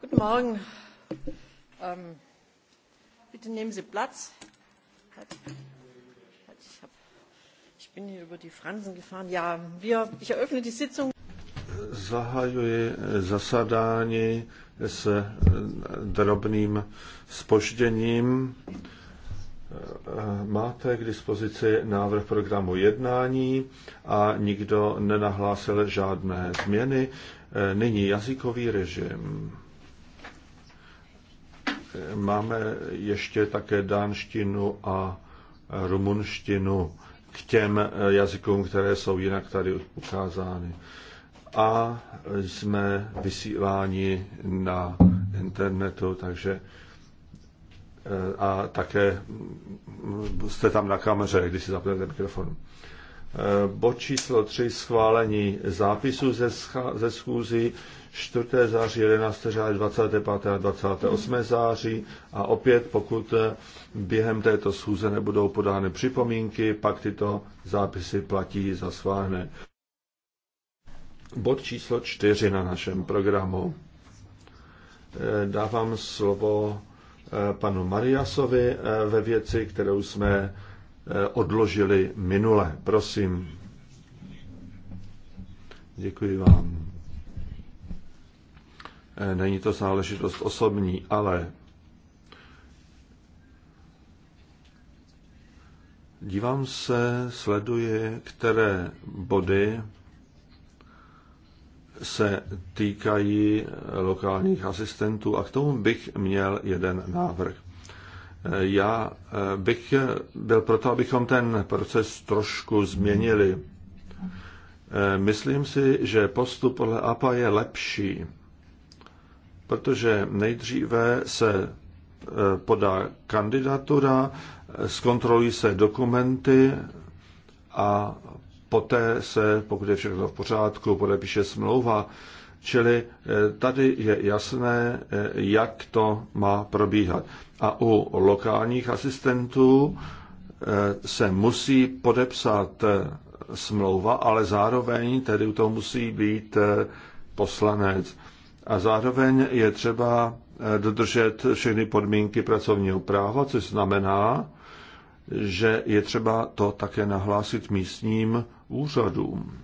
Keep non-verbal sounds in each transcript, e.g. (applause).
guten Morgen. Ähm, bitte nehmen Sie Platz. Ich, bin hier über die Fransen gefahren. Ja, wir, ich eröffne die Sitzung. zahajuje eh, zasadání eh, s eh, drobným spožděním. Máte k dispozici návrh programu jednání a nikdo nenahlásil žádné změny. Nyní jazykový režim máme ještě také dánštinu a rumunštinu k těm jazykům, které jsou jinak tady ukázány. A jsme vysíláni na internetu, takže eh, a také jste tam na kameře, když si zapnete mikrofon. Eh, bod číslo 3 schválení zápisu ze, scha- ze schůzy 4. září, 11. září, 25. a 28. září a opět, pokud eh, během této schůze nebudou podány připomínky, pak tyto zápisy platí za schválené. Bod číslo 4 na našem programu. Eh, dávám slovo panu Mariasovi ve věci, kterou jsme Eh, odložili minule. Prosím. Děkuji vám. Eh, není to záležitost osobní, ale dívám se, sleduji, které body se týkají lokálních asistentů a k tomu bych měl jeden návrh. Já eh, bych eh, byl proto, abychom ten proces trošku změnili. Eh, myslím si, že postup podle APA je lepší, protože nejdříve se podá kandidatura, zkontrolují se dokumenty a poté se, pokud je všechno v pořádku, podepíše smlouva. Čili tady je jasné, jak to má probíhat a u lokálních asistentů eh, se musí podepsat eh, smlouva, ale zároveň tedy to musí být eh, poslanec. A zároveň je třeba dodržet všechny podmínky pracovního práva, což znamená, že je třeba to také nahlásit místním úřadům.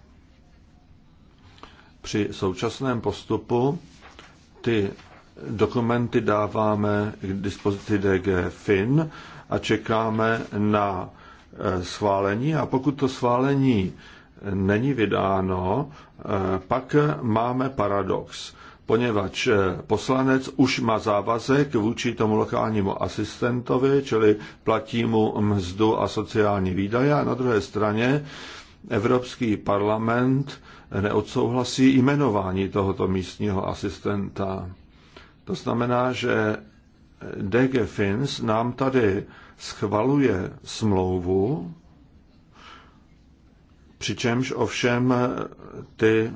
Při současném postupu ty Dokumenty dáváme k dispozici DG FIN a čekáme na eh, schválení a pokud to schválení není vydáno, eh, pak máme paradox, poněvadž eh, poslanec už má závazek vůči tomu lokálnímu asistentovi, čili platí mu mzdu a sociální výdaje a na druhé straně Evropský parlament neodsouhlasí jmenování tohoto místního asistenta. To znamená, že DG Fins nám tady schvaluje smlouvu, přičemž ovšem ty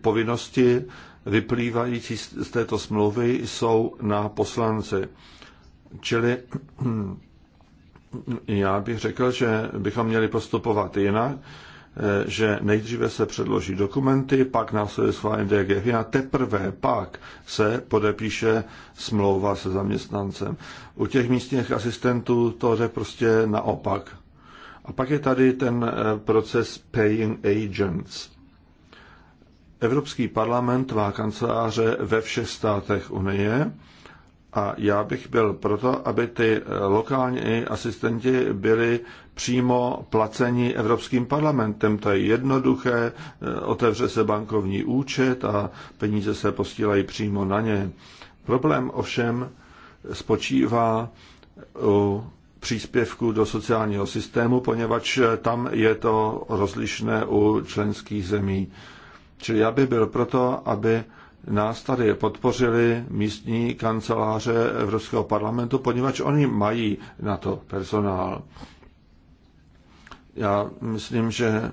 povinnosti vyplývající z této smlouvy jsou na poslanci. Čili (clears throat) já bych řekl, že bychom měli postupovat jinak Eh, že nejdříve se předloží dokumenty, pak následuje schválení DGF a teprve pak se podepíše smlouva se zaměstnancem. U těch místních asistentů to je prostě naopak. A pak je tady ten eh, proces paying agents. Evropský parlament má kanceláře ve všech státech Unie a já bych byl proto, aby ty lokální asistenti byli přímo placeni Evropským parlamentem. To je jednoduché, eh, otevře se bankovní účet a peníze se posílají přímo na ně. Problém ovšem spočívá u příspěvku do sociálního systému, poněvadž tam je to rozlišné u členských zemí. Čili já bych byl proto, aby nás tady podpořili místní kanceláře Evropského parlamentu, poněvadž oni mají na to personál. Já myslím, že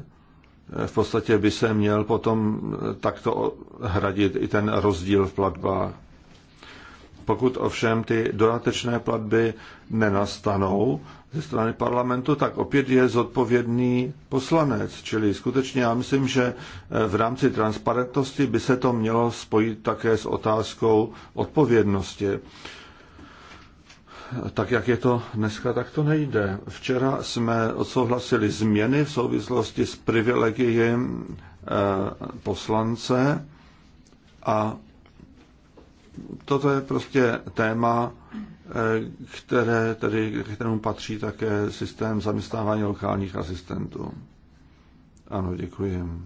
v podstatě by se měl potom takto hradit i ten rozdíl v platbách. Pokud ovšem ty dodatečné platby nenastanou, ze strany parlamentu, tak opět je zodpovědný poslanec. Čili skutečně já myslím, že eh, v rámci transparentnosti by se to mělo spojit také s otázkou odpovědnosti. Tak jak je to dneska, tak to nejde. Včera jsme odsouhlasili změny v souvislosti s privilegii eh, poslance a toto je prostě téma, které, tedy, kterému patří také systém zaměstnávání lokálních asistentů. Ano, děkuji.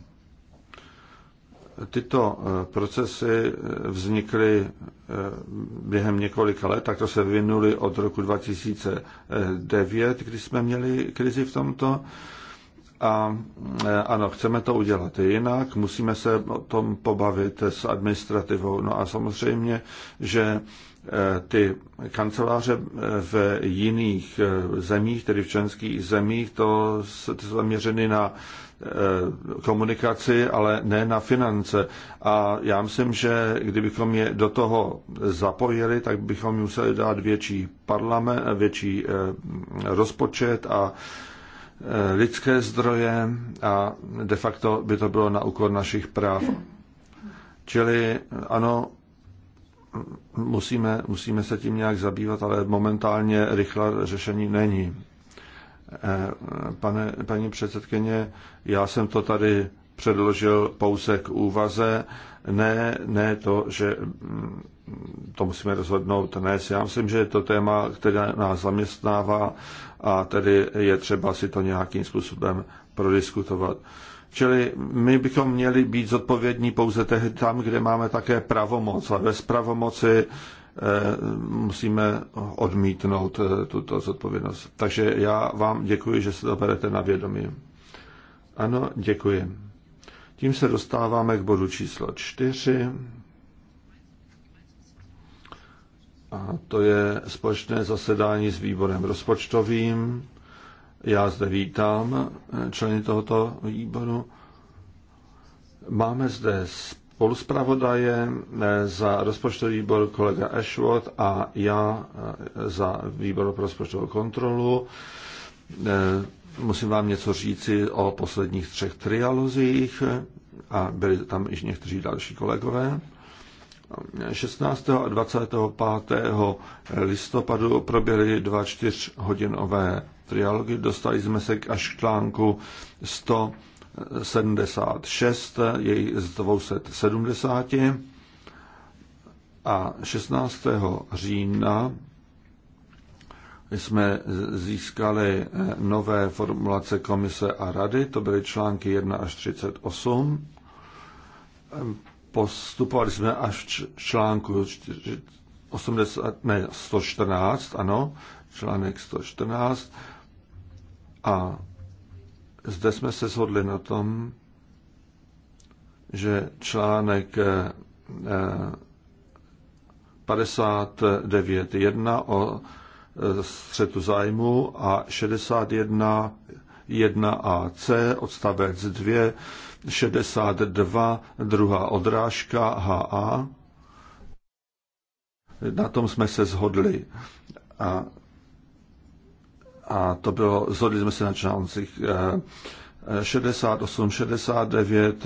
Tyto eh, procesy eh, vznikly eh, během několika let, tak to se vyvinuli od roku 2009, kdy jsme měli krizi v tomto. A ano, chceme to udělat jinak, musíme se o tom pobavit s administrativou. No a samozřejmě, že Eh, ty kanceláře eh, v jiných eh, zemích, tedy v členských zemích, to jsou zaměřeny na komunikaci, ale ne na finance. A já myslím, že kdybychom je do toho zapojili, tak bychom museli dát větší parlament, větší rozpočet a lidské zdroje a de facto by to bylo na úkor našich práv. Čili ano, musíme, musíme se tím nějak zabývat, ale momentálně rychlé řešení není. Eh, pane, paní předsedkyně, já jsem to tady předložil pouze k úvaze, ne, ne to, že mm, to musíme rozhodnout dnes. Já myslím, že je to téma, které nás zaměstnává a tedy je třeba si to nějakým způsobem prodiskutovat. Čili my bychom měli být zodpovědní pouze tam, kde máme také pravomoc. A bez pravomoci eh, musíme odmítnout eh, tuto zodpovědnost. Takže já vám děkuji, že se to berete na vědomí. Ano, děkuji. Tím se dostáváme k bodu číslo čtyři. A to je společné zasedání s výborem rozpočtovým. Já zde vítám eh, členy tohoto výboru. Máme zde spoluspravodaje eh, za rozpočtový výbor kolega Ashworth a já eh, za výbor pro rozpočtovou kontrolu. Musím vám něco říci o posledních třech trialozích a byli tam již někteří další kolegové. 16. a 25. listopadu proběhly dva čtyřhodinové trialogy. Dostali jsme se až k článku 176, jej z 270. A 16. října jsme získali eh, nové formulace komise a rady, to byly články 1 až 38. Postupovali jsme až v článku 80, ne, 114, ano, článek 114. A zde jsme se shodli na tom, že článek 59.1 eh, o eh, střetu zájmu a 61.1 a C odstavec 2 62, druhá odrážka HA. Na tom jsme se zhodli. A, a to bylo, zhodli jsme se na článcích eh, 68, 69,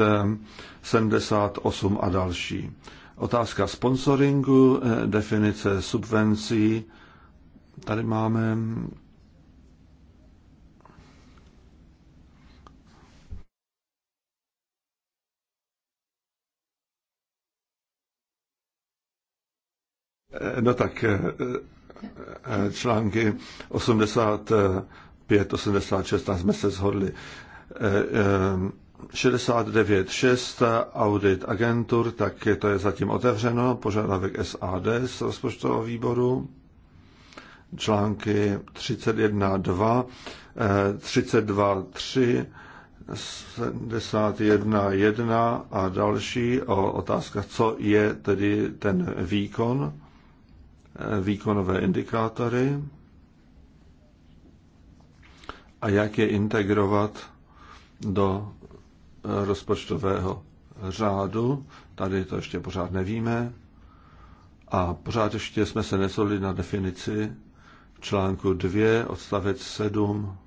78 a další. Otázka sponsoringu, eh, definice subvencí. Tady máme Eh, no tak eh, eh, články 85, 86, tam jsme se shodli. 69.6 audit agentur, tak to je zatím otevřeno, požadavek SAD z rozpočtového výboru, články 31.2, 32.3, 71.1 a další o otázka, co je tedy ten výkon výkonové indikátory a jak je integrovat do eh, rozpočtového řádu. Tady to ještě pořád nevíme. A pořád ještě jsme se nesoli na definici článku 2, odstavec 7.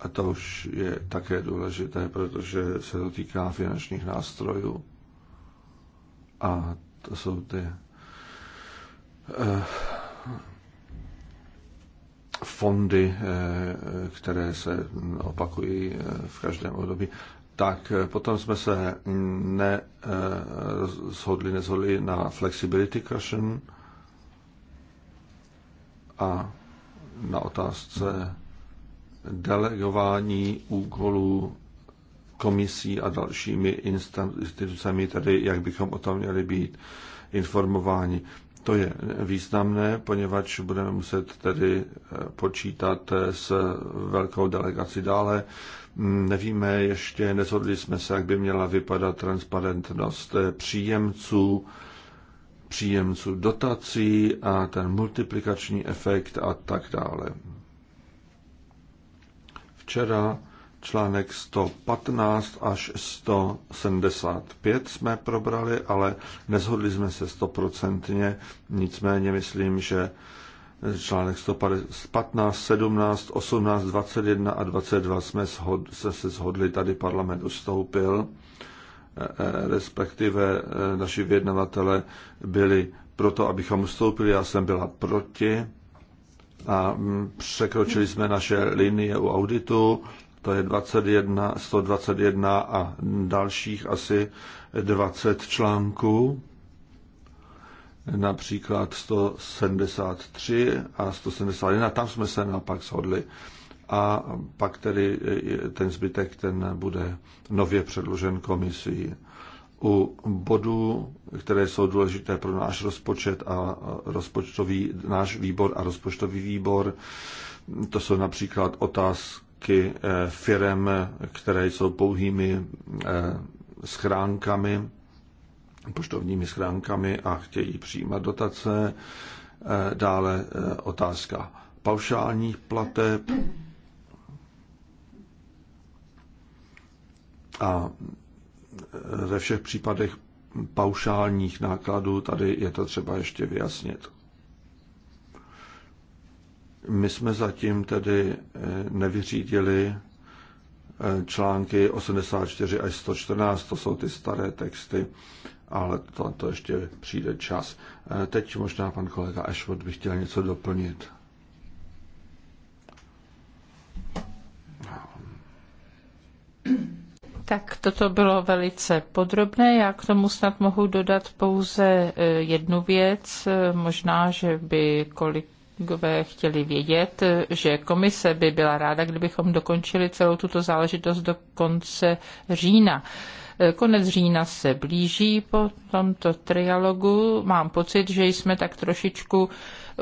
A to už je také důležité, protože se to týká finančních nástrojů. A to jsou ty Eh, fondy, eh, které se opakují eh, v každém období, tak potom jsme se nezhodli, nezhodli na flexibility cushion a na otázce delegování úkolů komisí a dalšími institucemi, tedy jak bychom o tom měli být informováni. To je významné, poněvadž budeme muset tedy eh, počítat eh, s velkou delegací dále. Mm, nevíme ještě, nezhodli jsme se, jak by měla vypadat transparentnost eh, příjemců, příjemců dotací a ten multiplikační efekt a tak dále. Včera článek 115 až 175 jsme probrali, ale nezhodli jsme se stoprocentně. Nicméně myslím, že článek 115, 17, 18, 21 a 22 jsme shod, se, se shodli, tady parlament ustoupil, e, e, respektive e, naši vyjednavatele byli proto, abychom ustoupili, já jsem byla proti a mm, překročili jsme naše linie u auditu, to je 21, 121 a dalších asi 20 článků, například 173 a 171, tam jsme se napak shodli. A pak tedy ten zbytek, ten bude nově předložen komisí. U bodů, které jsou důležité pro náš rozpočet a rozpočtový, náš výbor a rozpočtový výbor, to jsou například otázky, stovky eh, firem, které jsou pouhými eh, schránkami, poštovními schránkami a chtějí přijímat dotace. Eh, dále otázka paušálních plateb. A ve všech případech paušálních nákladů tady je to třeba ještě vyjasnit. My jsme zatím tedy eh, nevyřídili eh, články 84 až 114, to jsou ty staré texty, ale to, to ještě přijde čas. Eh, teď možná pan kolega Ashwood by chtěl něco doplnit. Tak toto bylo velice podrobné. Já k tomu snad mohu dodat pouze jednu věc. Možná, že by kolik kolegové chtěli vědět, že komise by byla ráda, kdybychom dokončili celou tuto záležitost do konce října. Konec října se blíží po tomto trialogu. Mám pocit, že jsme tak trošičku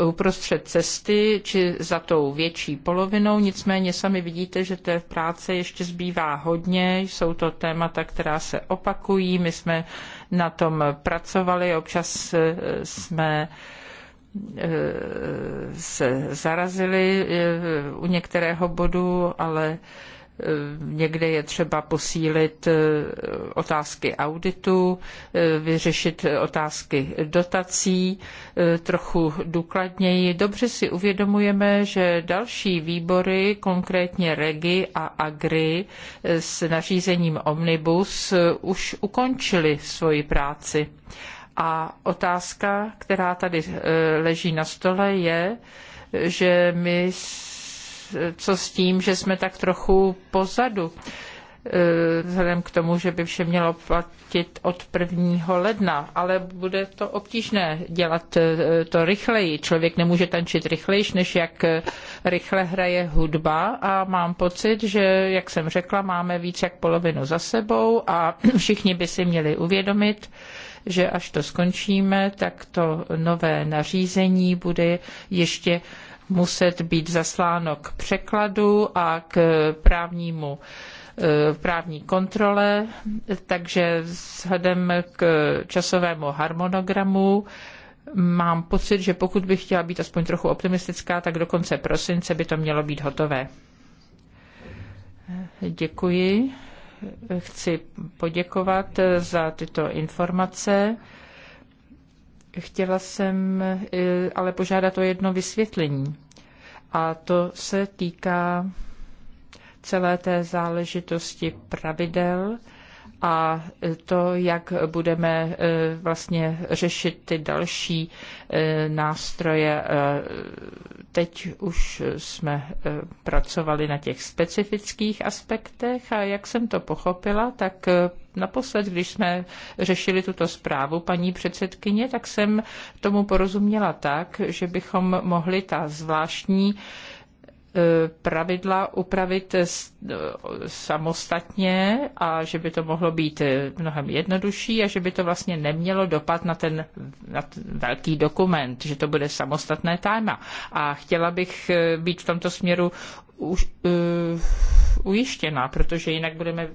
uprostřed cesty, či za tou větší polovinou. Nicméně sami vidíte, že té práce ještě zbývá hodně. Jsou to témata, která se opakují. My jsme na tom pracovali, občas eh, jsme se zarazili eh, u některého bodu, ale eh, někde je třeba posílit eh, otázky auditu, vyřešit otázky dotací trochu důkladněji. Dobře si uvědomujeme, že další výbory, konkrétně REGI a AGRI s nařízením Omnibus, už ukončili svoji práci a otázka, která tady eh, leží na stole, je, že my, co s tím, že jsme tak trochu pozadu, eh, vzhledem k tomu, že by vše mělo platit od 1. ledna, ale bude to obtížné dělat eh, to rychleji. Člověk nemůže tančit rychleji, než jak rychle hraje hudba a mám pocit, že, jak jsem řekla, máme víc jak polovinu za sebou a (clears throat) všichni by si měli uvědomit, že až to skončíme, tak to nové nařízení bude ještě muset být zasláno k překladu a k právnímu e, právní kontrole, takže vzhledem k časovému harmonogramu mám pocit, že pokud bych chtěla být aspoň trochu optimistická, tak do konce prosince by to mělo být hotové. Děkuji chci poděkovat za tyto informace. Chtěla jsem eh, ale požádat o jedno vysvětlení. A to se týká celé té záležitosti pravidel, a to, jak budeme e, vlastně řešit ty další e, nástroje. E, teď už jsme pracovali na těch specifických aspektech a jak jsem to pochopila, tak naposled, když jsme řešili tuto zprávu paní předsedkyně, tak jsem tomu porozuměla tak, že bychom mohli ta zvláštní E, pravidla upravit e, samostatně a že by to mohlo být e, mnohem jednodušší a že by to vlastně nemělo dopad na ten, na ten velký dokument, že to bude samostatné téma. A chtěla bych být v tomto směru už, ujištěna, protože jinak budeme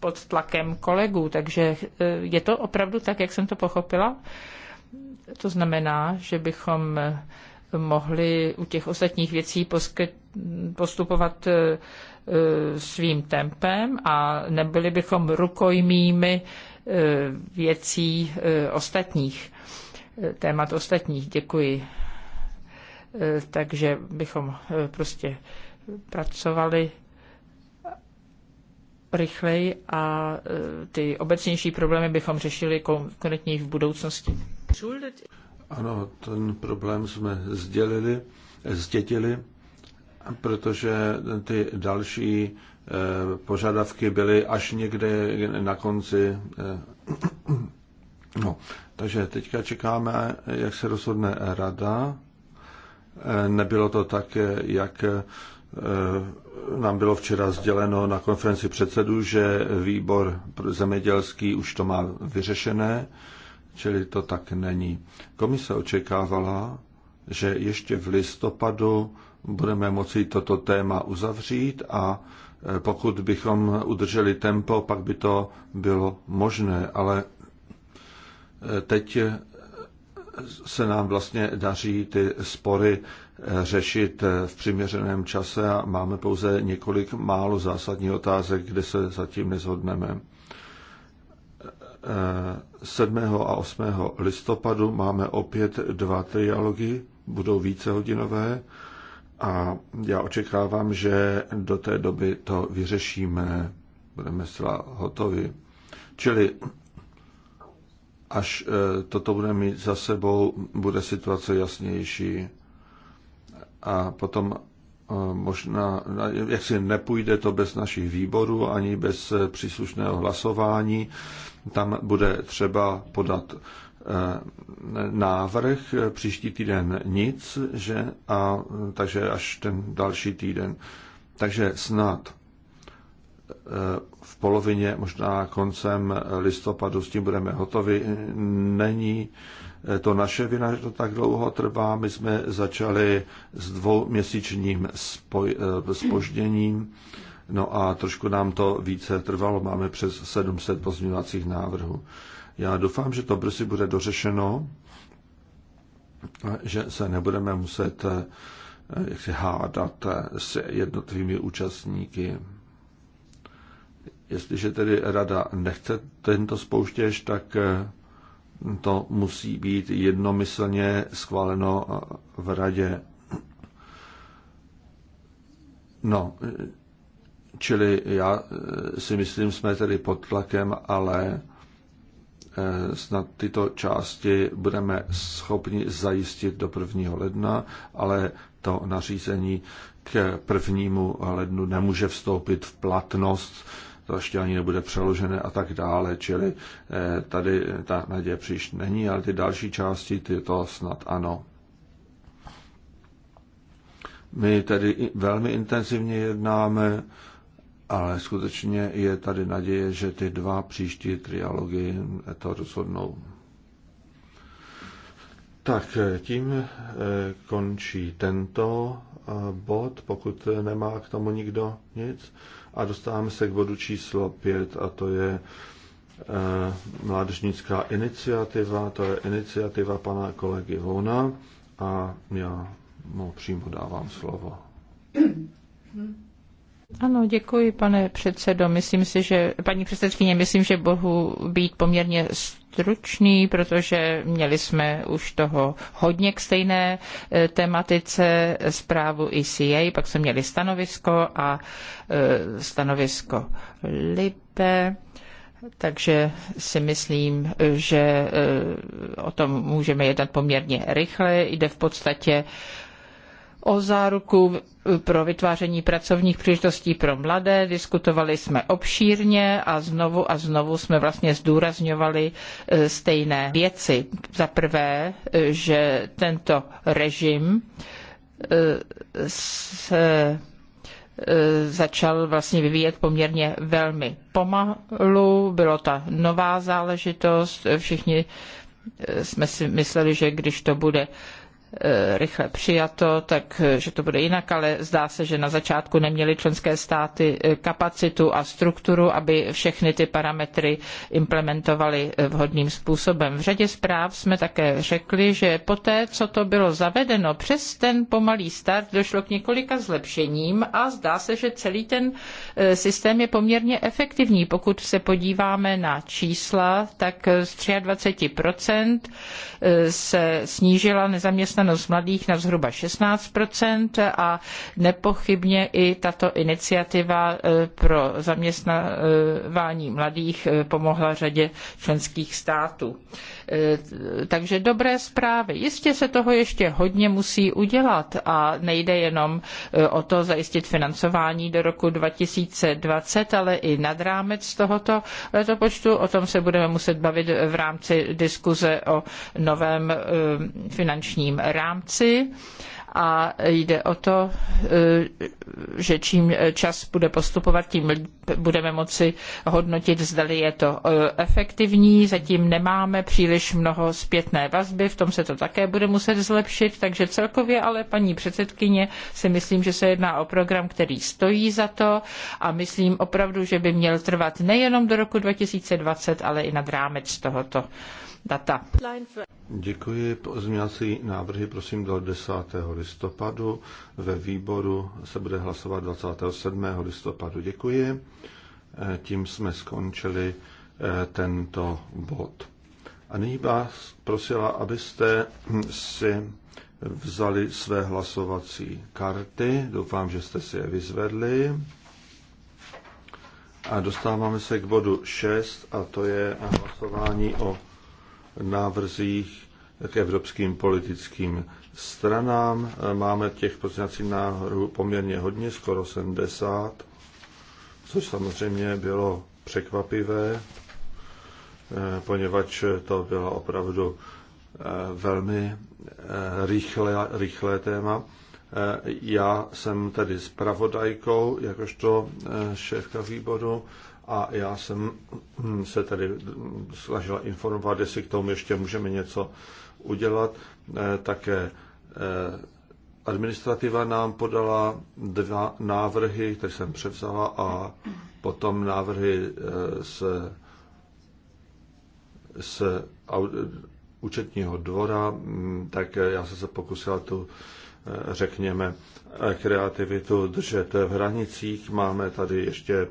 pod tlakem kolegů. Takže je to opravdu tak, jak jsem to pochopila? To znamená, že bychom mohli u těch ostatních věcí postupovat eh, eh, svým tempem a nebyli bychom rukojmími eh, věcí ostatních, témat ostatních. Děkuji. Takže bychom prostě pracovali rychleji a ty obecnější problémy bychom řešili konkrétně v budoucnosti. Ano, ten problém jsme sdělili, zdětili, protože ty další eh, požadavky byly až někde na konci. Eh, (clears throat) no, takže teďka čekáme, jak se rozhodne rada. Eh, nebylo to tak, jak nám bylo včera sděleno na konferenci předsedů, že výbor zemědělský už to má vyřešené čili to tak není. Komise očekávala, že ještě v listopadu budeme moci toto téma uzavřít a e, pokud bychom udrželi tempo, pak by to bylo možné, ale e, teď e, se nám vlastně daří ty spory řešit v přiměřeném čase a máme pouze několik málo zásadních otázek, kde se zatím nezhodneme. 7. a 8. listopadu máme opět dva trialogy, budou vícehodinové a já očekávám, že do té doby to vyřešíme, budeme zcela hotovi. Čili až eh, toto bude mít za sebou, bude situace jasnější a potom eh, možná, jak si nepůjde to bez našich výborů, ani bez eh, příslušného hlasování, tam bude třeba podat eh, návrh eh, příští týden nic, že? A, takže až ten další týden. Takže snad eh, v polovině, možná koncem listopadu s tím budeme hotovi. Není to naše vina, že to tak dlouho trvá. My jsme začali s dvouměsíčním spoj, spožděním No a trošku nám to více trvalo, máme přes 700 pozměňovacích návrhů. Já doufám, že to brzy bude dořešeno, že se nebudeme muset eh, jak si hádat eh, s jednotlivými účastníky. Jestliže tedy rada nechce tento spouštěž, tak eh, to musí být jednomyslně schváleno v radě. No, Čili já eh, si myslím, jsme tedy pod tlakem, ale eh, snad tyto části budeme schopni zajistit do 1. ledna, ale to nařízení k 1. lednu nemůže vstoupit v platnost, to ještě ani nebude přeložené a tak dále, čili eh, tady ta naděje příliš není, ale ty další části, ty to snad ano. My tedy velmi intenzivně jednáme, ale skutečně je tady naděje, že ty dva příští trialogy to rozhodnou. Tak tím eh, končí tento eh, bod, pokud nemá k tomu nikdo nic. A dostáváme se k bodu číslo 5 a to je eh, mládežnická iniciativa, to je iniciativa pana kolegy Vona a já mu přímo dávám slovo. Hmm. Ano, děkuji, pane předsedo. Myslím si, že, paní předsedkyně, myslím, že bohu být poměrně stručný, protože měli jsme už toho hodně k stejné e, tematice, zprávu ECA, pak jsme měli stanovisko a e, stanovisko LIBE. Takže si myslím, že e, o tom můžeme jednat poměrně rychle. Jde v podstatě o záruku pro vytváření pracovních příležitostí pro mladé. Diskutovali jsme obšírně a znovu a znovu jsme vlastně zdůrazňovali e, stejné věci. Za prvé, e, že tento režim e, se začal vlastně vyvíjet poměrně velmi pomalu. Bylo ta nová záležitost. Všichni jsme si mysleli, že když to bude Eh, rychle přijato, takže eh, to bude jinak, ale zdá se, že na začátku neměly členské státy eh, kapacitu a strukturu, aby všechny ty parametry implementovaly vhodným způsobem. V řadě zpráv jsme také řekli, že poté, co to bylo zavedeno, přes ten pomalý start došlo k několika zlepšením a zdá se, že celý ten systém je poměrně efektivní. Pokud se podíváme na čísla, tak z 23% se snížila nezaměstnanost nezaměstnanost mladých na zhruba 16 a nepochybně i tato iniciativa e, pro zaměstnávání mladých e, pomohla řadě členských států. Eh, takže dobré zprávy. Jistě se toho ještě hodně musí udělat a nejde jenom eh, o to zajistit financování do roku 2020, ale i nad rámec tohoto letopočtu. O tom se budeme muset bavit v rámci diskuze o novém eh, finančním rámci a jde o to, eh, že čím čas bude postupovat, tím budeme moci hodnotit, zdali je to eh, efektivní. Zatím nemáme příliš mnoho zpětné vazby, v tom se to také bude muset zlepšit, takže celkově ale paní předsedkyně si myslím, že se jedná o program, který stojí za to a myslím opravdu, že by měl trvat nejenom do roku 2020, ale i nad rámec tohoto data. Děkuji. Pozměňovací návrhy prosím do 10. listopadu. Ve výboru se bude hlasovat 27. listopadu. Děkuji. Eh, tím jsme skončili eh, tento bod. A nyní vás prosila, abyste hm, si vzali své hlasovací karty. Doufám, že jste si je vyzvedli. A dostáváme se k bodu 6 a to je hlasování o návrzích k evropským politickým stranám. Máme těch pozměňovacích návrhů poměrně hodně, skoro 70, což samozřejmě bylo překvapivé, eh, poněvadž to bylo opravdu eh, velmi eh, rychlé, rychlé téma. Já jsem tedy zpravodajkou, jakožto šéfka výboru a já jsem hm, se tady snažila informovat, jestli k tomu ještě můžeme něco udělat. Eh, také eh, administrativa nám podala dva návrhy, které jsem převzala a potom návrhy z, eh, z účetního dvora, hm, tak já jsem se pokusila tu Eh, řekněme, eh, kreativitu držet v hranicích. Máme tady ještě eh,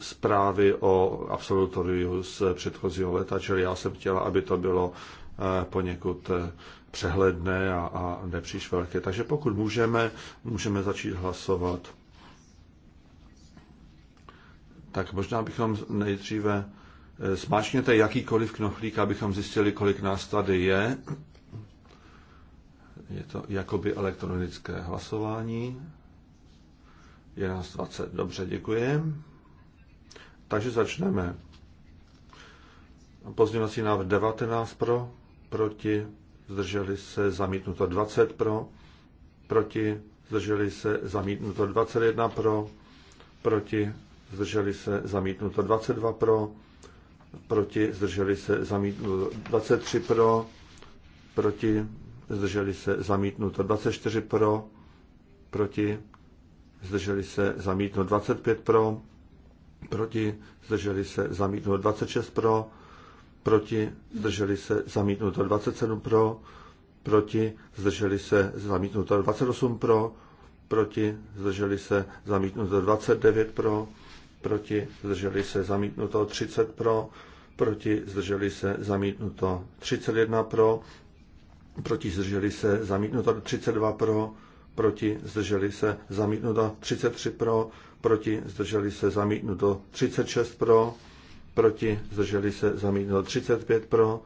zprávy o absolutoriu z předchozího leta, čili já jsem chtěla, aby to bylo poněkud přehledné a, a nepříš velké. Takže pokud můžeme, můžeme začít hlasovat. Tak možná bychom nejdříve smáčněte jakýkoliv knoflík, abychom zjistili, kolik nás tady je. Je to jakoby elektronické hlasování. Je nás 20. Dobře, děkuji. Takže začneme. Pozměňovací návrh 19 pro, proti, zdrželi se, zamítnuto 20 pro, proti, zdrželi se, zamítnuto 21 pro, proti, zdrželi se, zamítnuto 22 pro, proti, zdrželi se, zamítnuto 23 pro, proti, zdrželi se zamítnuto 24 pro, proti, zdrželi se zamítnuto 25 pro, proti, zdrželi se zamítnuto 26 pro, proti, zdrželi se zamítnuto 27 pro, proti, zdrželi se zamítnuto 28 pro, proti, zdrželi se zamítnuto 29 pro, proti, zdrželi se zamítnuto 30 pro, proti, zdrželi se zamítnuto 31 pro, proti zdrželi se zamítnuto 32 pro, proti zdrželi se zamítnuto 33 pro, proti zdrželi se zamítnuto 36 pro, proti zdrželi se zamítnuto 35 pro,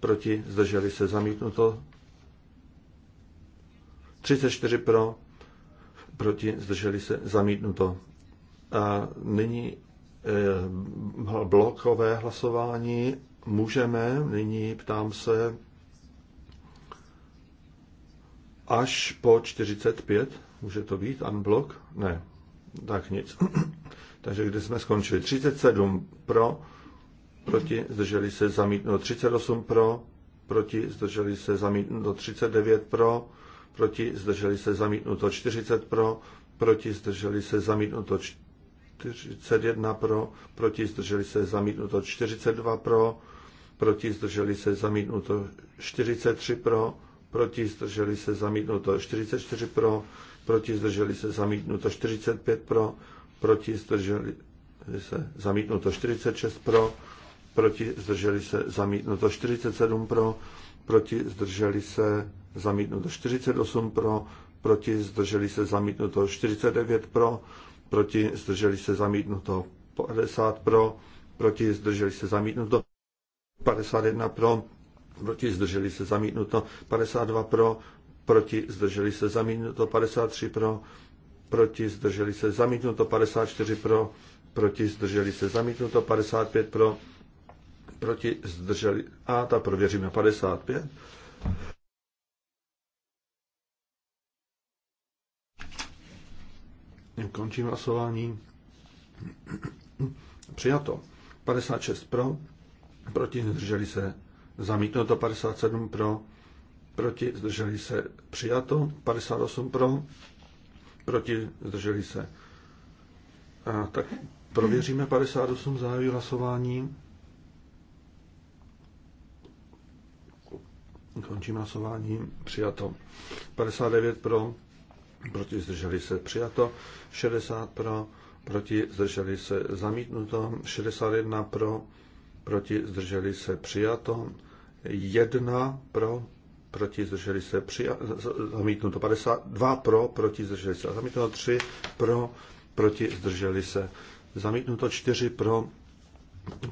proti zdrželi se zamítnuto 34 pro, proti zdrželi se zamítnuto. A nyní eh, blokové hlasování můžeme, nyní ptám se, až po 45, může to být, unblock? Ne, tak nic. (clears throat) Takže kde jsme skončili? 37 pro, proti, zdrželi se zamítnout 38 pro, proti, zdrželi se zamítnout 39 pro, proti, zdrželi se zamítnout 40 pro, proti, zdrželi se zamítnout 41 pro, proti, zdrželi se zamítnout 42 pro, proti, zdrželi se zamítnout 43 pro, proti, zdrželi se zamítnuto 44 pro, proti, zdrželi se zamítnuto 45 pro, proti, zdrželi se zamítnuto 46 pro, proti, zdrželi se zamítnuto 47 pro, proti, zdrželi se zamítnuto 48 pro, proti, zdrželi se zamítnuto 49 pro, proti, zdrželi se zamítnuto 50 pro, proti, zdrželi se zamítnuto 51 pro, proti, zdrželi se zamítnuto 52 pro, proti, zdrželi se zamítnuto 53 pro, proti, zdrželi se zamítnuto 54 pro, proti, zdrželi se zamítnuto 55 pro, proti, zdrželi, a ta prověříme 55. Končím hlasování. Přijato. 56 pro, proti, zdrželi se zamítnuto 57 pro, proti zdrželi se přijato 58 pro, proti zdrželi se. A, tak prověříme 58, zahájí hlasování. Končím hlasování. Přijato. 59 pro, proti zdrželi se přijato. 60 pro, proti zdrželi se zamítnuto. 61 pro, proti zdrželi se přijato jedna pro, proti zdrželi se při, zamítnuto 52 pro, proti zdrželi se zamítnuto tři pro, proti zdrželi se zamítnuto čtyři pro,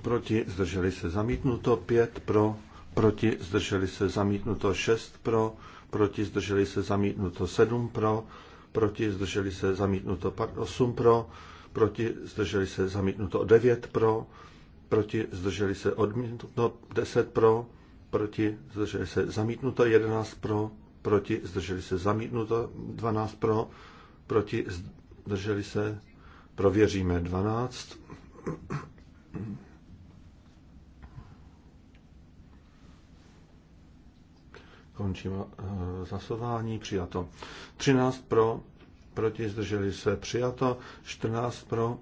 proti zdrželi se zamítnuto pět pro, proti zdrželi se zamítnuto šest pro, proti zdrželi se zamítnuto sedm pro, proti zdrželi se zamítnuto osm pro, proti zdrželi se zamítnuto devět pro, proti zdrželi se odmítnuto deset pro, proti, zdrželi se zamítnuto, 11 pro, proti, zdrželi se zamítnuto, 12 pro, proti, zdrželi se, prověříme 12. Končím zasování, eh, přijato. 13 pro, proti, zdrželi se, přijato. 14 pro,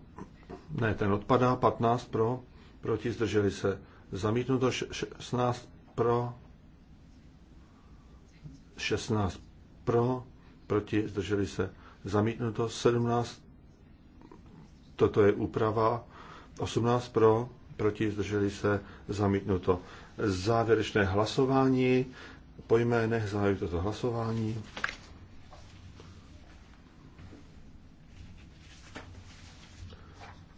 ne, ten odpadá, 15 pro, proti, zdrželi se, zamítnuto, 16 pro, 16 pro, proti, zdrželi se zamítnuto, 17, toto je úprava, 18 pro, proti, zdrželi se zamítnuto. Závěrečné hlasování, po jménech zahajuji toto hlasování.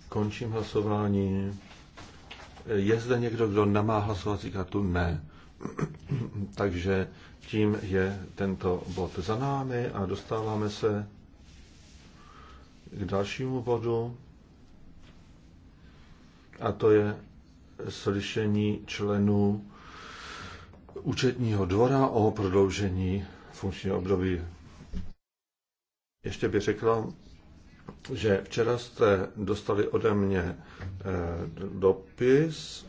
Končím hlasování. Je zde někdo, kdo nemá hlasovací kartu? Ne. (clears throat) Takže tím je tento bod za námi a dostáváme se k dalšímu bodu. A to je slyšení členů účetního dvora o prodloužení funkčního období. Ještě bych řekla, že včera jste dostali ode mě eh, dopis,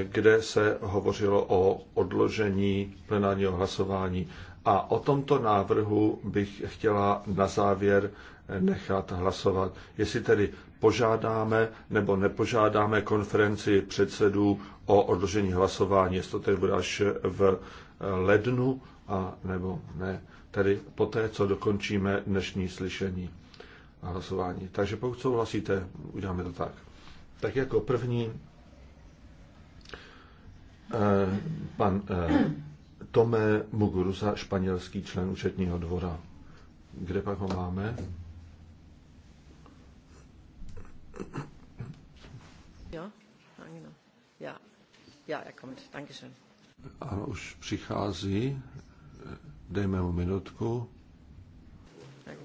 eh, kde se hovořilo o odložení plenárního hlasování. A o tomto návrhu bych chtěla na závěr eh, nechat hlasovat. Jestli tedy požádáme nebo nepožádáme konferenci předsedů o odložení hlasování, jestli to tedy bude až v lednu a nebo ne, tedy poté, co dokončíme dnešní slyšení na hlasování. Takže pokud souhlasíte, uděláme to tak. Tak jako první eh, pan eh, Tomé španělský člen účetního dvora. Kde pak ho máme? Ja, genau. já, já, er kommt. Jako Dankeschön. už přichází. Dejme mu minutku. Tak,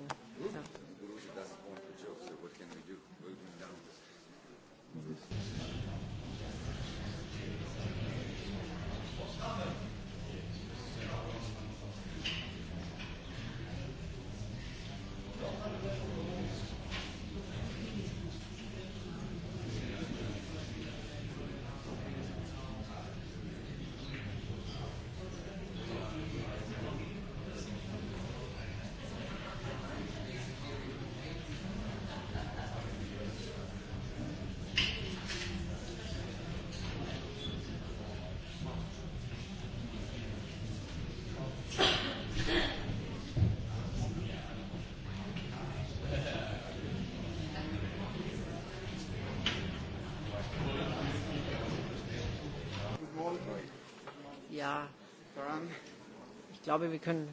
glaube, wir können,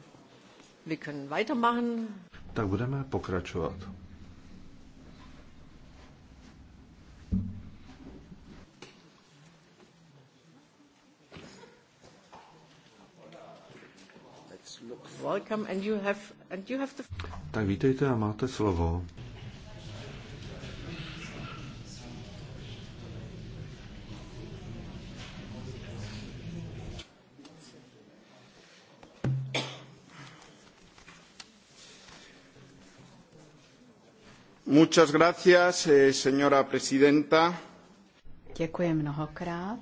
wir können weitermachen. Tak budeme pokračovat. Welcome and you have, and you have the... Tak vítejte a máte slovo. Muchas gracias, eh, señora presidenta. Děkuji mnohokrát.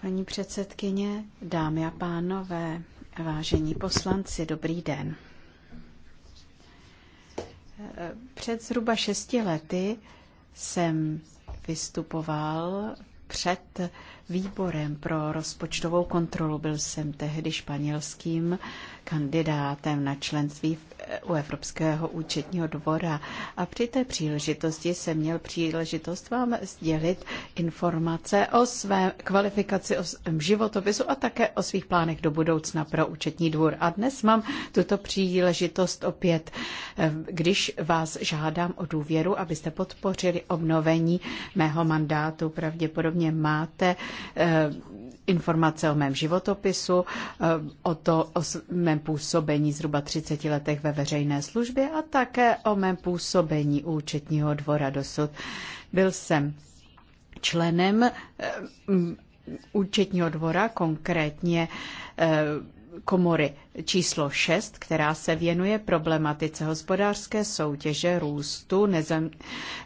Paní předsedkyně, dámy a pánové, vážení poslanci, dobrý den. Před zhruba šesti lety jsem vystupoval před výborem pro rozpočtovou kontrolu. Byl jsem tehdy španělským kandidátem na členství u Evropského účetního dvora a při té příležitosti jsem měl příležitost vám sdělit informace o své kvalifikaci, o svém životopisu a také o svých plánech do budoucna pro účetní dvůr. A dnes mám tuto příležitost opět, eh, když vás žádám o důvěru, abyste podpořili obnovení mého mandátu. Pravděpodobně máte Eh, informace o mém životopisu, eh, o, to, o mém působení zhruba 30 letech ve veřejné službě a také o mém působení účetního dvora dosud. Byl jsem členem eh, účetního dvora, konkrétně komory číslo 6, která se věnuje problematice hospodářské soutěže, růstu, nezam,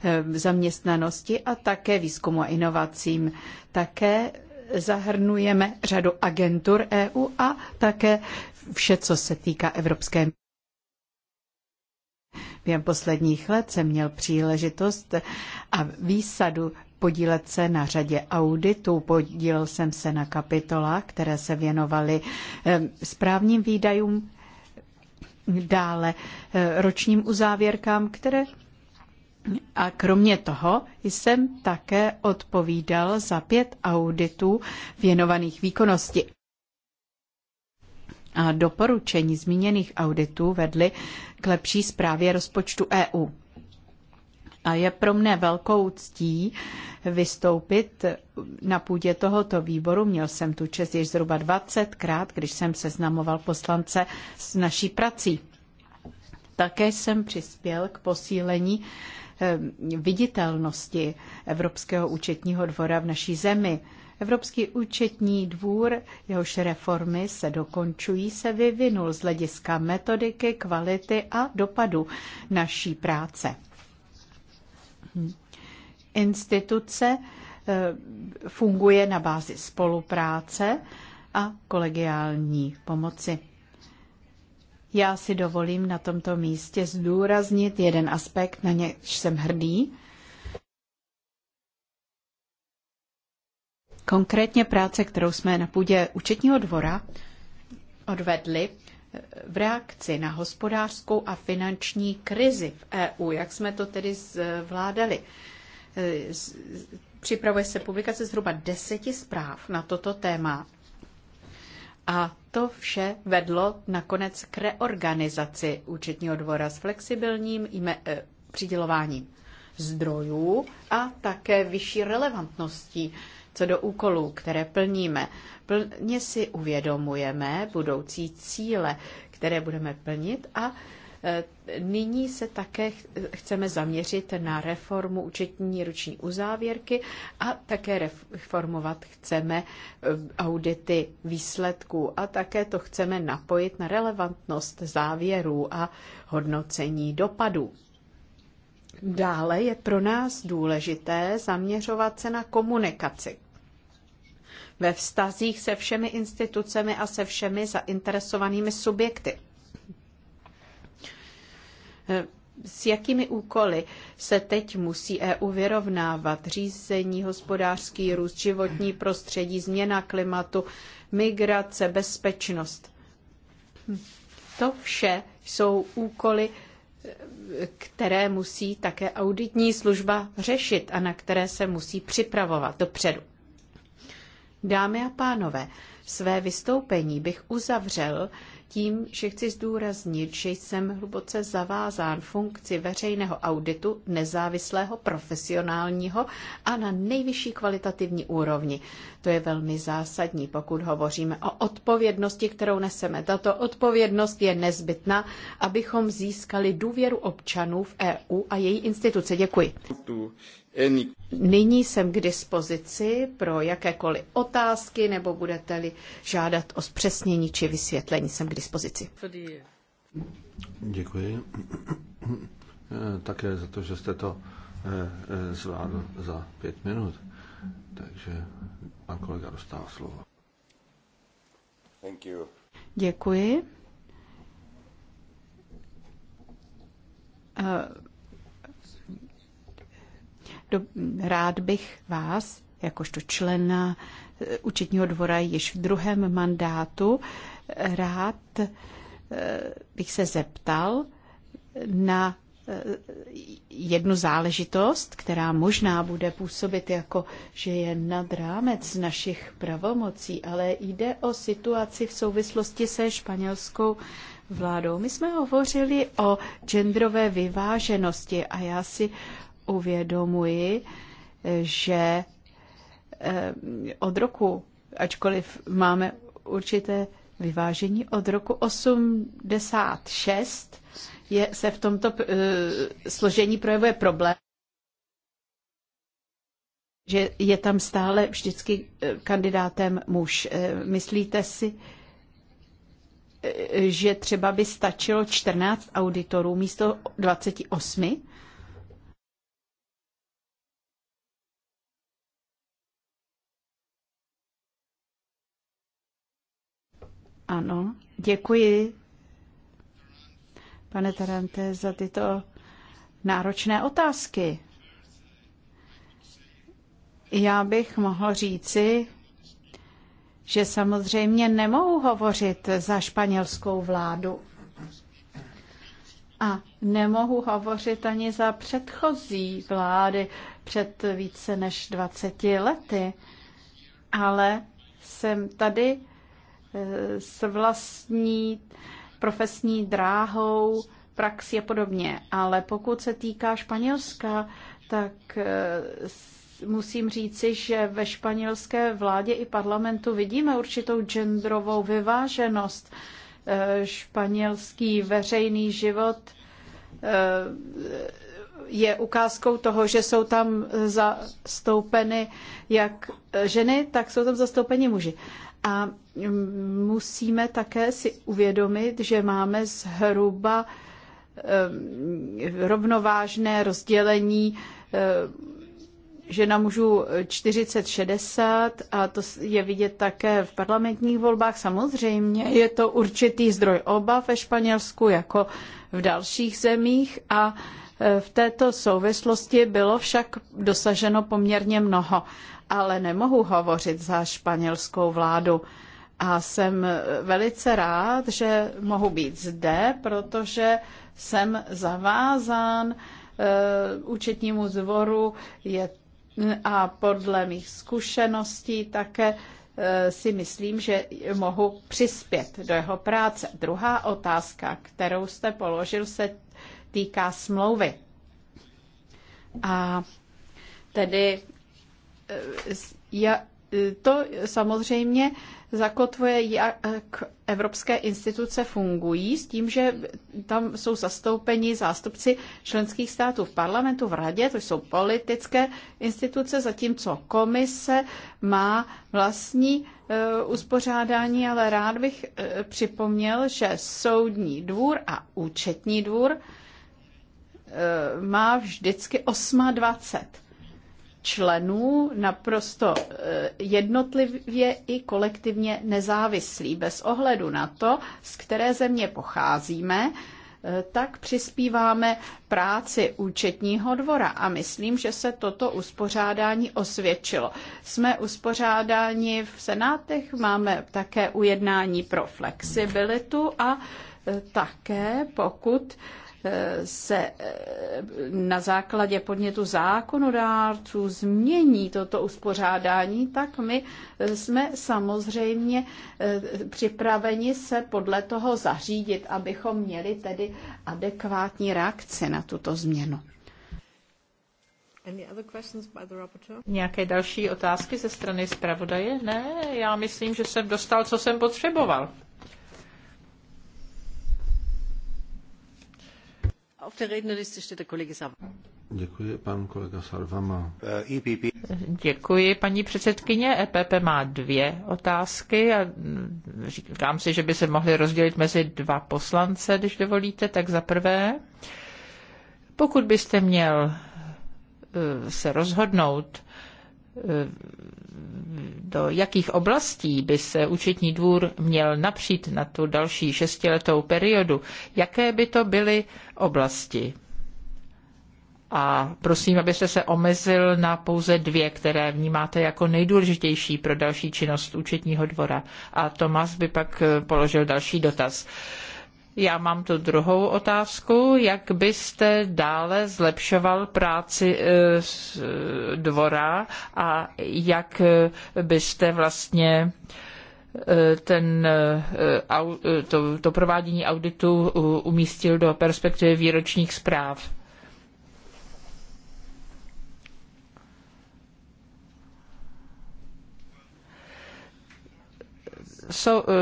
eh, zaměstnanosti a také výzkumu a inovacím. Také zahrnujeme řadu agentur EU a také vše, co se týká Evropské Během posledních let jsem měl příležitost a výsadu podílet se na řadě auditů. Podílel jsem se na kapitolách, které se věnovaly eh, správním výdajům, dále eh, ročním uzávěrkám, které a kromě toho jsem také odpovídal za pět auditů věnovaných výkonnosti. A doporučení zmíněných auditů vedly k lepší zprávě rozpočtu EU. A je pro mne velkou ctí vystoupit na půdě tohoto výboru. Měl jsem tu čest již zhruba 20krát, když jsem seznamoval poslance s naší prací. Také jsem přispěl k posílení eh, viditelnosti Evropského účetního dvora v naší zemi. Evropský účetní dvůr, jehož reformy se dokončují, se vyvinul z hlediska metodiky, kvality a dopadu naší práce. Instituce eh, funguje na bázi spolupráce a kolegiální pomoci. Já si dovolím na tomto místě zdůraznit jeden aspekt, na něž jsem hrdý. Konkrétně práce, kterou jsme na půdě účetního dvora odvedli v reakci na hospodářskou a finanční krizi v EU. Jak jsme to tedy zvládali? Připravuje se publikace zhruba deseti zpráv na toto téma. A to vše vedlo nakonec k reorganizaci účetního dvora s flexibilním jme, e, přidělováním zdrojů a také vyšší relevantností co do úkolů, které plníme. Plně si uvědomujeme budoucí cíle, které budeme plnit a e, Nyní se také chceme zaměřit na reformu účetní ruční uzávěrky a také reformovat chceme e, audity výsledků a také to chceme napojit na relevantnost závěrů a hodnocení dopadů. Dále je pro nás důležité zaměřovat se na komunikaci ve vztazích se všemi institucemi a se všemi zainteresovanými subjekty. S jakými úkoly se teď musí EU vyrovnávat? Řízení, hospodářský růst, životní prostředí, změna klimatu, migrace, bezpečnost. To vše jsou úkoly, které musí také auditní služba řešit a na které se musí připravovat dopředu. Dámy a pánové, své vystoupení bych uzavřel tím, že chci zdůraznit, že jsem hluboce zavázán funkci veřejného auditu, nezávislého, profesionálního a na nejvyšší kvalitativní úrovni. To je velmi zásadní, pokud hovoříme o odpovědnosti, kterou neseme. Tato odpovědnost je nezbytná, abychom získali důvěru občanů v EU a její instituce. Děkuji. Nyní jsem k dispozici pro jakékoliv otázky nebo budete-li žádat o zpřesnění či vysvětlení, jsem k dispozici. Děkuji. Eh, také za to, že jste to eh, eh, zvládl za pět minut. Takže pan kolega dostává slovo. Děkuji. Uh, do, rád bych vás, jakožto člena eh, účetního dvora již v druhém mandátu, rád eh, bych se zeptal na eh, jednu záležitost, která možná bude působit jako, že je nad rámec našich pravomocí, ale jde o situaci v souvislosti se španělskou vládou. My jsme hovořili o genderové vyváženosti a já si uvědomuji, že eh, od roku, ačkoliv máme určité vyvážení, od roku 86 je, se v tomto uh, složení projevuje problém, že je tam stále vždycky eh, kandidátem muž. Myslíte si, že třeba by stačilo 14 auditorů místo 28? Ano, děkuji, pane Tarante, za tyto náročné otázky. Já bych mohl říci, že samozřejmě nemohu hovořit za španělskou vládu. A nemohu hovořit ani za předchozí vlády před více než 20 lety, ale jsem tady s vlastní profesní dráhou, praxi a podobně. Ale pokud se týká Španělska, tak eh, musím říci, že ve španělské vládě i parlamentu vidíme určitou genderovou vyváženost. Eh, španělský veřejný život eh, je ukázkou toho, že jsou tam zastoupeny jak ženy, tak jsou tam zastoupeni muži. A mm, musíme také si uvědomit, že máme zhruba mm, rovnovážné rozdělení e, žena mužů 40-60 a to je vidět také v parlamentních volbách. Samozřejmě je to určitý zdroj obav ve Španělsku jako v dalších zemích a v této souvislosti bylo však dosaženo poměrně mnoho, ale nemohu hovořit za španělskou vládu. A jsem velice rád, že mohu být zde, protože jsem zavázán eh, účetnímu zvoru je, a podle mých zkušeností také eh, si myslím, že mohu přispět do jeho práce. Druhá otázka, kterou jste položil, se týká smlouvy. A tedy eh, eh, to samozřejmě zakotvuje, jak evropské instituce fungují, s tím, že tam jsou zastoupeni zástupci členských států v parlamentu, v radě, to jsou politické instituce, zatímco komise má vlastní eh, uspořádání, ale rád bych připomněl, že soudní dvůr a účetní dvůr Eh, má vždycky 28 členů, naprosto eh, jednotlivě i kolektivně nezávislí, bez ohledu na to, z které země pocházíme, eh, tak přispíváme práci účetního dvora a myslím, že se toto uspořádání osvědčilo. Jsme uspořádáni v senátech, máme také ujednání pro flexibilitu a také pokud uh, se eh, na základě podnětu zákonodárců změní toto uspořádání, tak my eh, jsme samozřejmě eh, připraveni se podle toho zařídit, abychom měli tedy adekvátní reakci na tuto změnu. Nějaké další otázky ze strany zpravodaje? Ne, já myslím, že jsem dostal, co jsem potřeboval. Auf der Rednerliste steht der Kollege Savama. Děkuji, pan kolega Sarvama. EPP. Eh, e Děkuji, paní předsedkyně. EPP má dvě otázky a mm, říkám si, že by se mohly rozdělit mezi dva poslance, když dovolíte. Tak za prvé, pokud byste měl eh, se rozhodnout eh, do jakých oblastí by se účetní dvůr měl napřít na tu další šestiletou periodu, jaké by to byly oblasti. A prosím, abyste se omezil na pouze dvě, které vnímáte jako nejdůležitější pro další činnost účetního dvora. A Tomas by pak položil další dotaz. Já mám tu druhou otázku. Jak byste dále zlepšoval práci e, e, dvora a jak e, byste vlastně ten, to, to provádění auditu umístil do perspektivy výročních zpráv? So,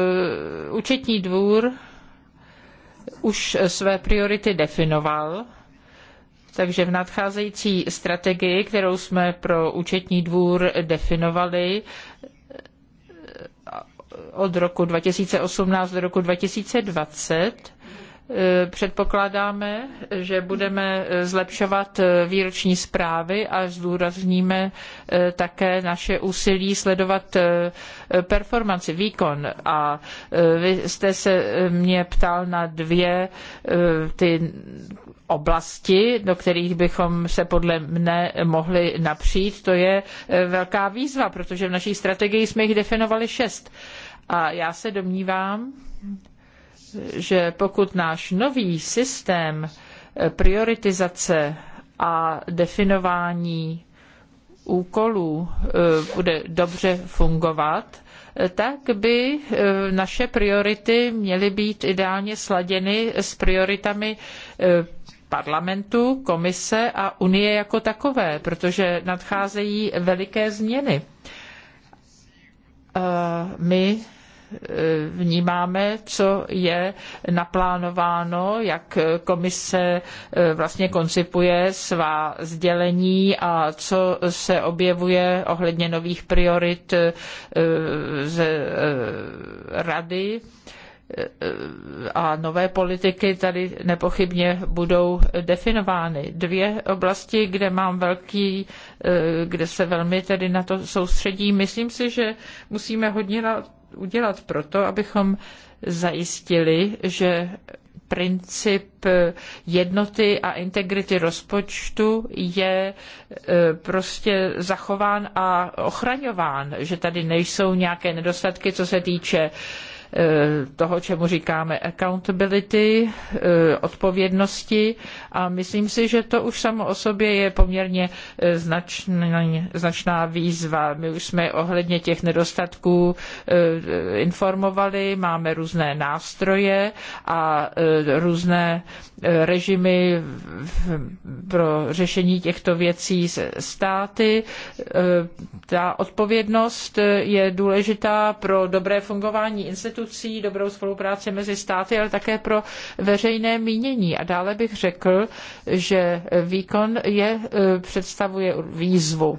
účetní dvůr už své priority definoval, takže v nadcházející strategii, kterou jsme pro účetní dvůr definovali, eh, od roku 2018 do roku 2020 E, předpokládáme, že budeme e, zlepšovat e, výroční zprávy a zdůrazníme také naše úsilí sledovat performanci, výkon. A vy jste se mě ptal na dvě ty oblasti, do kterých bychom se podle mne mohli napřít. To je velká výzva, protože v naší strategii jsme jich definovali šest. A já se domnívám, že pokud náš nový systém eh, prioritizace a definování úkolů eh, bude dobře fungovat, eh, tak by naše priority měly být ideálně sladěny s prioritami parlamentu, komise a unie jako takové, protože nadcházejí veliké změny. My vnímáme, co je naplánováno, jak komise eh, vlastně koncipuje svá sdělení a co se objevuje ohledně nových priorit eh, z eh, rady a nové politiky tady nepochybně budou definovány. Dvě oblasti, kde mám velký, kde se velmi tedy na to soustředím. Myslím si, že musíme hodně na udělat proto, abychom zajistili, že princip jednoty a integrity rozpočtu je e, prostě zachován a ochraňován, že tady nejsou nějaké nedostatky, co se týče e, toho, čemu říkáme accountability, e, odpovědnosti a myslím si, že to už samo o sobě je poměrně e, značná výzva. My už jsme ohledně těch nedostatků e, informovali, máme různé nástroje a e, různé režimy pro řešení těchto věcí státy. Ta odpovědnost je důležitá pro dobré fungování institucí, dobrou spolupráci mezi státy, ale také pro veřejné mínění. A dále bych řekl, že výkon je, e, představuje výzvu.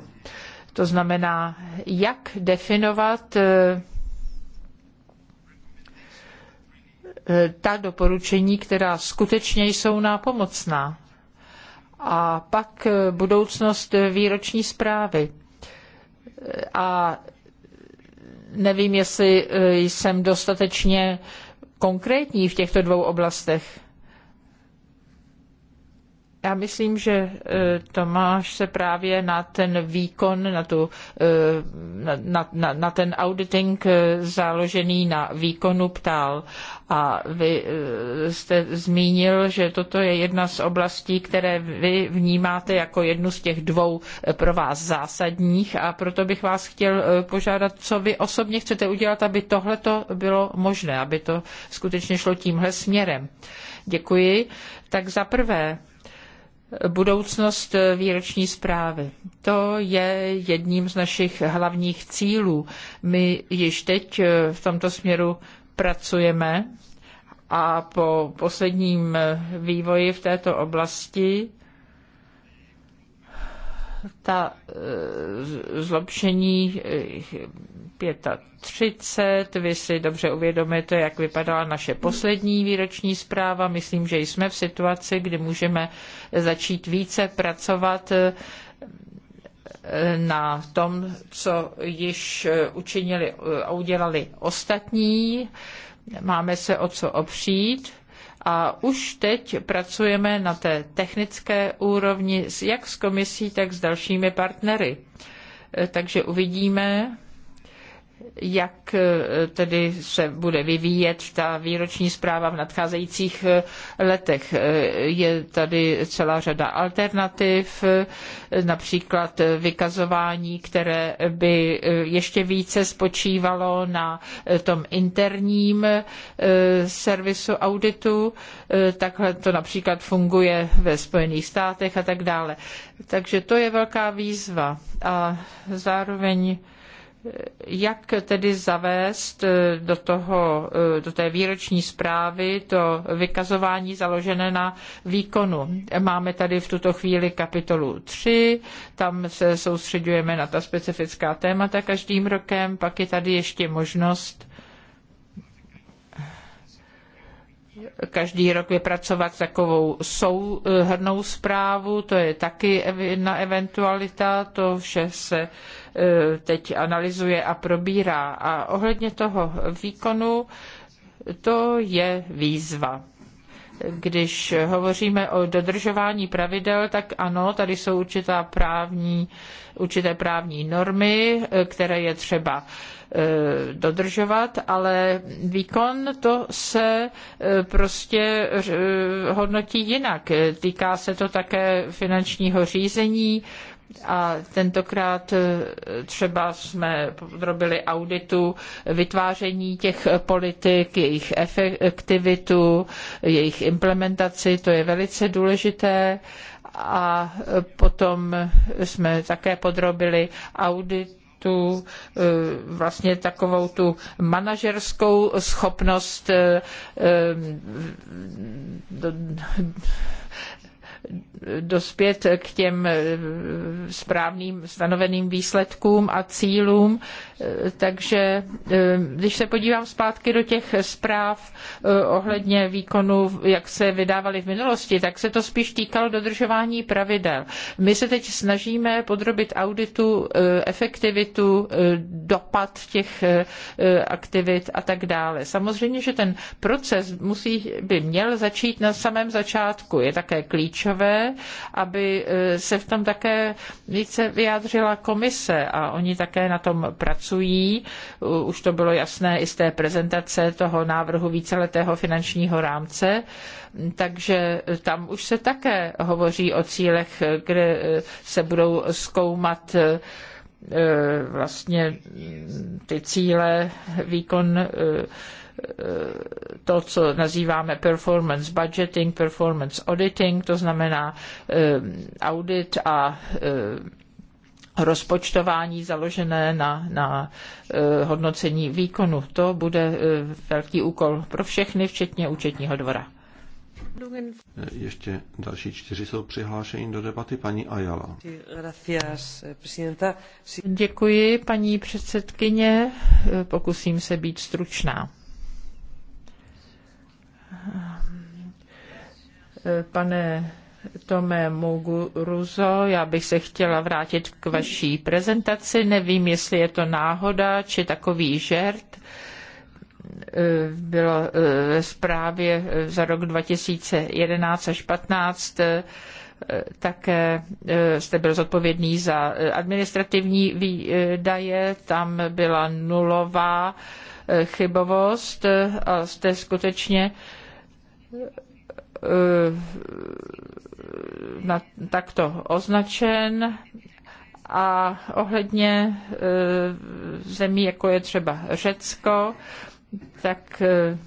To znamená, jak definovat e, e, ta doporučení, která skutečně jsou nápomocná. A pak budoucnost výroční zprávy. A nevím, jestli jsem dostatečně konkrétní v těchto dvou oblastech. Já myslím, že e, Tomáš se právě na ten výkon, na, tu, e, na, na, na ten auditing e, založený na výkonu ptal. A vy jste zmínil, že toto je jedna z oblastí, které vy vnímáte jako jednu z těch dvou pro vás zásadních a proto bych vás chtěl požádat, co vy osobně chcete udělat, aby tohle to bylo možné, aby to skutečně šlo tímhle směrem. Děkuji. Tak za prvé, budoucnost výroční zprávy. To je jedním z našich hlavních cílů. My již teď eh, v tomto směru pracujeme a po posledním eh, vývoji v této oblasti ta eh, zlepšení 35. Eh, vy si dobře uvědomíte, jak vypadala naše poslední výroční zpráva. Myslím, že jsme v situaci, kdy můžeme začít více pracovat eh, na tom, co již učinili a udělali ostatní. Máme se o co opřít a už teď pracujeme na té technické úrovni jak s komisí, tak s dalšími partnery. E, takže uvidíme, jak eh, tedy se bude vyvíjet ta výroční zpráva v nadcházejících eh, letech. Eh, je tady celá řada alternativ, například vykazování, které by ještě více spočívalo na tom interním servisu auditu. Takhle to například funguje ve Spojených státech a tak dále. Takže to je velká výzva. A zároveň jak tedy zavést eh, do, toho, eh, do té výroční zprávy to vykazování založené na výkonu. Máme tady v tuto chvíli kapitolu 3, tam se soustředujeme na ta specifická témata každým rokem, pak je tady ještě možnost každý rok vypracovat takovou souhrnou zprávu, to je taky jedna eventualita, to vše se Eh, teď analyzuje a probírá. A ohledně toho výkonu, to je výzva když hovoříme o dodržování pravidel, tak ano, tady jsou určitá právní, určité právní normy, eh, které je třeba eh, dodržovat, ale výkon to se prostě hodnotí jinak. Týká se to také finančního řízení, a tentokrát eh, třeba jsme podrobili auditu vytváření těch politik, jejich efektivitu, jejich implementaci, to je velice důležité. A potom jsme také podrobili audit tu eh, vlastně takovou tu manažerskou schopnost eh, dospět k těm eh, správným stanoveným výsledkům a cílům Eh, takže eh, když se podívám zpátky do těch zpráv eh, ohledně výkonu, jak se vydávaly v minulosti, tak se to spíš týkalo dodržování pravidel. My se teď snažíme podrobit auditu efektivitu, dopad těch aktivit a tak dále. Samozřejmě, že ten proces musí, by měl začít na samém začátku. Je také klíčové, aby se v tom také více vyjádřila komise a oni také na tom pracují pracují. Už to bylo jasné i z té prezentace toho návrhu víceletého finančního rámce. Takže tam už se také hovoří o cílech, kde eh, se budou zkoumat eh, vlastně ty cíle, výkon eh, to, co nazýváme performance budgeting, performance auditing, to znamená audit a rozpočtování založené na, na eh, hodnocení výkonu. To bude eh, velký úkol pro všechny, včetně účetního dvora. Eh, ještě další čtyři jsou přihlášeni do debaty. Paní Ajala. Děkuji, paní předsedkyně. Pokusím se být stručná. Pane Tome Muguruzo, já bych se chtěla vrátit k vaší prezentaci. Nevím, jestli je to náhoda či takový žert. Bylo ve eh, zprávě za rok 2011 až 2015 eh, také eh, jste byl zodpovědný za administrativní výdaje, tam byla nulová chybovost a jste skutečně Eh, na, takto označen a ohledně eh, zemí, jako je třeba Řecko, tak eh,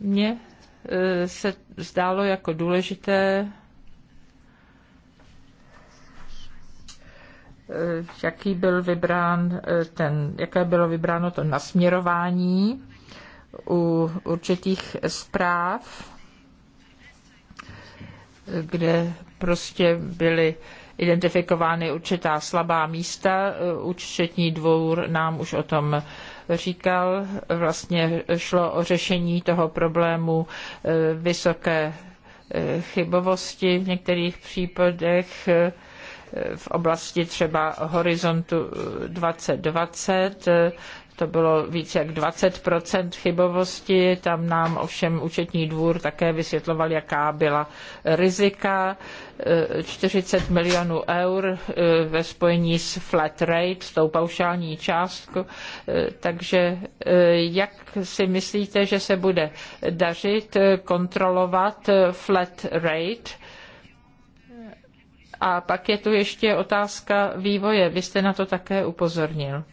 mně se zdálo jako důležité, jaký byl vybrán ten, jaké bylo vybráno to nasměrování u určitých zpráv kde prostě byly identifikovány určitá slabá místa. Účetní dvůr nám už o tom říkal. Vlastně šlo o řešení toho problému eh, vysoké eh, chybovosti v některých případech eh, v oblasti třeba horizontu 2020 to bylo více jak 20 chybovosti. Tam nám ovšem účetní dvůr také vysvětloval, jaká byla rizika. 40 eh, milionů eur eh, ve spojení s flat rate, s tou paušální částkou. Eh, takže jak si myslíte, že se bude dařit kontrolovat flat rate? A pak je tu ještě otázka vývoje. Vy jste na to také upozornil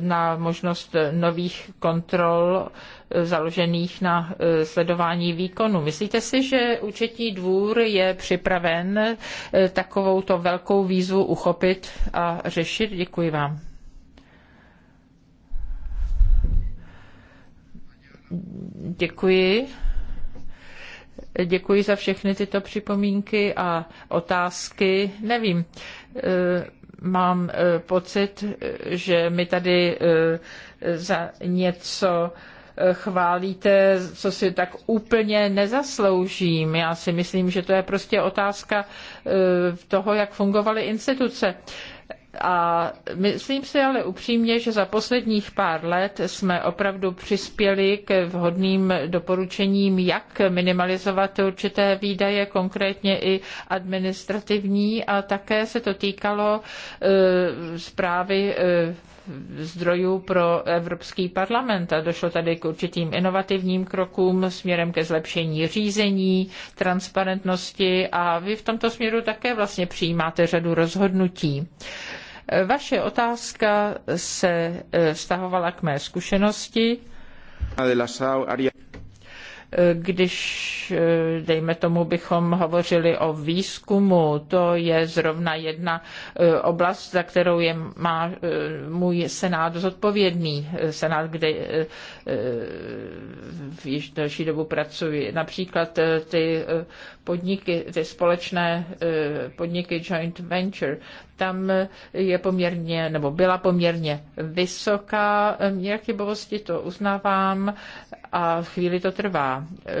na možnost nových kontrol založených na e, sledování výkonu. Myslíte si, že účetní dvůr je připraven e, takovou to velkou výzvu uchopit a řešit? Děkuji vám. Děkuji. Děkuji za všechny tyto připomínky a otázky. Nevím, e, mám e, pocit, e, že mi tady e, za něco chválíte, co si tak úplně nezasloužím. Já si myslím, že to je prostě otázka toho, jak fungovaly instituce. A myslím si ale upřímně, že za posledních pár let jsme opravdu přispěli k vhodným doporučením, jak minimalizovat určité výdaje, konkrétně i administrativní. A také se to týkalo e, zprávy e, zdrojů pro Evropský parlament a došlo tady k určitým inovativním krokům směrem ke zlepšení řízení, transparentnosti a vy v tomto směru také vlastně přijímáte řadu rozhodnutí. Vaše otázka se e, vztahovala k mé zkušenosti e, když, e, dejme tomu, bychom hovořili o výzkumu, to je zrovna jedna oblast, za kterou je má můj senát zodpovědný, senát, kde v již delší dobu pracuji. Například ty podniky, ty společné podniky joint venture, tam je poměrně, nebo byla poměrně vysoká míra chybovosti, to uznávám, a chvíli to trvá. Eh,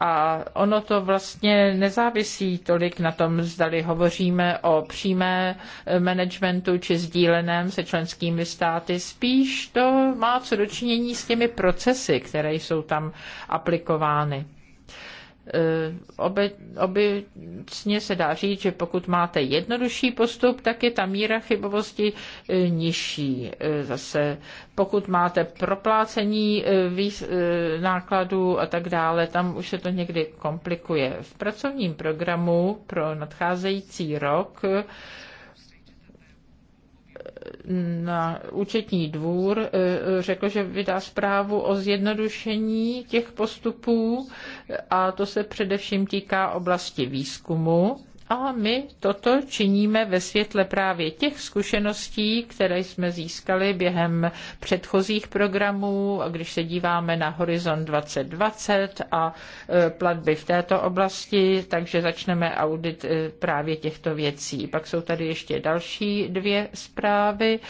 a ono to vlastně nezávisí tolik na tom, zdali hovoříme o přímé managementu či sdíleném se členskými státy. Spíš to má co dočinění s těmi procesy, které jsou tam aplikovány. Eh, obecně se dá říct, že pokud máte jednodušší postup, tak je ta míra chybovosti eh, nižší. Eh, zase pokud máte proplácení nákladů a tak dále, tam už se to někdy komplikuje. V pracovním programu pro nadcházející rok na účetní dvůr eh, řekl, že vydá zprávu o zjednodušení těch postupů a to se především týká oblasti výzkumu a my toto činíme ve světle právě těch zkušeností, které jsme získali během předchozích programů, když se díváme na Horizon 2020 a e, platby v této oblasti, takže začneme audit e, právě těchto věcí. Pak jsou tady ještě další dvě zprávy,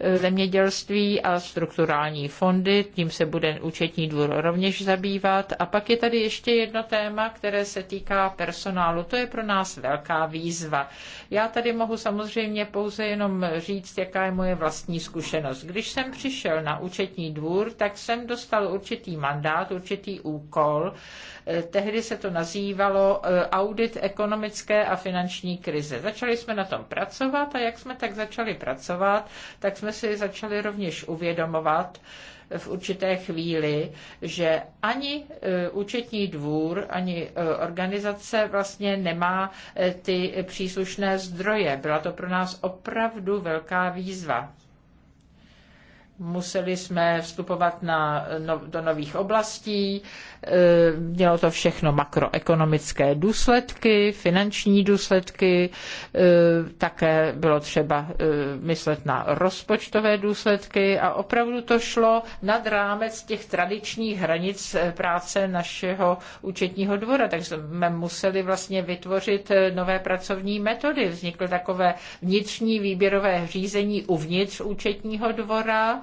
e, zemědělství a strukturální fondy, tím se bude účetní dvůr rovněž zabývat. A pak je tady ještě jedno téma, které se týká personálu. To je pro nás velké velká výzva. Já tady mohu samozřejmě pouze jenom říct, jaká je moje vlastní zkušenost. Když jsem přišel na účetní dvůr, tak jsem dostal určitý mandát, určitý úkol. Eh, tehdy se to nazývalo eh, audit ekonomické a finanční krize. Začali jsme na tom pracovat a jak jsme tak začali pracovat, tak jsme si začali rovněž uvědomovat, v určité chvíli, že ani e, účetní dvůr, ani e, organizace vlastně nemá e, ty příslušné zdroje. Byla to pro nás opravdu velká výzva museli jsme vstupovat na, no, do nových oblastí, e, mělo to všechno makroekonomické důsledky, finanční důsledky, e, také bylo třeba e, myslet na rozpočtové důsledky a opravdu to šlo nad rámec těch tradičních hranic práce našeho účetního dvora, takže jsme museli vlastně vytvořit nové pracovní metody. Vzniklo takové vnitřní výběrové řízení uvnitř účetního dvora,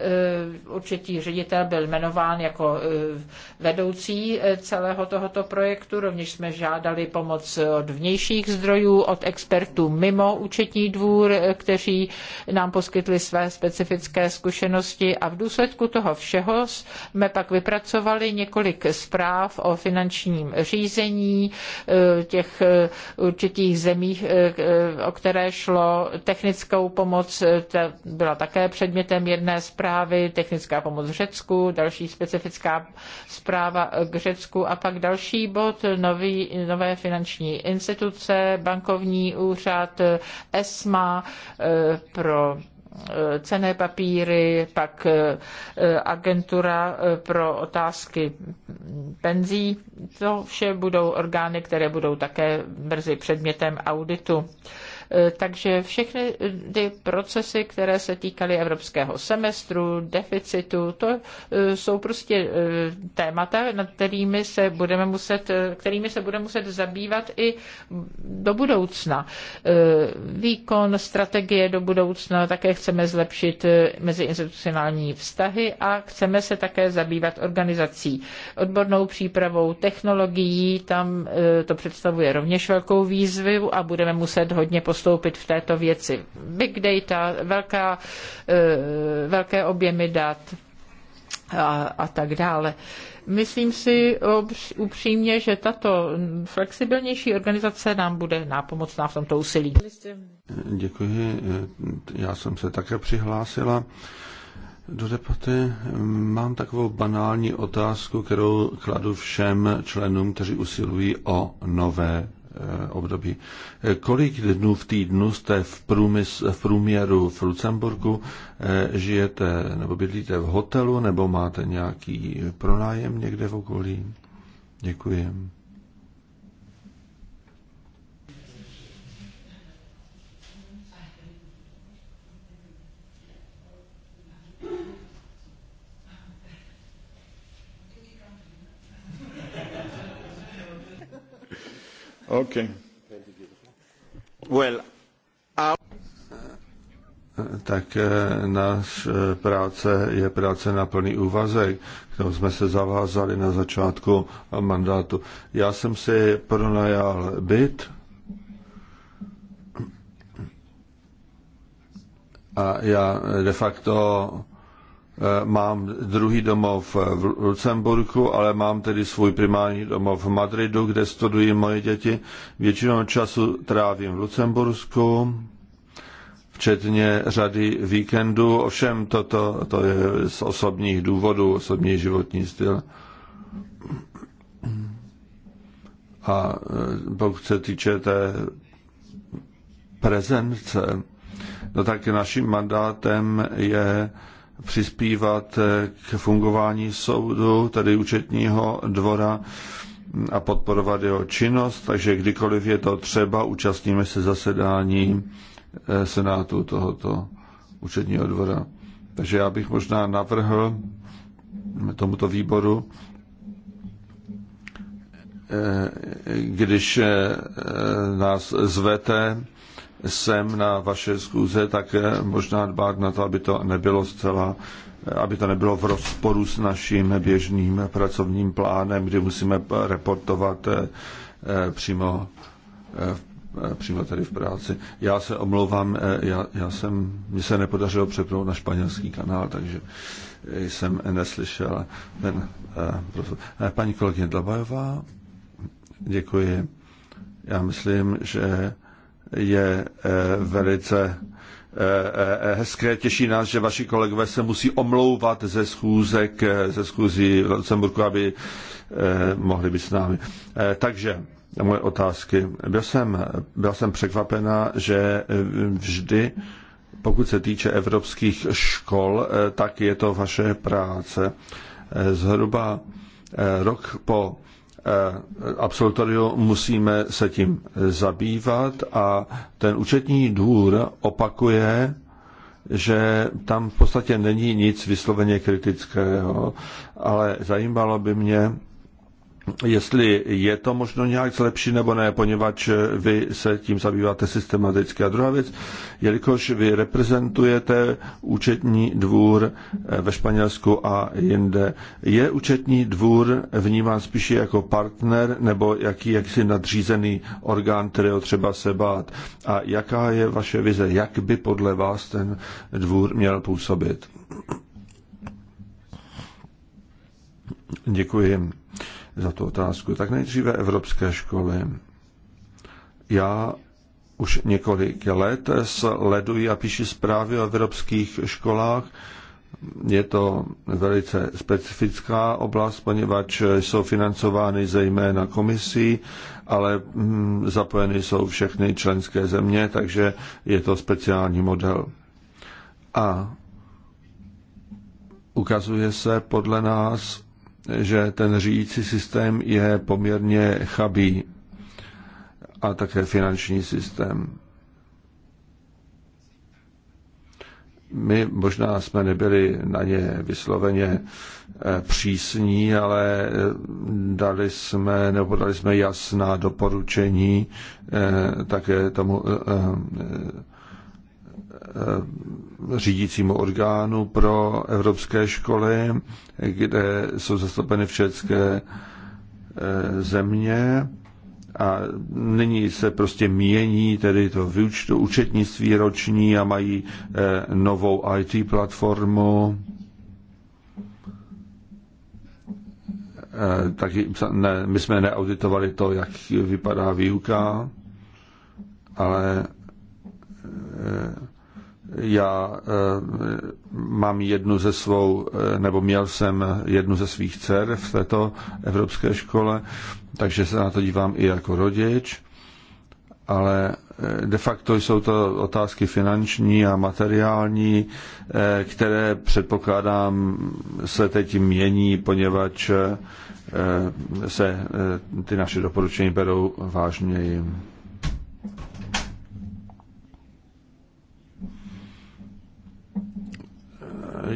Eh, určitý ředitel byl jmenován jako eh, vedoucí eh, celého tohoto projektu. Rovněž jsme žádali pomoc od vnějších zdrojů, od expertů mimo účetní dvůr, kteří nám poskytli své specifické zkušenosti a v důsledku toho všeho jsme pak vypracovali několik zpráv o finančním řízení těch určitých zemí, o které šlo, technickou pomoc byla také předmětem jedné zprávy zprávy, technická pomoc Řecku, další specifická zpráva k Řecku a pak další bod, nový, nové finanční instituce, bankovní úřad, ESMA eh, pro eh, cené papíry, pak eh, agentura pro otázky penzí. To vše budou orgány, které budou také brzy předmětem auditu. Eh, takže všechny ty procesy, které se týkaly evropského semestru, deficitu, to eh, jsou prostě eh, témata, nad kterými se budeme muset, kterými se budeme muset zabývat i do budoucna. Výkon, strategie do budoucna, také chceme zlepšit meziinstitucionální vztahy a chceme se také zabývat organizací, odbornou přípravou, technologií, tam to představuje rovněž velkou výzvu a budeme muset hodně poslouchat postoupit v této věci. Big data, velká, eh, velké objemy dat a, a tak dále. Myslím si upřímně, že tato flexibilnější organizace nám bude nápomocná v tomto úsilí. Děkuji. Já jsem se také přihlásila do debaty. Mám takovou banální otázku, kterou kladu všem členům, kteří usilují o nové Eh, období. Eh, kolik dnů v týdnu jste v, průmys, v průměru v Lucemburku eh, žijete nebo bydlíte v hotelu nebo máte nějaký pronájem někde v okolí? Děkuji. Tak eh, náš eh, práce je práce na plný úvazek, kterou jsme se zavázali na začátku mandátu. Já jsem si pronajal byt a já de facto Eh, mám druhý domov v Lucemburku, ale mám tedy svůj primární domov v Madridu, kde studují moje děti. Většinou času trávím v Lucembursku, včetně řady víkendů. Ovšem toto to je z osobních důvodů, osobní životní styl. A eh, pokud se týče té prezence, no tak naším mandátem je přispívat eh, k fungování soudu, tedy účetního dvora mm, a podporovat jeho činnost, takže kdykoliv je to třeba, účastníme se zasedání eh, Senátu tohoto účetního dvora. Takže já bych možná navrhl mm, tomuto výboru, eh, když nás zvete sem na vaše schůze, tak eh, možná dbát na to, aby to nebylo zcela eh, aby to nebylo v rozporu s naším běžným pracovním plánem, kdy musíme reportovat eh, přímo, přímo tady v práci. Já se omlouvám, já, já jsem, mně se nepodařilo přepnout na španělský kanál, takže jsem neslyšel ten Paní kolegyně Dlabajová, děkuji. Já myslím, že je eh, velice eh, eh, hezké. Těší nás, že vaši kolegové se musí omlouvat ze schůzek, ze schůzí v Lucemburku, aby mohli být s námi. Takže moje otázky. Byl jsem, byl jsem překvapena, že vždy, pokud se týče evropských škol, tak je to vaše práce. Zhruba rok po Eh, absolutoriu musíme se tím zabývat a ten účetní dvůr opakuje, že tam v podstatě není nic vysloveně kritického, ale zajímalo by mě, jestli je to možno nějak zlepšit nebo ne, poněvadž vy se tím zabýváte systematicky. A druhá věc, jelikož vy reprezentujete účetní dvůr eh, ve Španělsku a jinde, je účetní dvůr vnímán spíše jako partner nebo jaký jaksi nadřízený orgán, kterého třeba se bát? A jaká je vaše vize? Jak by podle vás ten dvůr měl působit? Děkuji za tu otázku. Tak nejdříve evropské školy. Já už několik let sleduji a píši zprávy o evropských školách. Je to velice specifická oblast, poněvadž jsou financovány zejména komisí, ale hm, zapojeny jsou všechny členské země, takže je to speciální model. A ukazuje se podle nás, že ten řídící systém je poměrně chabý a také finanční systém. My možná jsme nebyli na ně vysloveně eh, přísní, ale eh, dali jsme, nebo dali jsme jasná doporučení eh, také tomu Eh, řídícímu orgánu pro evropské školy, kde jsou zastoupeny všecké eh, země a nyní se prostě mění tedy to výučto, účetnictví roční a mají eh, novou IT platformu. Taky, ne, my jsme neauditovali to, jak vypadá výuka, ale já eh, mám jednu ze svou, eh, nebo měl jsem jednu ze svých dcer v této evropské škole, takže se na to dívám i jako rodič, ale eh, de facto jsou to otázky finanční a materiální, které předpokládám se teď mění, poněvadž se ty naše doporučení berou vážněji.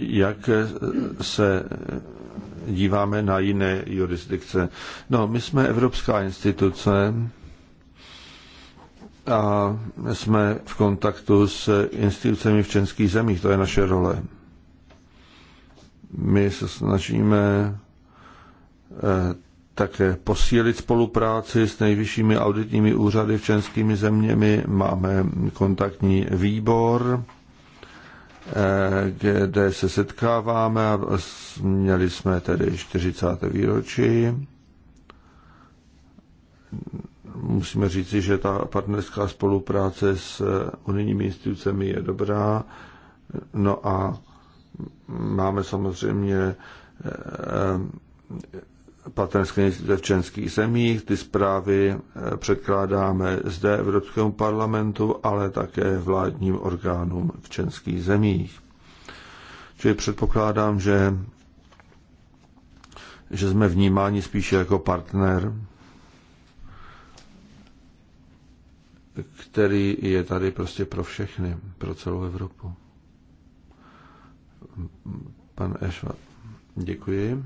jak se díváme na jiné jurisdikce. No, my jsme evropská instituce a jsme v kontaktu s institucemi v českých zemích, to je naše role. My se snažíme eh, také posílit spolupráci s nejvyššími auditními úřady v českými zeměmi. Máme kontaktní výbor kde eh, se setkáváme a měli jsme tedy 40. výročí. Musíme říci, že ta partnerská spolupráce s unijními institucemi je dobrá. No a máme samozřejmě eh, patentské instituce v členských zemích. Ty zprávy eh, předkládáme zde Evropském parlamentu, ale také vládním orgánům v členských zemích. Čili předpokládám, že, že jsme vnímáni spíše jako partner, který je tady prostě pro všechny, pro celou Evropu. Pan Ešva, děkuji.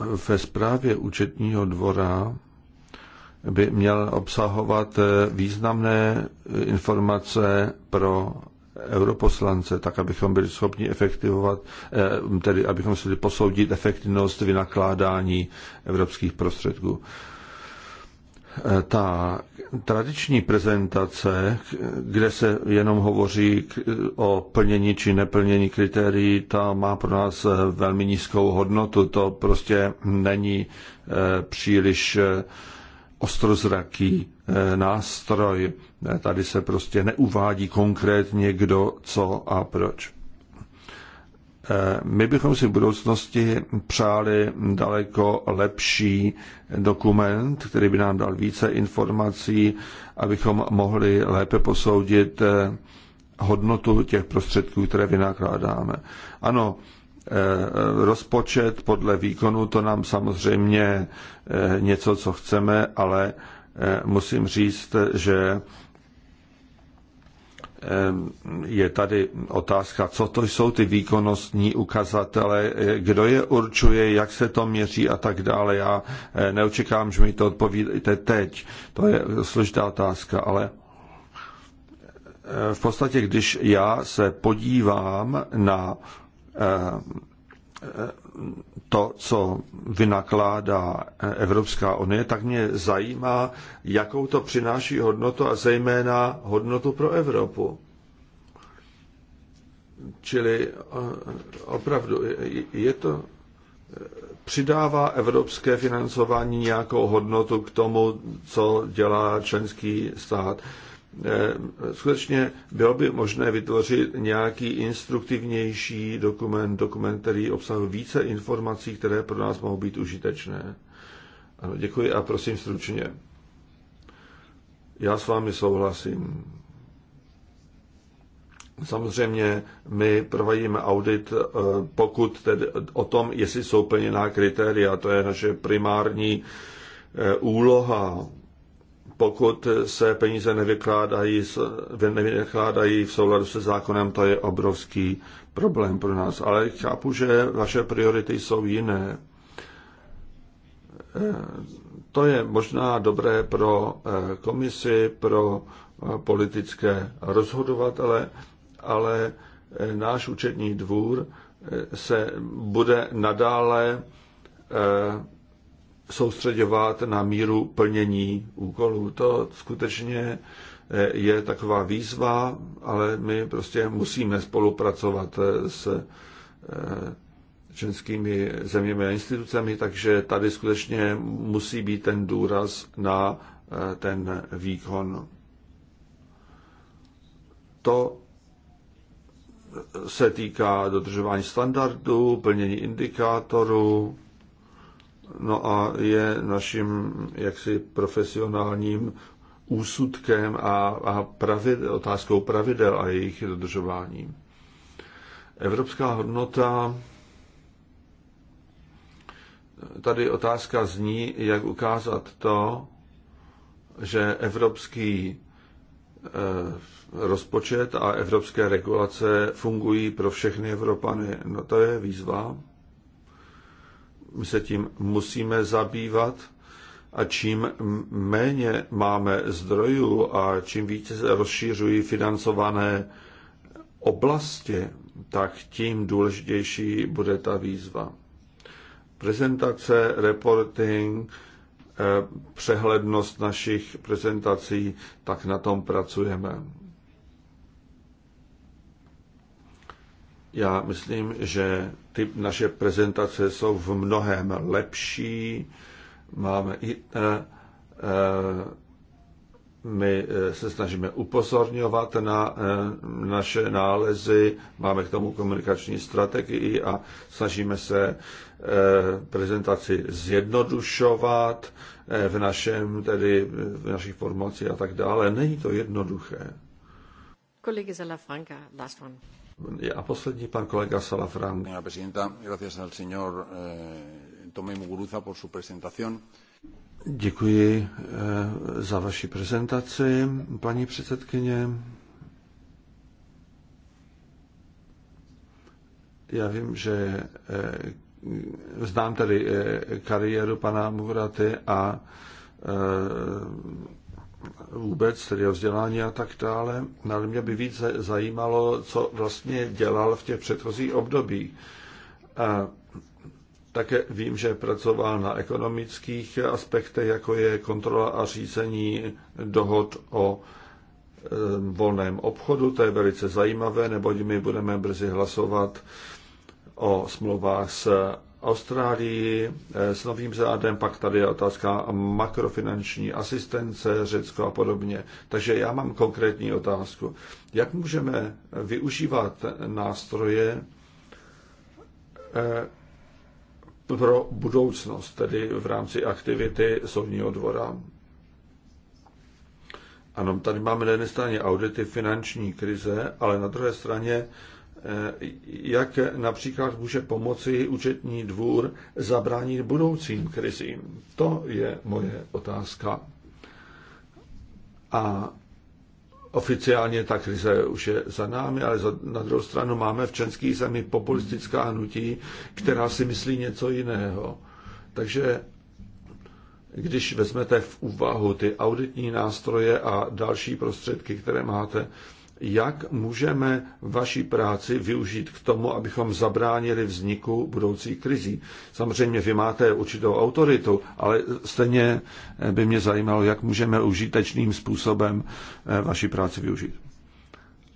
ve zprávě účetního dvora by měl obsahovat významné informace pro europoslance, tak abychom byli schopni efektivovat, eh, tedy abychom si posoudit efektivnost vynakládání evropských prostředků. Eh, ta tradiční prezentace, kde se jenom hovoří o plnění či neplnění kritérií, ta má pro nás velmi nízkou hodnotu. To prostě není eh, příliš eh, ostrozraký eh, nástroj. Tady se prostě neuvádí konkrétně kdo, co a proč. Eh, my bychom si v budoucnosti přáli daleko lepší dokument, který by nám dal více informací, abychom mohli lépe posoudit eh, hodnotu těch prostředků, které vynakládáme. Ano, eh, rozpočet podle výkonu, to nám samozřejmě něco, co chceme, ale musím říct, že je tady otázka, co to jsou ty výkonnostní ukazatele, eh, kdo je určuje, jak se to měří a tak dále. Já eh, neočekám, že mi to odpovíte teď. To je složitá otázka, ale eh, v podstatě, když já se podívám na to, co vynakládá Evropská unie, tak mě zajímá, jakou to přináší hodnotu a zejména hodnotu pro Evropu. Čili eh, opravdu je to, eh, přidává evropské financování nějakou hodnotu k tomu, co dělá členský stát. Eh, skutečně bylo by možné vytvořit nějaký instruktivnější dokument, dokument, který obsahuje více informací, které pro nás mohou být užitečné. Ano, děkuji a prosím stručně. Já s vámi souhlasím. Samozřejmě my provádíme audit, eh, pokud tedy o tom, jestli jsou plněná kritéria, to je naše primární eh, úloha pokud se peníze nevykládají, nevykládají v souladu se zákonem, to je obrovský problém pro nás. Ale chápu, že vaše priority jsou jiné. E, to je možná dobré pro e, komisi, pro e, politické rozhodovatele, ale náš účetní dvůr se bude nadále soustředovat na míru plnění úkolů. To skutečně eh, je taková výzva, ale my prostě musíme spolupracovat eh, s eh, členskými zeměmi a institucemi, takže tady skutečně musí být ten důraz na ten výkon. To se týká dodržování standardů, plnění indikátorů, No a je naším jaksi profesionálním úsudkem a, a pravidel, otázkou pravidel a jejich dodržování. Evropská hodnota, tady otázka zní, jak ukázat to, že evropský eh, rozpočet a evropské regulace fungují pro všechny Evropany. No to je výzva my se tím musíme zabývat a čím méně máme zdrojů a čím více se rozšířují financované oblasti, tak tím důležitější bude ta výzva. Prezentace, reporting, eh, přehlednost našich prezentací, tak na tom pracujeme. Já myslím, že ty naše prezentace jsou v mnohem lepší. Máme i, eh, eh, my eh, se snažíme upozorňovat na naše nálezy, máme k tomu komunikační strategii a snažíme se prezentaci zjednodušovat v našem, tedy v našich formacích a tak dále. Není to jednoduché. Kolegy Zala Franka, last one. A poslední pan kolega Salafran. Señora prezidenta, gracias al señor eh, Tomé Muguruza por su presentación. Děkuji eh, za vaši prezentaci, paní předsedkyně. Já vím, že eh, znám tedy kariéru pana Muraty a vůbec, tedy o vzdělání a tak dále. Ale mě by více zajímalo, co vlastně dělal v těch předchozích období. A také vím, že pracoval na ekonomických aspektech, jako je kontrola a řízení dohod o volném obchodu. To je velice zajímavé, neboť my budeme brzy hlasovat o smlouvách s Austrálii eh, s Novým Zélandem, pak tady je otázka makrofinanční asistence, Řecko a podobně. Takže já mám konkrétní otázku. Jak můžeme využívat nástroje eh, pro budoucnost, tedy v rámci aktivity soudního dvora? Ano, tady máme na jedné straně audity finanční krize, ale na druhé straně Eh, jak například může pomoci účetní dvůr zabránit budoucím krizím. To je moje otázka. A oficiálně ta krize už je za námi, ale za, na druhou stranu máme v českých zemi populistická hnutí, která si myslí něco jiného. Takže když vezmete v úvahu ty auditní nástroje a další prostředky, které máte, jak můžeme vaší práci využít k tomu, abychom zabránili vzniku budoucí krizí. Samozřejmě vy máte určitou autoritu, ale stejně by mě zajímalo, jak můžeme užitečným způsobem eh, vaší práci využít.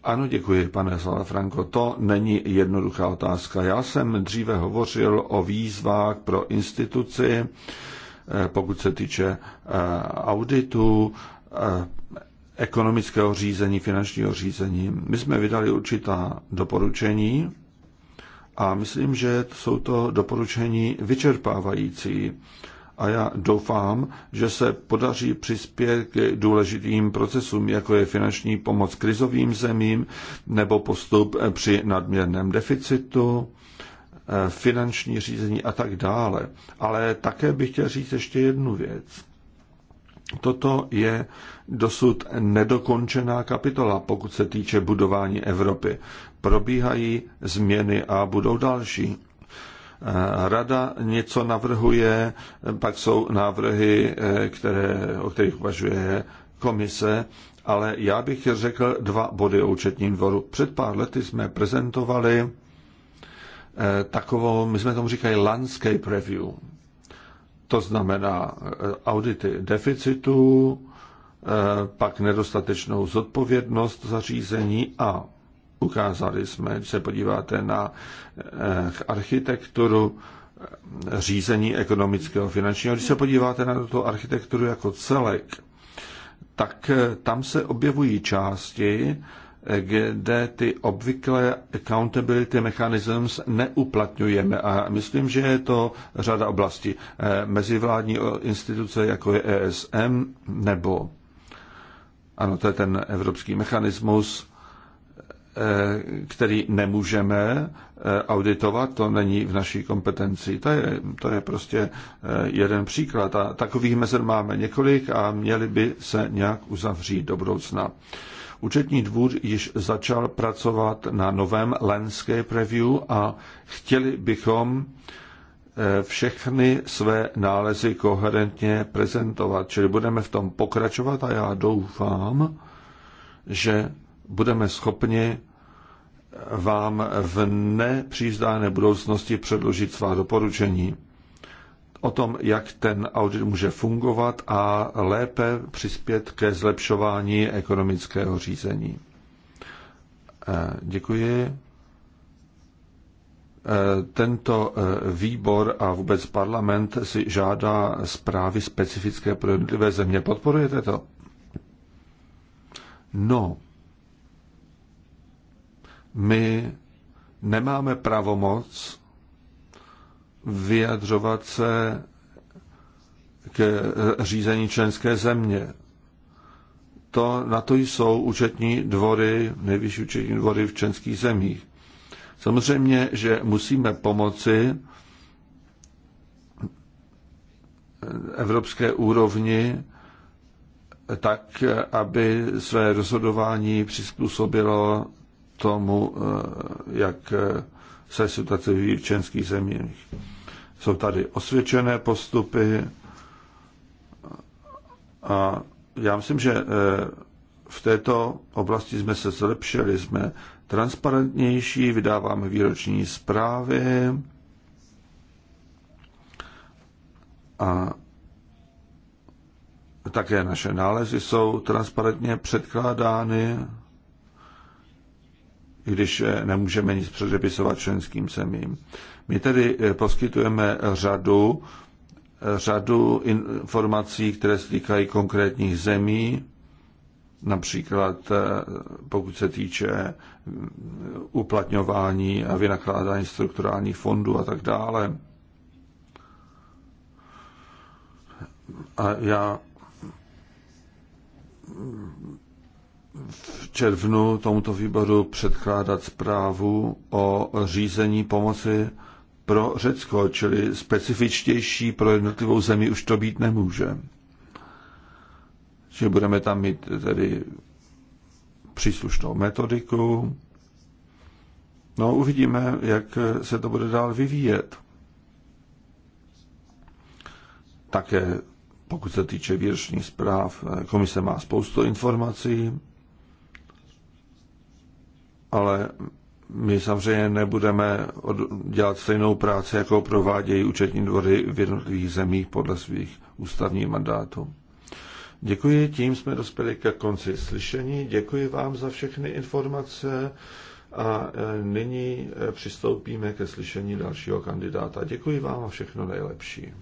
Ano, děkuji, pane Salafranko. To není jednoduchá otázka. Já jsem dříve hovořil o výzvách pro instituci, eh, pokud se týče eh, auditu, ekonomického řízení, finančního řízení. My jsme vydali určitá doporučení a myslím, že jsou to doporučení vyčerpávající. A já doufám, že se podaří přispět k důležitým procesům, jako je finanční pomoc krizovým zemím nebo postup při nadměrném deficitu, eh, finanční řízení a tak dále. Ale také bych chtěl říct ještě jednu věc. Toto je dosud nedokončená kapitola, pokud se týče budování Evropy. Probíhají změny a budou další. Rada něco navrhuje, pak jsou návrhy, které, o kterých uvažuje komise, ale já bych řekl dva body o účetním dvoru. Před pár lety jsme prezentovali eh, takovou, my jsme tomu říkali landscape review, to znamená eh, audity deficitů, eh, pak nedostatečnou zodpovědnost zařízení a ukázali jsme, když se podíváte na eh, architekturu řízení ekonomického finančního, když se podíváte na tuto architekturu jako celek, tak tam se objevují části, kde ty obvyklé accountability mechanisms neuplatňujeme. A myslím, že je to řada oblastí. E, mezivládní instituce, jako je ESM, nebo ano, to je ten evropský mechanismus, e, který nemůžeme e, auditovat, to není v naší kompetenci. To je, to je prostě jeden příklad. A takových mezer máme několik a měly by se nějak uzavřít do budoucna. Účetní dvůr již začal pracovat na novém landscape review a chtěli bychom eh, všechny své nálezy koherentně prezentovat. Čili budeme v tom pokračovat a já doufám, že budeme schopni eh, vám v nepřízdáné budoucnosti předložit svá doporučení o tom, jak ten audit může fungovat a lépe přispět ke zlepšování ekonomického řízení. Eh, děkuji. Eh, tento eh, výbor a vůbec parlament si žádá zprávy specifické pro jednotlivé země. Podporujete to? No, my nemáme pravomoc vyjadřovat se k eh, řízení členské země. To, na to jsou účetní dvory, nejvyšší účetní dvory v členských zemích. Samozřejmě, že musíme pomoci evropské úrovni tak, aby své rozhodování přizpůsobilo tomu, eh, jak eh, se situace vyvíjí v členských zemích. Jsou tady osvědčené postupy a já myslím, že eh, v této oblasti jsme se zlepšili, jsme transparentnější, vydáváme výroční zprávy a také naše nálezy jsou transparentně předkládány když eh, nemůžeme nic předepisovat členským zemím. My tedy eh, poskytujeme řadu, řadu informací, které se týkají konkrétních zemí, například eh, pokud se týče mm, uplatňování a vynakládání strukturálních fondů a tak dále. A já v červnu tomuto výboru předkládat zprávu o řízení pomoci pro Řecko, čili specifičtější pro jednotlivou zemi už to být nemůže. Že budeme tam mít tedy příslušnou metodiku. No, uvidíme, jak se to bude dál vyvíjet. Také pokud se týče výročních zpráv, komise má spoustu informací, ale my samozřejmě nebudeme dělat stejnou práci, jako provádějí účetní dvory v jednotlivých zemích podle svých ústavních mandátů. Děkuji, tím jsme dospěli ke konci slyšení. Děkuji vám za všechny informace a e, nyní e, přistoupíme ke slyšení dalšího kandidáta. Děkuji vám a všechno nejlepší.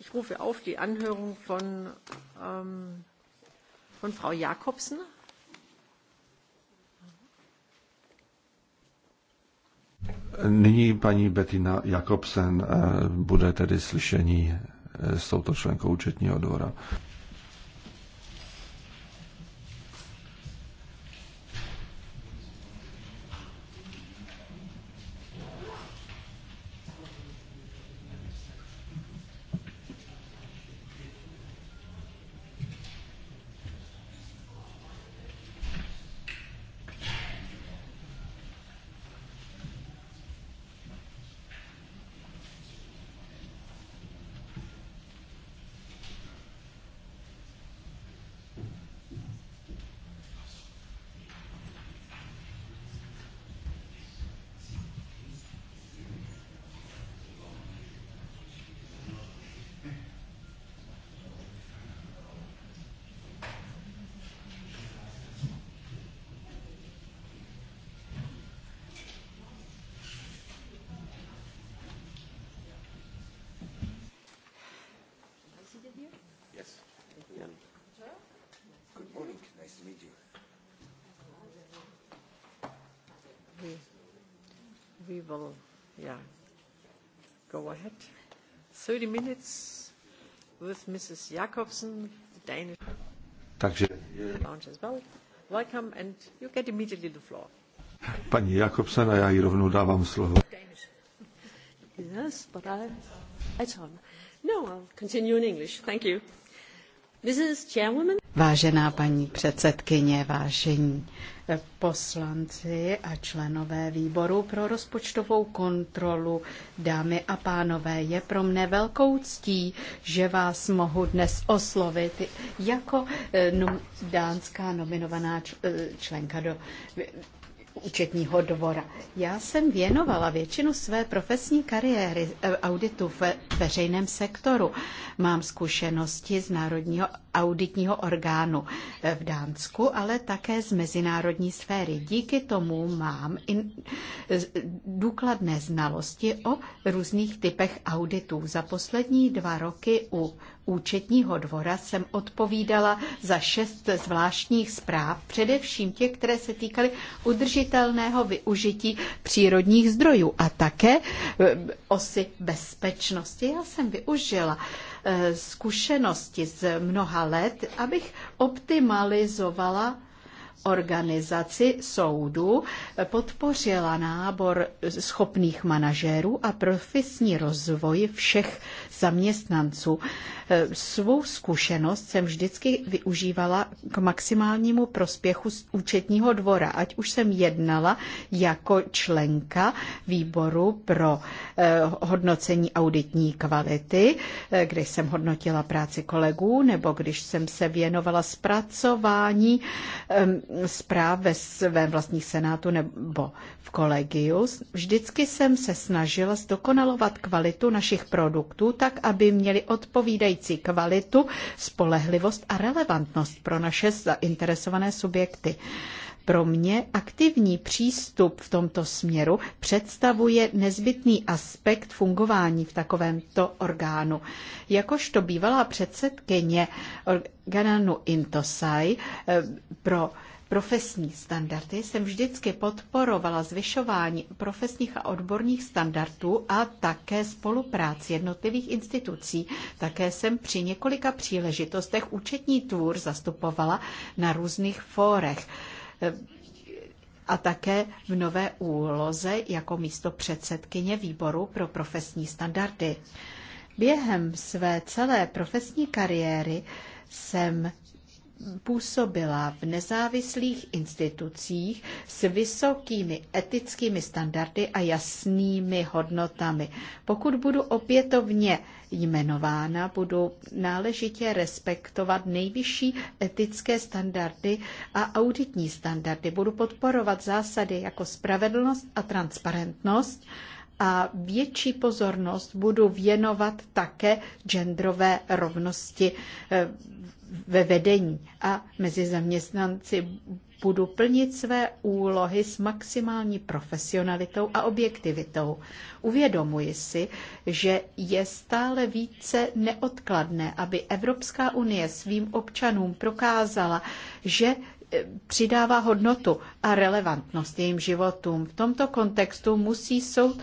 Ich rufe auf die Anhörung von, ähm, von Frau Jakobsen. Nyní paní Bettina Jakobsen eh, bude tedy slyšení eh, s touto členkou účetního dvora. Jacobsen, Takže. Welcome and you get immediately the floor. Paní Jakobsen a já jí rovnou dávám slovo. Yes, but I, I No, I'll continue in English. Thank you. Mrs. Chairwoman, Vážená paní předsedkyně, vážení poslanci a členové výboru pro rozpočtovou kontrolu, dámy a pánové, je pro mne velkou ctí, že vás mohu dnes oslovit jako eh, dánská nominovaná eh, členka do účetního dvora. Já jsem věnovala většinu své profesní kariéry eh, auditu ve veřejném sektoru. Mám zkušenosti z Národního auditního orgánu eh, v Dánsku, ale také z mezinárodní sféry. Díky tomu mám in, důkladné znalosti o různých typech auditů. Za poslední dva roky u účetního dvora jsem odpovídala za šest zvláštních zpráv, především těch, které se týkaly udržitelného využití přírodních zdrojů a také e, osy bezpečnosti. Já jsem využila e, zkušenosti z mnoha let, abych optimalizovala organizaci soudu podpořila nábor schopných manažérů a profesní rozvoj všech zaměstnanců. Svou zkušenost jsem vždycky využívala k maximálnímu prospěchu z účetního dvora, ať už jsem jednala jako členka výboru pro eh, hodnocení auditní kvality, eh, kde jsem hodnotila práci kolegů, nebo když jsem se věnovala zpracování ehm, zpráv ve svém vlastních senátu nebo v kolegiu. Vždycky jsem se snažila zdokonalovat kvalitu našich produktů tak, aby měli odpovídající kvalitu, spolehlivost a relevantnost pro naše zainteresované subjekty. Pro mě aktivní přístup v tomto směru představuje nezbytný aspekt fungování v takovémto orgánu. Jakožto bývalá předsedkyně orgánu Intosai eh, pro profesní standardy, jsem vždycky podporovala zvyšování profesních a odborných standardů a také spolupráci jednotlivých institucí. Také jsem při několika příležitostech účetní tvůr zastupovala na různých fórech a také v nové úloze jako místo předsedkyně výboru pro profesní standardy. Během své celé profesní kariéry jsem působila v nezávislých institucích s vysokými etickými standardy a jasnými hodnotami. Pokud budu opětovně jmenována, budu náležitě respektovat nejvyšší etické standardy a auditní standardy. Budu podporovat zásady jako spravedlnost a transparentnost a větší pozornost budu věnovat také genderové rovnosti eh, ve vedení a mezi zaměstnanci budu plnit své úlohy s maximální profesionalitou a objektivitou. Uvědomuji si, že je stále více neodkladné, aby Evropská unie svým občanům prokázala, že e, přidává hodnotu a relevantnost jejím životům. V tomto kontextu musí soud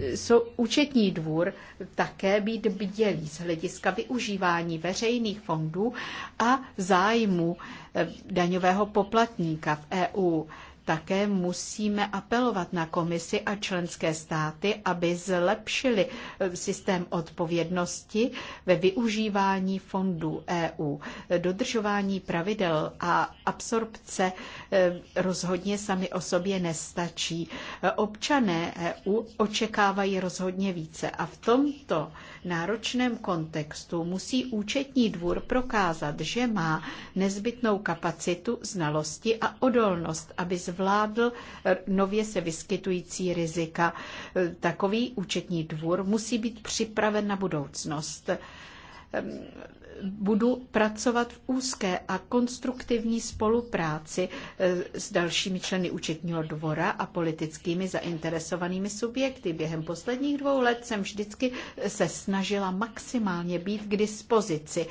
jsou účetní dvůr také být bdělý z hlediska využívání veřejných fondů a zájmu eh, daňového poplatníka v EU. Také musíme apelovat na komisi a členské státy, aby zlepšili eh, systém odpovědnosti ve využívání fondů EU. Dodržování pravidel a absorpce eh, rozhodně sami o sobě nestačí. Eh, občané EU očekávají rozhodně více a v tomto náročném kontextu musí účetní dvůr prokázat, že má nezbytnou kapacitu, znalosti a odolnost, aby zvládl eh, nově se vyskytující rizika. Eh, takový účetní dvůr musí být připraven na budoucnost ehm, budu pracovat v úzké a konstruktivní spolupráci eh, s dalšími členy účetního dvora a politickými zainteresovanými subjekty. Během posledních dvou let jsem vždycky se snažila maximálně být k dispozici.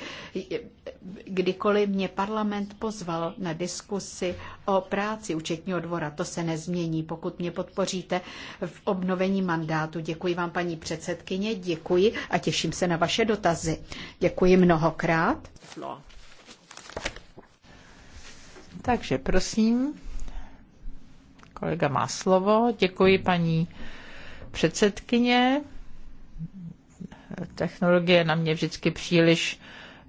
Kdykoliv mě parlament pozval na diskusi o práci účetního dvora, to se nezmění, pokud mě podpoříte v obnovení mandátu. Děkuji vám, paní předsedkyně, děkuji a těším se na vaše dotazy. Děkuji mnoho mnohokrát. Takže prosím, kolega má slovo. Děkuji paní předsedkyně. Technologie na mě vždycky příliš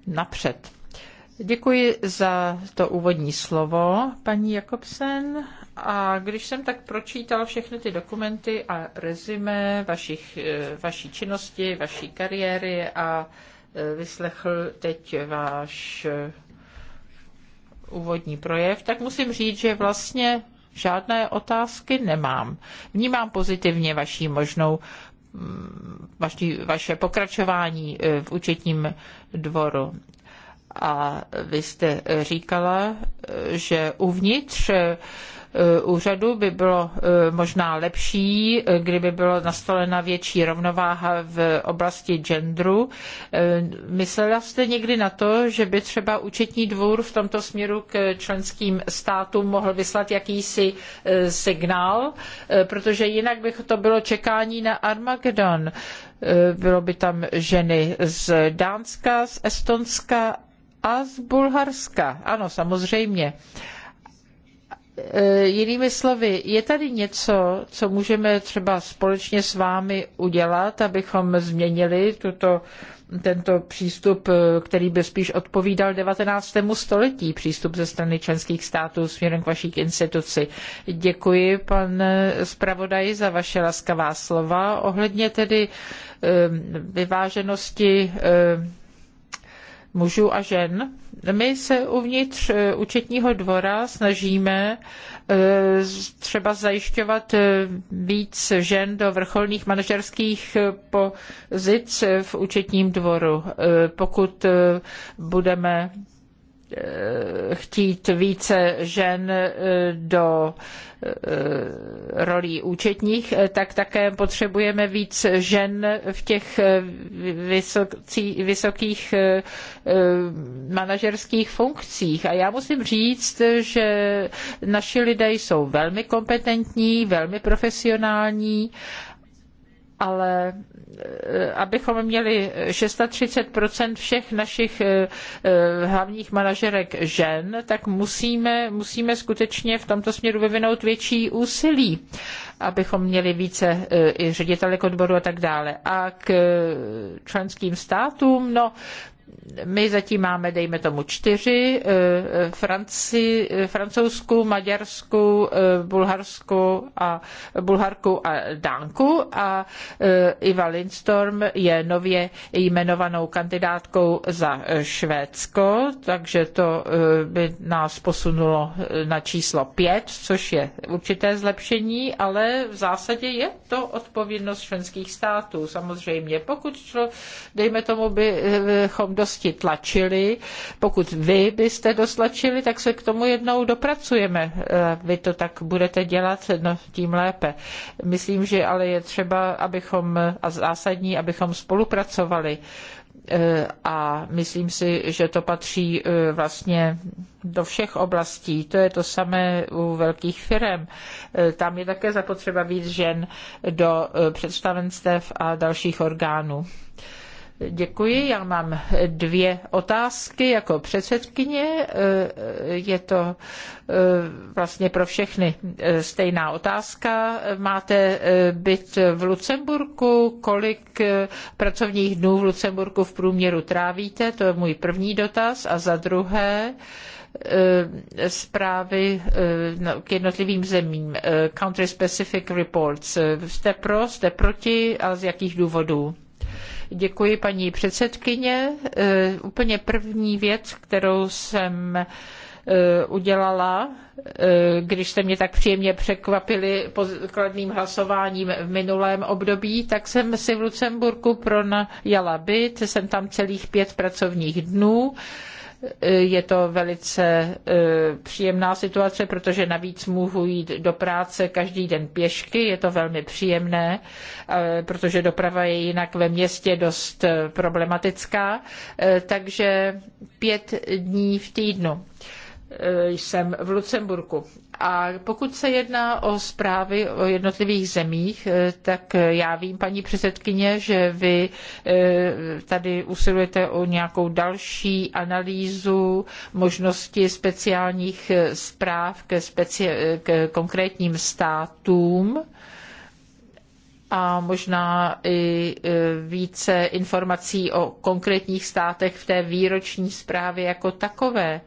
napřed. Děkuji za to úvodní slovo, paní Jakobsen. A když jsem tak pročítal všechny ty dokumenty a rezime vašich, eh, vaší činnosti, vaší kariéry a vyslechl teď váš eh, úvodní projev, tak musím říct, že vlastně žádné otázky nemám. Vnímám pozitivně vaší možnou mm, vaši, vaše pokračování eh, v účetním dvoru. A vy jste říkala, že uvnitř e, úřadu by bylo e, možná lepší, e, kdyby byla nastolena větší rovnováha v oblasti genderu. Myslela jste někdy na to, že by třeba účetní dvůr v tomto směru k členským státům mohl vyslat jakýsi signál, protože jinak by to bylo čekání na Armagedon bylo by tam ženy z Dánska, z Estonska a z Bulharska. Ano, samozřejmě. E, jinými slovy, je tady něco, co můžeme třeba společně s vámi udělat, abychom změnili tuto, tento přístup, e, který by spíš odpovídal 19. století, přístup ze strany členských států směrem k vaší instituci. Děkuji, pan zpravodaj, za vaše laskavá slova. Ohledně tedy e, vyváženosti mužů a žen. My se uvnitř eh, účetního dvora snažíme eh, třeba zajišťovat eh, víc žen do vrcholných manažerských pozic v účetním dvoru. Pokud budeme Eh, chtít více žen eh, do eh, rolí účetních, tak také potřebujeme víc žen v těch vysocí, vysokých manažerských funkcích. A já musím říct, že naši lidé jsou velmi kompetentní, velmi profesionální ale eh, abychom měli 630 všech našich eh, eh, hlavních manažerek žen, tak musíme, musíme skutečně v tomto směru vyvinout větší úsilí, abychom měli více i ředitelek odboru a tak dále. A k členským státům, no my zatím máme, dejme tomu, čtyři, eh, Franci, francouzsku, maďarsku, eh, bulharsku a bulharku a dánku a eh, Iva Lindstorm je nově jmenovanou kandidátkou za Švédsko, takže to by nás posunulo na číslo pět, což je určité zlepšení, ale v zásadě je to odpovědnost členských států. Samozřejmě, pokud, člo, dejme tomu, bychom dosti tlačili. Pokud vy byste dostlačili, tak se k tomu jednou dopracujeme. Eh, vy to tak budete dělat, no tím lépe. Myslím, že ale je třeba, abychom, a zásadní, abychom spolupracovali eh, a myslím si, že to patří eh, vlastně do všech oblastí. To je to samé u velkých firm. Tam je také zapotřeba víc žen do představenstev a dalších orgánů. Děkuji. Já mám dvě otázky jako předsedkyně. Je to eh, vlastně pro všechny eh, stejná otázka. Máte eh, byt v Lucemburku? Kolik pracovních dnů v Lucemburku v průměru trávíte? To je můj první dotaz. A za druhé, zprávy no, k jednotlivým zemím, country-specific reports. Jste pro, jste proti a z jakých důvodů? Děkuji paní předsedkyně. E, úplně první věc, kterou jsem e, udělala, e, když jste mě tak příjemně překvapili kladným hlasováním v minulém období, tak jsem si v Lucemburku pronajala byt, jsem tam celých pět pracovních dnů je to velice e, příjemná situace, protože navíc mohu jít do práce každý den pěšky, je to velmi příjemné, e, protože doprava je jinak ve městě dost e, problematická, takže pět dní v týdnu jsem v Lucemburku. A pokud se jedná o zprávy o jednotlivých zemích, eh, tak eh, já vím, paní předsedkyně, že vy eh, tady usilujete o nějakou další analýzu možnosti speciálních zpráv ke, speci- ke konkrétním státům a možná i více informací o konkrétních státech v té výroční zprávě jako takové.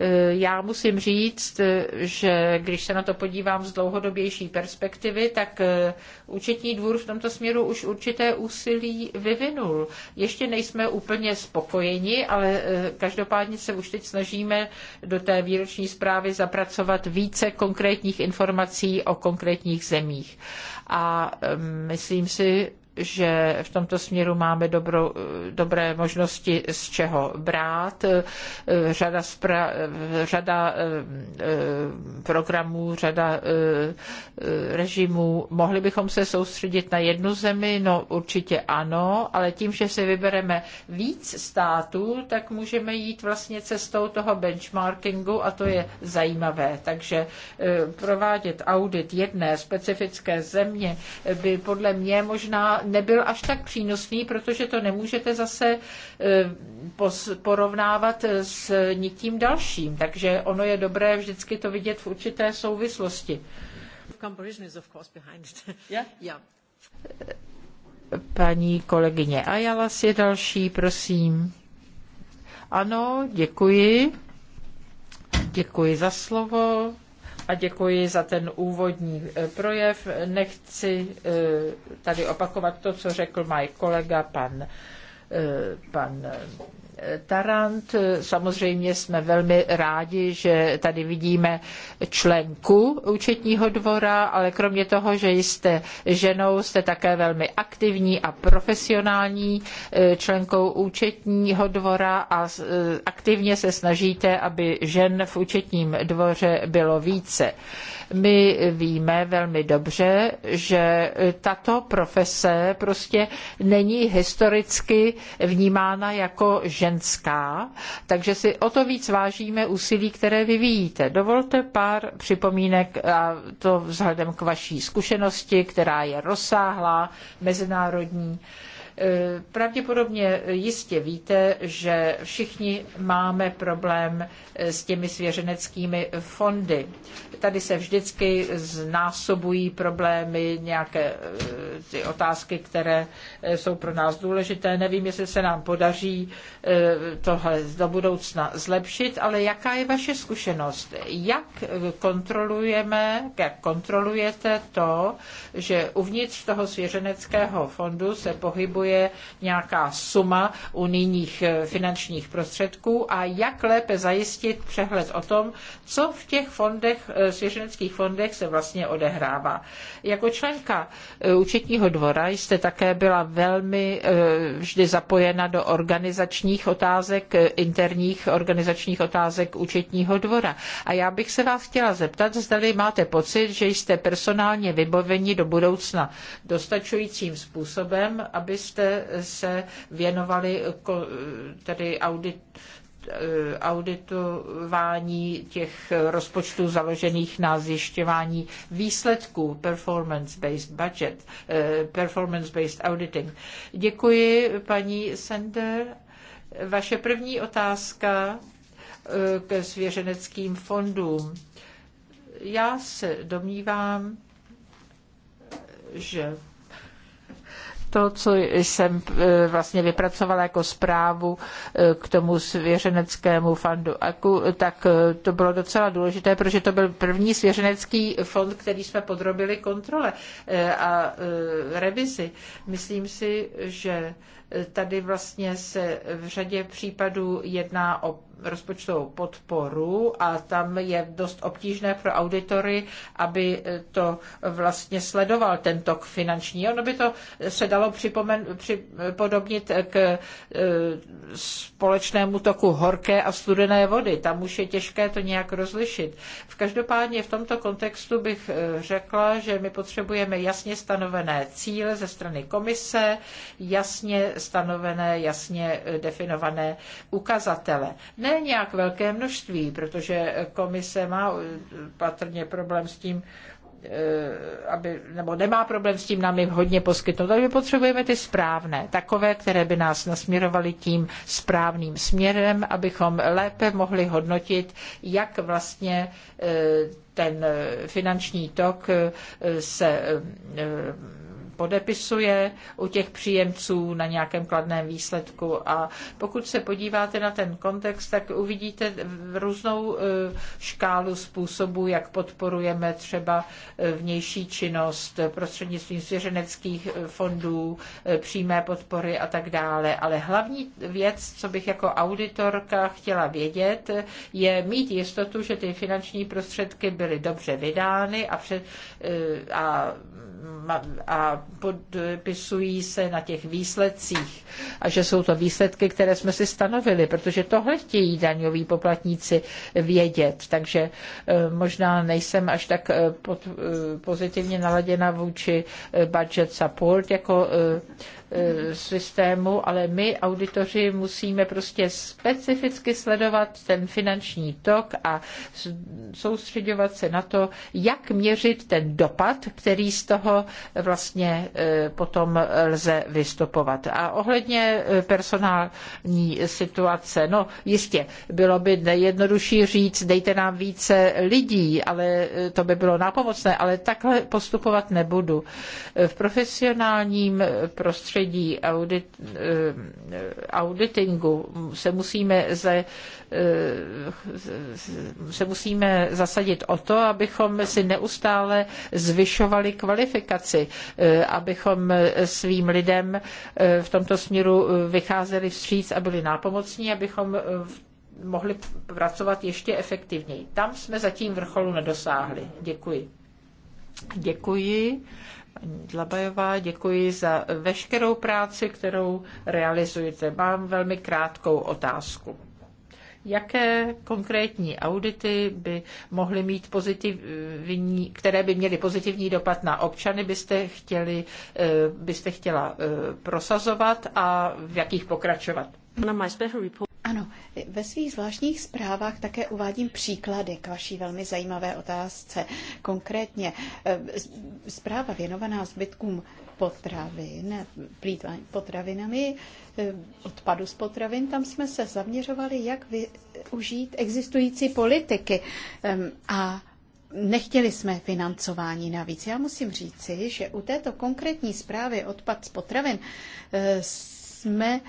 Eh, já musím říct, eh, že když se na to podívám z dlouhodobější perspektivy, tak eh, účetní dvůr v tomto směru už určité úsilí vyvinul. Ještě nejsme úplně spokojeni, ale každopádně se už teď snažíme do té výroční zprávy zapracovat více konkrétních informací o konkrétních zemích. A myslím si, že v tomto směru máme dobro, dobré možnosti, z čeho brát. Řada, spra, řada eh, programů, řada eh, režimů. Mohli bychom se soustředit na jednu zemi? No určitě ano, ale tím, že si vybereme víc států, tak můžeme jít vlastně cestou toho benchmarkingu a to je zajímavé. Takže eh, provádět audit jedné specifické země by podle mě možná nebyl až tak přínosný, protože to nemůžete zase e, porovnávat s nikým dalším. Takže ono je dobré vždycky to vidět v určité souvislosti. (laughs) Paní kolegyně Ajalas je další, prosím. Ano, děkuji. Děkuji za slovo a děkuji za ten úvodní e, projev. Nechci e, tady opakovat to, co řekl můj kolega pan, e, pan Tarant. Samozřejmě jsme velmi rádi, že tady vidíme členku účetního dvora, ale kromě toho, že jste ženou, jste také velmi aktivní a profesionální eh, členkou účetního dvora a eh, aktivně se snažíte, aby žen v účetním dvoře bylo více. My víme velmi dobře, že tato profese prostě není historicky vnímána jako žena ženská, takže si o to víc vážíme úsilí, které vyvíjíte. Dovolte pár připomínek, a to vzhledem k vaší zkušenosti, která je rozsáhlá, mezinárodní. E, pravděpodobně jistě víte, že všichni máme problém e, s těmi svěřeneckými fondy. Tady se vždycky znásobují problémy, nějaké e, ty otázky, které jsou pro nás důležité. Nevím, jestli se nám podaří tohle do budoucna zlepšit, ale jaká je vaše zkušenost? Jak kontrolujeme, jak kontrolujete to, že uvnitř toho svěřeneckého fondu se pohybuje je nějaká suma unijních eh, finančních prostředků a jak lépe zajistit přehled o tom, co v těch fondech, eh, svěřeneckých fondech se vlastně odehrává. Jako členka eh, účetního dvora jste také byla velmi vždy zapojena do organizačních otázek, interních organizačních otázek účetního dvora. A já bych se vás chtěla zeptat, zdali máte pocit, že jste personálně vybaveni do budoucna dostačujícím způsobem, abyste jste se věnovali tedy audit, auditování těch rozpočtů založených na zjišťování výsledků performance-based budget, eh, performance-based auditing. Děkuji, paní Sender. Vaše první otázka eh, ke svěřeneckým fondům. Já se domnívám, že to, co jsem e, vlastně vypracovala jako zprávu e, k tomu svěřeneckému fondu AKU, tak e, to bylo docela důležité, protože to byl první svěřenecký fond, který jsme podrobili kontrole a revizi. Myslím si, že Tady vlastně se v řadě případů jedná o rozpočtovou podporu a tam je dost obtížné pro auditory, aby to vlastně sledoval ten tok finanční. Ono by to se dalo připomen, připodobnit k e, společnému toku horké a studené vody. Tam už je těžké to nějak rozlišit. V každopádně v tomto kontextu bych e, řekla, že my potřebujeme jasně stanovené cíle ze strany komise, jasně stanovené, jasně eh, definované ukazatele. Ne nějak velké množství, protože komise má eh, patrně problém s tím, eh, aby, nebo nemá problém s tím nám je hodně poskytnout, ale my potřebujeme ty správné, takové, které by nás nasměrovaly tím správným směrem, abychom lépe mohli hodnotit, jak vlastně ten finanční tok se podepisuje u těch příjemců na nějakém kladném výsledku. A pokud se podíváte na ten kontext, tak uvidíte různou e, škálu způsobů, jak podporujeme třeba e, vnější činnost prostřednictvím svěřeneckých e, fondů, přímé podpory a tak dále. Ale hlavní věc, co bych jako auditorka chtěla vědět, je mít jistotu, že ty finanční prostředky byly dobře vydány a, před, a a podpisují se na těch výsledcích a že jsou to výsledky, které jsme si stanovili, protože tohle chtějí daňoví poplatníci vědět. Takže e, možná nejsem až tak e, e, pozitivně naladěna vůči budget support jako E, systému, ale my, auditoři, musíme prostě specificky sledovat ten finanční tok a soustředovat se na to, jak měřit ten dopad, který z toho vlastně e, potom lze vystupovat. A ohledně e, personální situace, no jistě, bylo by nejjednodušší říct, dejte nám více lidí, ale to by bylo nápomocné, ale takhle postupovat nebudu. V profesionálním prostředí prostředí audit, eh, auditingu se musíme, ze, eh, se musíme zasadit o to, abychom si neustále zvyšovali kvalifikaci, eh, abychom svým lidem v tomto směru vycházeli vstříc a byli nápomocní, abychom mohli pracovat ještě efektivněji. Tam jsme zatím vrcholu nedosáhli. Děkuji. Děkuji. Paní Dlabajová, děkuji za veškerou práci, kterou realizujete. Mám velmi krátkou otázku jaké konkrétní audity by mohly mít pozitivní, které by měly pozitivní dopad na občany, byste, chtěli, eh, byste chtěla eh, prosazovat a v jakých pokračovat? Ano, ve svých zvláštních zprávách také uvádím příklady k vaší velmi zajímavé otázce. Konkrétně eh, zpráva věnovaná zbytkům potravin, plítvání potravinami, eh, odpadu z potravin, tam jsme se zaměřovali, jak využít existující politiky. Ehm, a Nechtěli jsme financování navíc. Já musím říci, že u této konkrétní zprávy odpad z potravin eh, jsme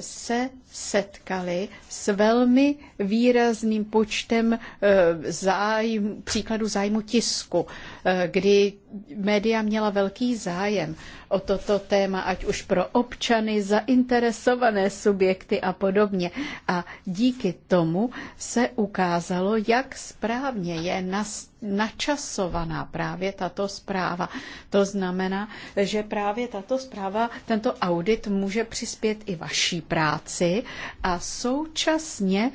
se setkali s velmi výrazným počtem eh, zájmu, příkladu zájmu tisku, eh, kdy média měla velký zájem o toto téma, ať už pro občany, zainteresované subjekty a podobně. A díky tomu se ukázalo, jak správně je nastaveno načasovaná právě tato zpráva. To znamená, že právě tato zpráva, tento audit může přispět i vaší práci a současně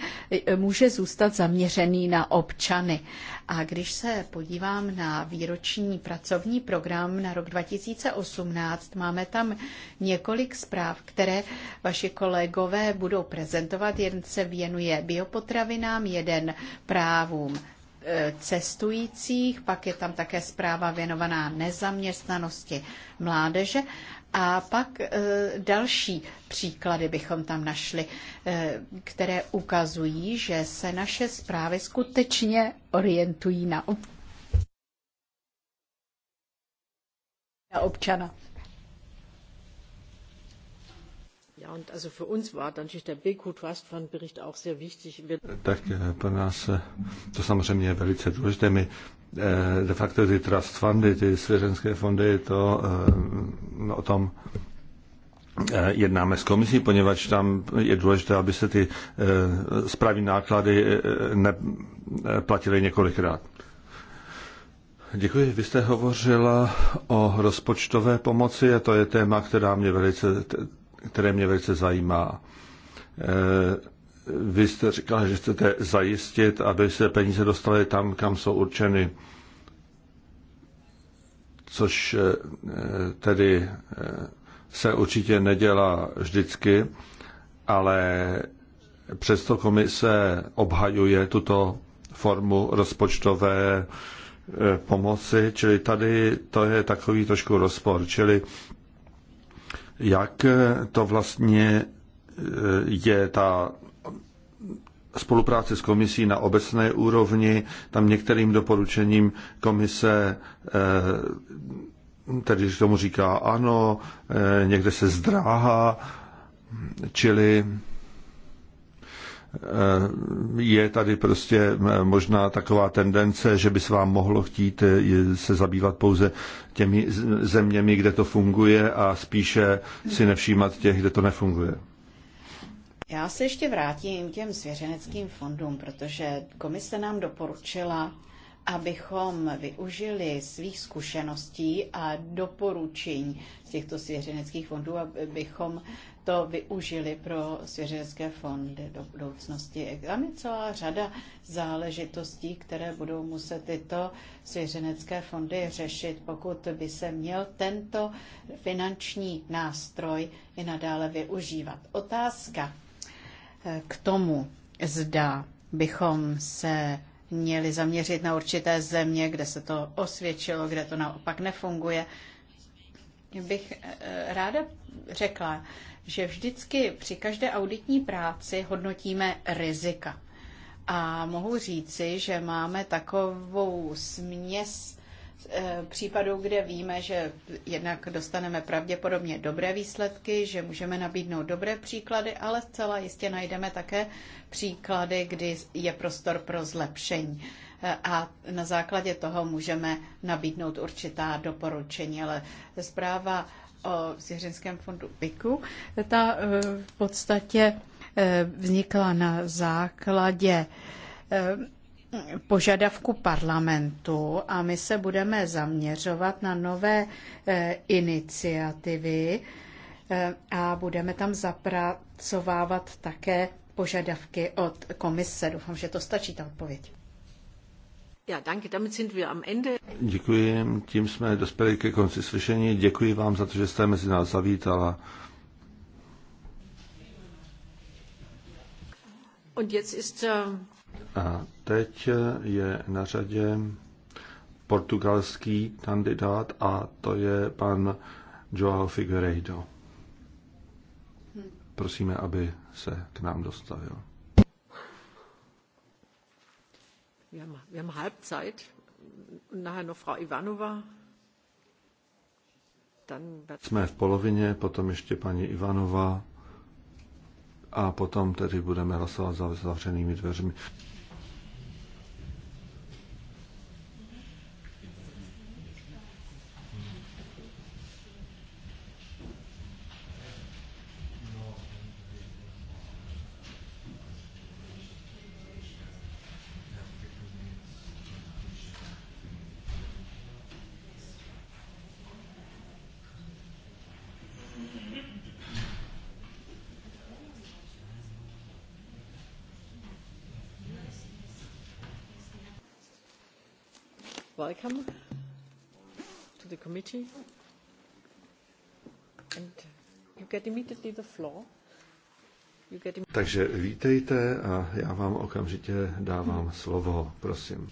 e, může zůstat zaměřený na občany. A když se podívám na výroční pracovní program na rok 2018, máme tam několik zpráv, které vaši kolegové budou prezentovat. Jeden se věnuje biopotravinám, jeden právům E, cestujících, pak je tam také zpráva věnovaná nezaměstnanosti mládeže a pak e, další příklady bychom tam našli, e, které ukazují, že se naše zprávy skutečně orientují na občana. Tak eh, pro nás eh, to samozřejmě je velice důležité. My eh, de facto ty trust fundy, ty svěřenské fondy, to no, o tom jednáme s komisí, poněvadž tam je důležité, aby se ty správní náklady neplatily několikrát. Děkuji. Vy jste hovořila o rozpočtové pomoci a to je téma, která mě velice které mě velice zajímá. Eh, vy jste říkal, že chcete zajistit, aby se peníze dostaly tam, kam jsou určeny, což eh, tedy eh, se určitě nedělá vždycky, ale přesto komise obhajuje tuto formu rozpočtové pomoci, čili tady to je takový trošku rozpor, čili jak to vlastně eh, je ta spolupráce s komisí na obecné úrovni. Tam některým doporučením komise eh, tedy tomu říká ano, eh, někde se zdráhá, čili Eh, je tady prostě eh, možná taková tendence, že by se vám mohlo chtít eh, se zabývat pouze těmi zeměmi, kde to funguje a spíše si nevšímat těch, kde to nefunguje. Já se ještě vrátím těm svěřeneckým fondům, protože komise nám doporučila, abychom využili svých zkušeností a doporučení z těchto svěřeneckých fondů, abychom to využili pro svěřenské fondy do budoucnosti. Je tam je celá řada záležitostí, které budou muset tyto svěřenecké fondy řešit, pokud by se měl tento finanční nástroj i nadále využívat. Otázka eh, k tomu, zda bychom se měli zaměřit na určité země, kde se to osvědčilo, kde to naopak nefunguje bych eh, ráda řekla, že vždycky při každé auditní práci hodnotíme rizika. A mohu říci, že máme takovou směs eh, případů, kde víme, že jednak dostaneme pravděpodobně dobré výsledky, že můžeme nabídnout dobré příklady, ale zcela jistě najdeme také příklady, kdy je prostor pro zlepšení. Eh, a na základě toho můžeme nabídnout určitá doporučení, ale zpráva o Svěřenském fondu Piku. Ta eh, v podstatě eh, vznikla na základě eh, požadavku parlamentu a my se budeme zaměřovat na nové iniciativy a budeme tam zapracovávat také požadavky od komise. Doufám, že to stačí ta odpověď. Ja, danke, damit sind wir am Ende. Děkuji, tím jsme dospěli ke konci slyšení. Děkuji vám za to, že jste mezi nás zavítala. Und jetzt ist, äh, A teď äh, je na řadě portugalský kandidát a to je pan Joao Figueiredo. Hm. Prosíme, aby se k nám dostavil. Wir haben, Halbzeit. Und nachher noch Frau Ivanova. Dann... Jsme v polovině, potom ještě paní Ivanova a potom tedy budeme hlasovat za zavřenými dveřmi. welcome to the committee. And you get immediately the floor. You get immediately... Takže vítejte a já vám okamžitě dávám slovo, prosím.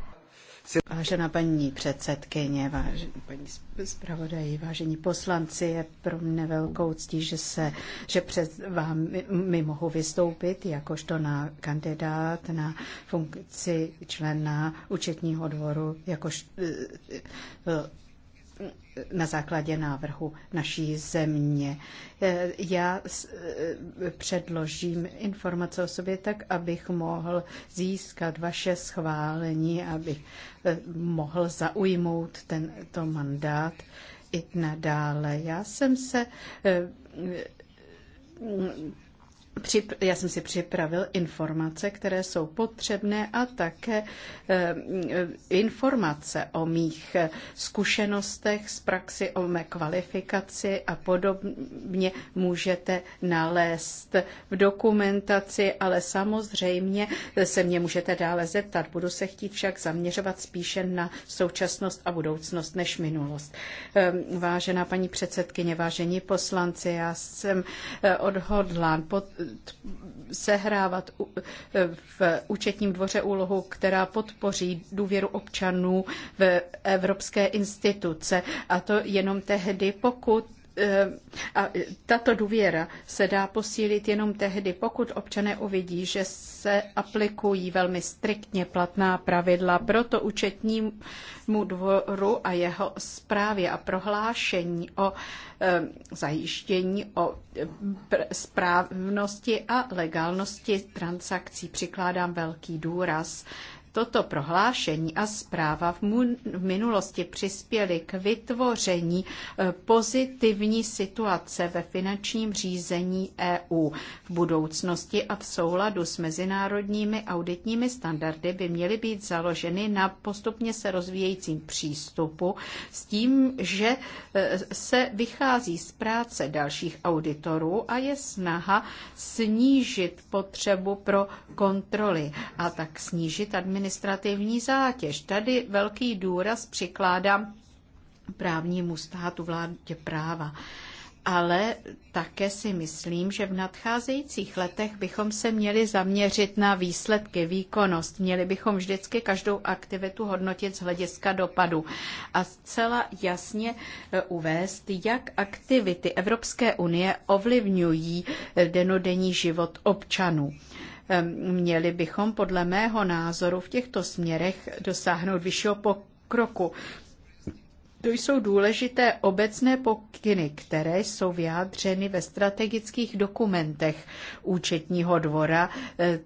Vážená paní předsedkyně, vážení paní zpravodají, vážení poslanci, je pro mě velkou ctí, že, se, že před vámi mohu vystoupit jakožto na kandidát na funkci člena účetního dvoru, jakož eh, eh, na základě návrhu naší země. Eh, Já eh, předložím informace o sobě tak, abych mohl získat vaše schválení, abych eh, mohl zaujmout tento mandát i nadále. Já jsem se já jsem si připravil informace, které jsou potřebné a také eh, eh, informace o mých eh, zkušenostech z praxi, o mé kvalifikaci a podobně můžete nalézt v dokumentaci, ale samozřejmě se mě můžete dále zeptat. Budu se chtít však zaměřovat spíše na současnost a budoucnost než minulost. Ehm, vážená paní předsedkyně, vážení poslanci, já jsem odhodlán pod sehrávat v účetním dvoře úlohu, která podpoří důvěru občanů v evropské instituce. A to jenom tehdy, pokud Eh, a tato důvěra se dá posílit jenom tehdy, pokud občané uvidí, že se aplikují velmi striktně platná pravidla. Proto účetnímu dvoru a jeho zprávě a prohlášení o eh, zajištění, o eh, správnosti a legálnosti transakcí přikládám velký důraz. Toto prohlášení a zpráva v minulosti přispěly k vytvoření e, pozitivní situace ve finančním řízení EU. V budoucnosti a v souladu s mezinárodními auditními standardy by měly být založeny na postupně se rozvíjejícím přístupu s tím, že e, se vychází z práce dalších auditorů a je snaha snížit potřebu pro kontroly a tak snížit administrativní administrativní zátěž. Tady velký důraz přikládám právnímu státu, vládě práva. Ale také si myslím, že v nadcházejících letech bychom se měli zaměřit na výsledky, výkonnost. Měli bychom vždycky každou aktivitu hodnotit z hlediska dopadu a zcela jasně e, uvést, jak aktivity Evropské unie ovlivňují e, denodenní život občanů. Měli bychom podle mého názoru v těchto směrech dosáhnout vyššího pokroku. To jsou důležité obecné pokyny, které jsou vyjádřeny ve strategických dokumentech účetního dvora. E,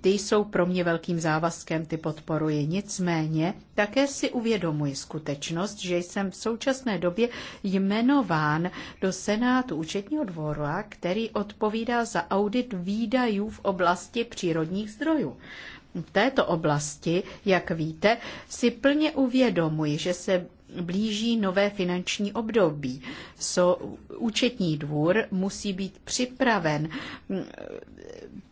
ty jsou pro mě velkým závazkem, ty podporuji. Nicméně také si uvědomuji skutečnost, že jsem v současné době jmenován do Senátu účetního dvora, který odpovídá za audit výdajů v oblasti přírodních zdrojů. V této oblasti, jak víte, si plně uvědomuji, že se blíží nové finanční období. So, účetní dvůr musí být připraven mm,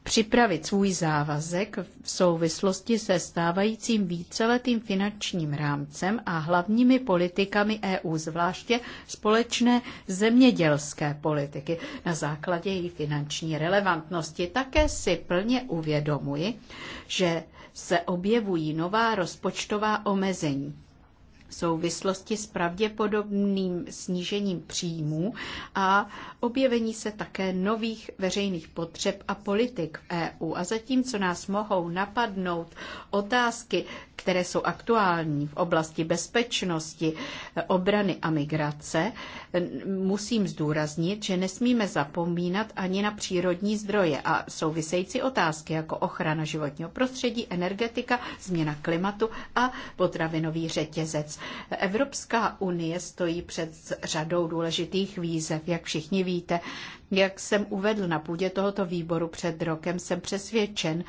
připravit svůj závazek v souvislosti se stávajícím víceletým finančním rámcem a hlavními politikami EU, zvláště společné zemědělské politiky na základě její finanční relevantnosti. Také si plně uvědomuji, že se objevují nová rozpočtová omezení souvislosti s pravděpodobným snížením příjmů a objevení se také nových veřejných potřeb a politik v EU. A zatímco nás mohou napadnout otázky, které jsou aktuální v oblasti bezpečnosti, obrany a migrace, musím zdůraznit, že nesmíme zapomínat ani na přírodní zdroje a související otázky jako ochrana životního prostředí, energetika, změna klimatu a potravinový řetězec. Evropská unie stojí před řadou důležitých výzev, jak všichni víte. Jak jsem uvedl na půdě tohoto výboru před rokem, jsem přesvědčen,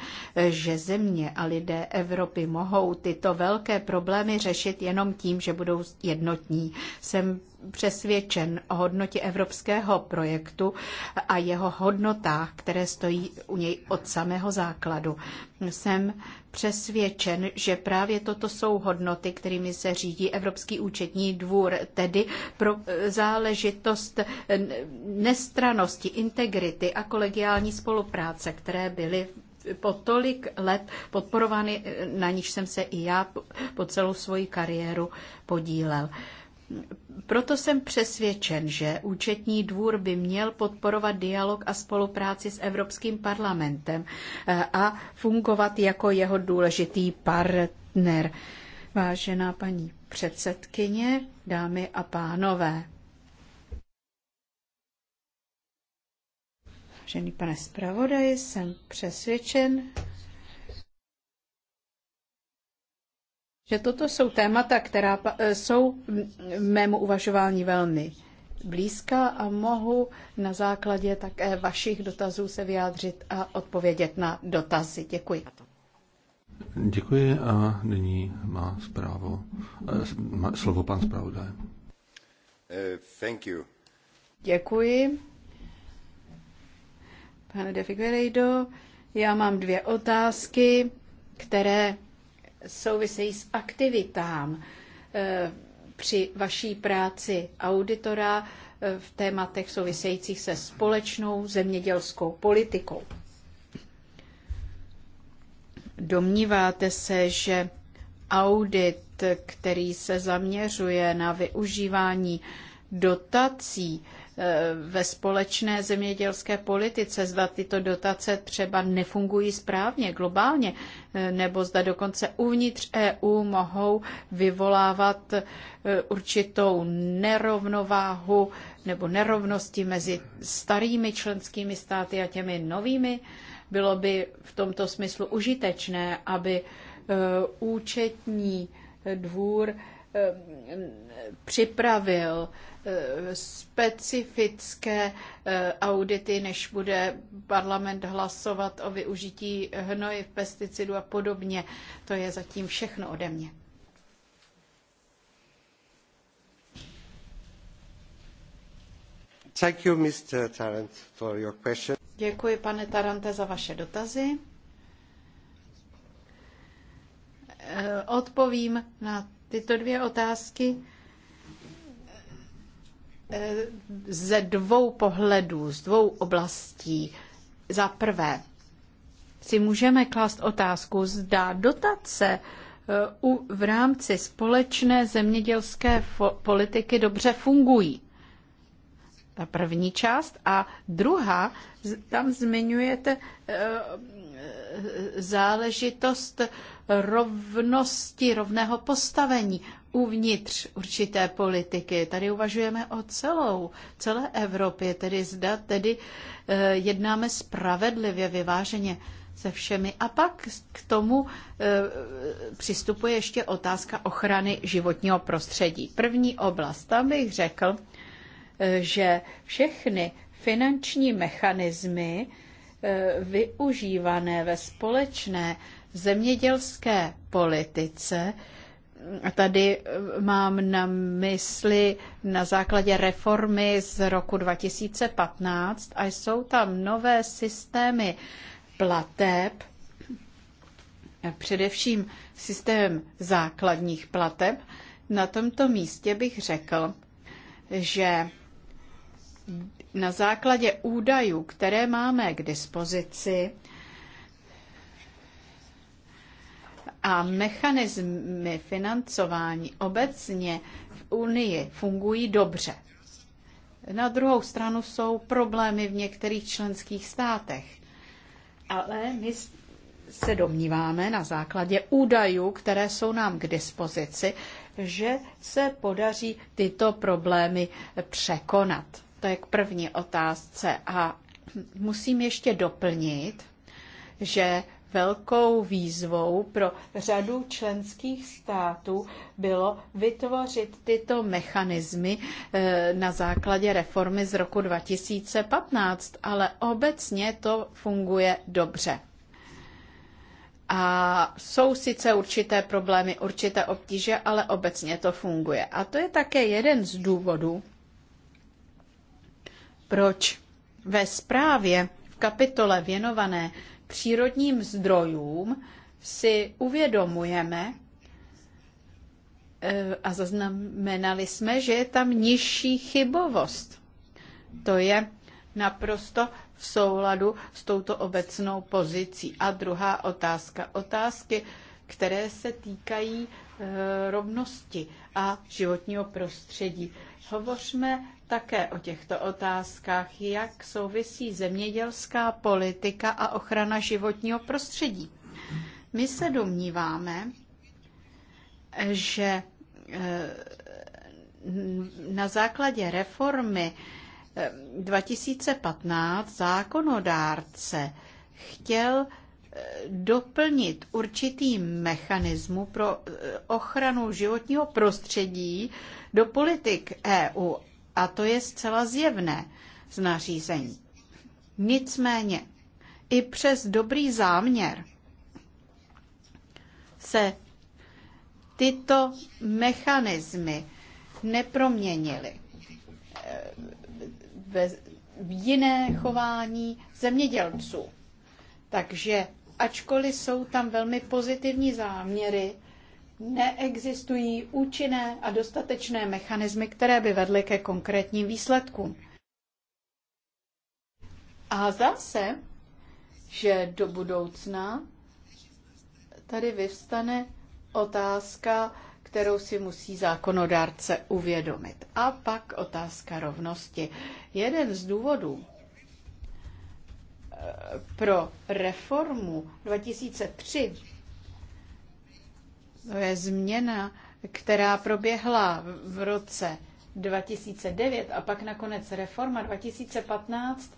že země a lidé Evropy mohou tyto velké problémy řešit jenom tím, že budou jednotní. Jsem přesvědčen o hodnotě evropského projektu a jeho hodnotách, které stojí u něj od samého základu. Jsem přesvědčen, že právě toto jsou hodnoty, kterými se řídí Evropský účetní dvůr, tedy pro e, záležitost e, nestranosti, integrity a kolegiální spolupráce, které byly po tolik let podporovány, e, na níž jsem se i já po celou svoji kariéru podílel. Proto jsem přesvědčen, že účetní dvůr by měl podporovat dialog a spolupráci s Evropským parlamentem eh, a fungovat jako jeho důležitý partner. Vážená paní předsedkyně, dámy a pánové. Vážený pane zpravodaji, jsem přesvědčen, že toto jsou témata, která eh, jsou mému uvažování velmi blízká a mohu na základě také vašich dotazů se vyjádřit a odpovědět na dotazy. Děkuji. Děkuji a nyní má zprávo, eh, má slovo pan zpravodaj. Eh, thank you. Děkuji. Pane de Figueiredo, já mám dvě otázky, které souvisejí s aktivitám eh, při vaší práci auditora eh, v tématech souvisejících se společnou zemědělskou politikou. Domníváte se, že audit, který se zaměřuje na využívání dotací Eh, ve společné zemědělské politice, zda tyto dotace třeba nefungují správně globálně, eh, nebo zda dokonce uvnitř EU mohou vyvolávat eh, určitou nerovnováhu nebo nerovnosti mezi starými členskými státy a těmi novými. Bylo by v tomto smyslu užitečné, aby účetní dvůr připravil eh, specifické eh, audity, než bude parlament hlasovat o využití v pesticidu a podobně. To je zatím všechno ode mě. Thank you, Mr. Tarant, for your question. Děkuji, pane Tarante, za vaše dotazy. Eh, odpovím na tyto dvě otázky eh, ze dvou pohledů, z dvou oblastí. Za prvé, si můžeme klást otázku, zda dotace eh, v rámci společné zemědělské politiky dobře fungují. Ta první část. A druhá, tam zmiňujete eh, záležitost rovnosti, rovného postavení uvnitř určité politiky. Tady uvažujeme o celou, celé Evropě, tedy zda tedy eh, jednáme spravedlivě, vyváženě se všemi. A pak k tomu eh, přistupuje ještě otázka ochrany životního prostředí. První oblast, tam bych řekl, eh, že všechny finanční mechanismy využívané ve společné zemědělské politice, a tady eh, mám na mysli na základě reformy z roku 2015 a jsou tam nové systémy plateb, především systém základních plateb. Na tomto místě bych řekl, že na základě údajů, které máme k dispozici, a mechanismy financování obecně v Unii fungují dobře. Na druhou stranu jsou problémy v některých členských státech. Ale my se domníváme na základě údajů, které jsou nám k dispozici, že se podaří tyto problémy překonat. To je k první otázce. A musím ještě doplnit, že velkou výzvou pro řadu členských států bylo vytvořit tyto mechanismy eh, na základě reformy z roku 2015, ale obecně to funguje dobře. A jsou sice určité problémy, určité obtíže, ale obecně to funguje. A to je také jeden z důvodů, proč ve zprávě v kapitole věnované přírodním zdrojům si uvědomujeme eh, a zaznamenali jsme, že je tam nižší chybovost. To je naprosto v souladu s touto obecnou pozicí. A druhá otázka. Otázky, které se týkají eh, rovnosti a životního prostředí. Hovořme také o těchto otázkách, jak souvisí zemědělská politika a ochrana životního prostředí. My se domníváme, že eh, na základě reformy 2015 eh, zákonodárce chtěl eh, doplnit určitý mechanismu pro ochranu životního prostředí do politik EU a to je zcela zjevné z nařízení. Nicméně, i přes dobrý záměr se tyto mechanismy neproměnily eh, v jiné chování zemědělců. Takže ačkoliv jsou tam velmi pozitivní záměry, neexistují účinné a dostatečné mechanismy, které by vedly ke konkrétním výsledkům. A zase, že do budoucna tady vyvstane otázka, kterou si musí zákonodárce uvědomit. A pak otázka rovnosti. Jeden z důvodů eh, pro reformu 2003 to je změna, která proběhla v roce 2009 a pak nakonec reforma 2015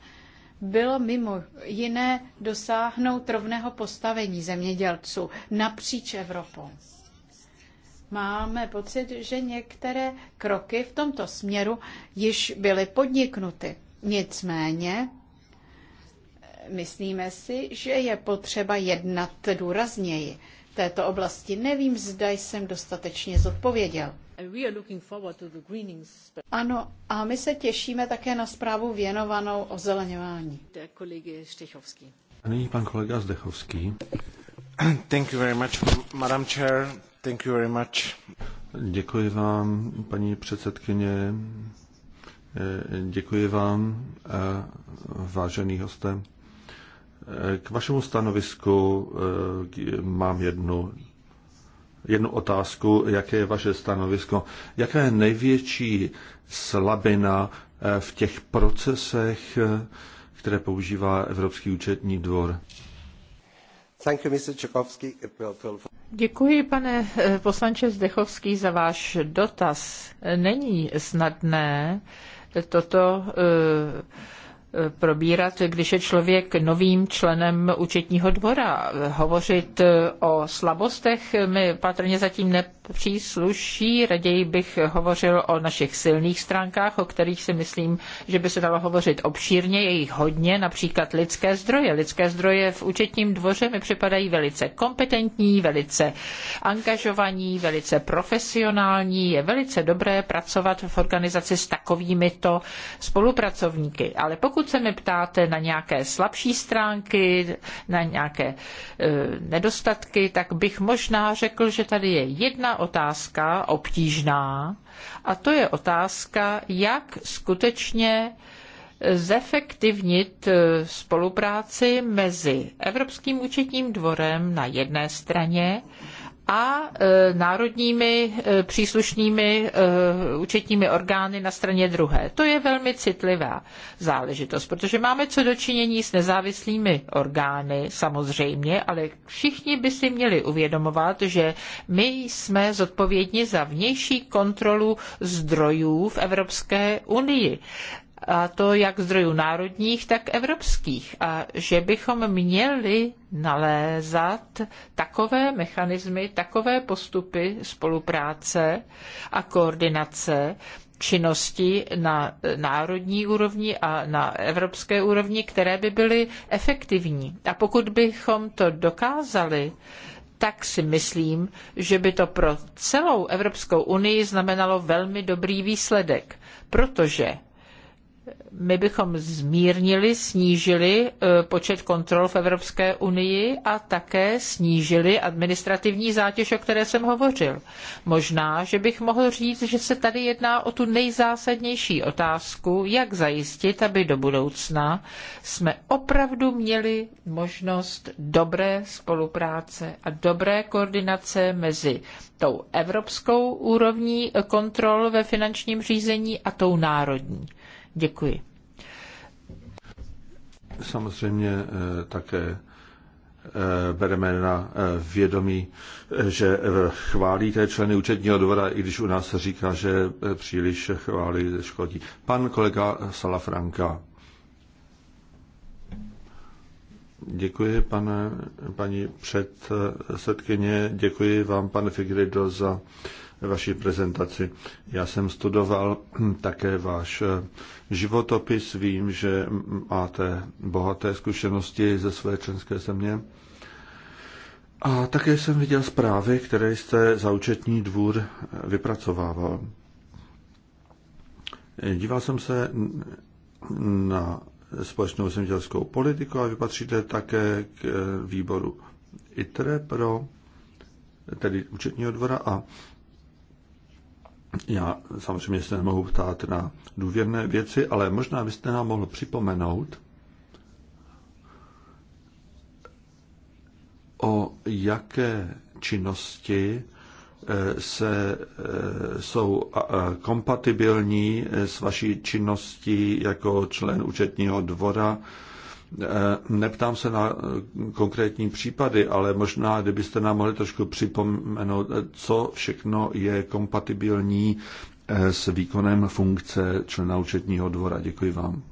bylo mimo jiné dosáhnout rovného postavení zemědělců napříč Evropou. Máme pocit, že některé kroky v tomto směru již byly podniknuty. Nicméně myslíme si, že je potřeba jednat důrazněji této oblasti. Nevím, zda jsem dostatečně zodpověděl. Ano, a my se těšíme také na zprávu věnovanou o zeleňování. A nyní pan kolega Zdechovský. Thank you very much, Madam Chair. Thank you very much. Děkuji vám, paní předsedkyně. Eh, děkuji vám, vážený hostem. K vašemu stanovisku eh, mám jednu, jednu otázku. Jaké je vaše stanovisko? Jaká je největší slabina eh, v těch procesech, eh, které používá Evropský účetní dvor? Děkuji, pane poslanče Zdechovský, za váš dotaz. Není snadné toto probírat, když je člověk novým členem účetního dvora. Hovořit o slabostech mi patrně zatím ne přísluší. Raději bych hovořil o našich silných stránkách, o kterých si myslím, že by se dalo hovořit obšírně, je jich hodně, například lidské zdroje. Lidské zdroje v účetním dvoře mi připadají velice kompetentní, velice angažovaní, velice profesionální. Je velice dobré pracovat v organizaci s takovýmito spolupracovníky. Ale pokud se mi ptáte na nějaké slabší stránky, na nějaké e, nedostatky, tak bych možná řekl, že tady je jedna otázka obtížná a to je otázka, jak skutečně zefektivnit eh, spolupráci mezi Evropským účetním dvorem na jedné straně a e, národními e, příslušnými e, účetními orgány na straně druhé. To je velmi citlivá záležitost, protože máme co dočinění s nezávislými orgány samozřejmě, ale všichni by si měli uvědomovat, že my jsme zodpovědni za vnější kontrolu zdrojů v Evropské unii a to jak zdrojů národních, tak evropských. A že bychom měli nalézat takové mechanismy, takové postupy spolupráce a koordinace, činnosti na národní úrovni a na evropské úrovni, které by byly efektivní. A pokud bychom to dokázali, tak si myslím, že by to pro celou Evropskou unii znamenalo velmi dobrý výsledek, protože my bychom zmírnili, snížili eh, počet kontrol v Evropské unii a také snížili administrativní zátěž, o které jsem hovořil. Možná, že bych mohl říct, že se tady jedná o tu nejzásadnější otázku, jak zajistit, aby do budoucna jsme opravdu měli možnost dobré spolupráce a dobré koordinace mezi tou evropskou úrovní kontrol ve finančním řízení a tou národní. Děkuji. Samozřejmě eh, také eh, bereme na eh, vědomí, že chválí té členy účetního dvora, i když u nás se říká, že příliš chválí škodí. Pan kolega Salafranka. Děkuji, pane, paní předsedkyně, děkuji vám, pane Figrido, za vaši prezentaci. Já jsem studoval (clears throat) také váš eh, životopis, vím, že máte bohaté zkušenosti ze své členské země. A také jsem viděl zprávy, které jste za účetní dvůr eh, vypracovával. Díval jsem se na společnou zemědělskou politiku a vypatříte také k eh, výboru ITRE pro tedy účetního dvora a já samozřejmě se nemohu ptát na důvěrné věci, ale možná byste nám mohl připomenout, o jaké činnosti eh, se, eh, jsou kompatibilní eh, s vaší činností jako člen účetního dvora Eh, neptám se na eh, konkrétní případy, ale možná, kdybyste nám mohli trošku připomenout, eh, co všechno je kompatibilní s výkonem funkce člena účetního dvora. Děkuji vám.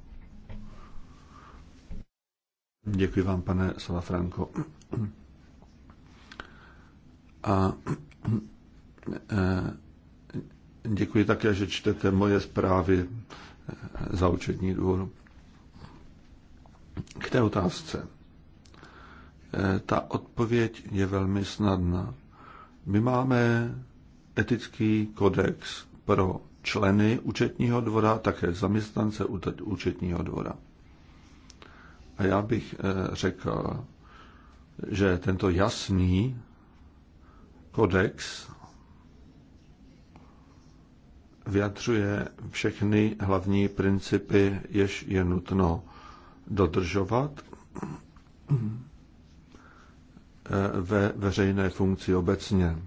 Děkuji vám, pane Salafranko. A děkuji také, že čtete moje zprávy za účetní dvoru. K té otázce. Eh, ta odpověď je velmi snadná. My máme etický kodex pro členy účetního dvora, také zaměstnance účetního dvora. A já bych eh, řekl, že tento jasný kodex vyjadřuje všechny hlavní principy, jež je nutno dodržovat eh, ve veřejné funkci obecně.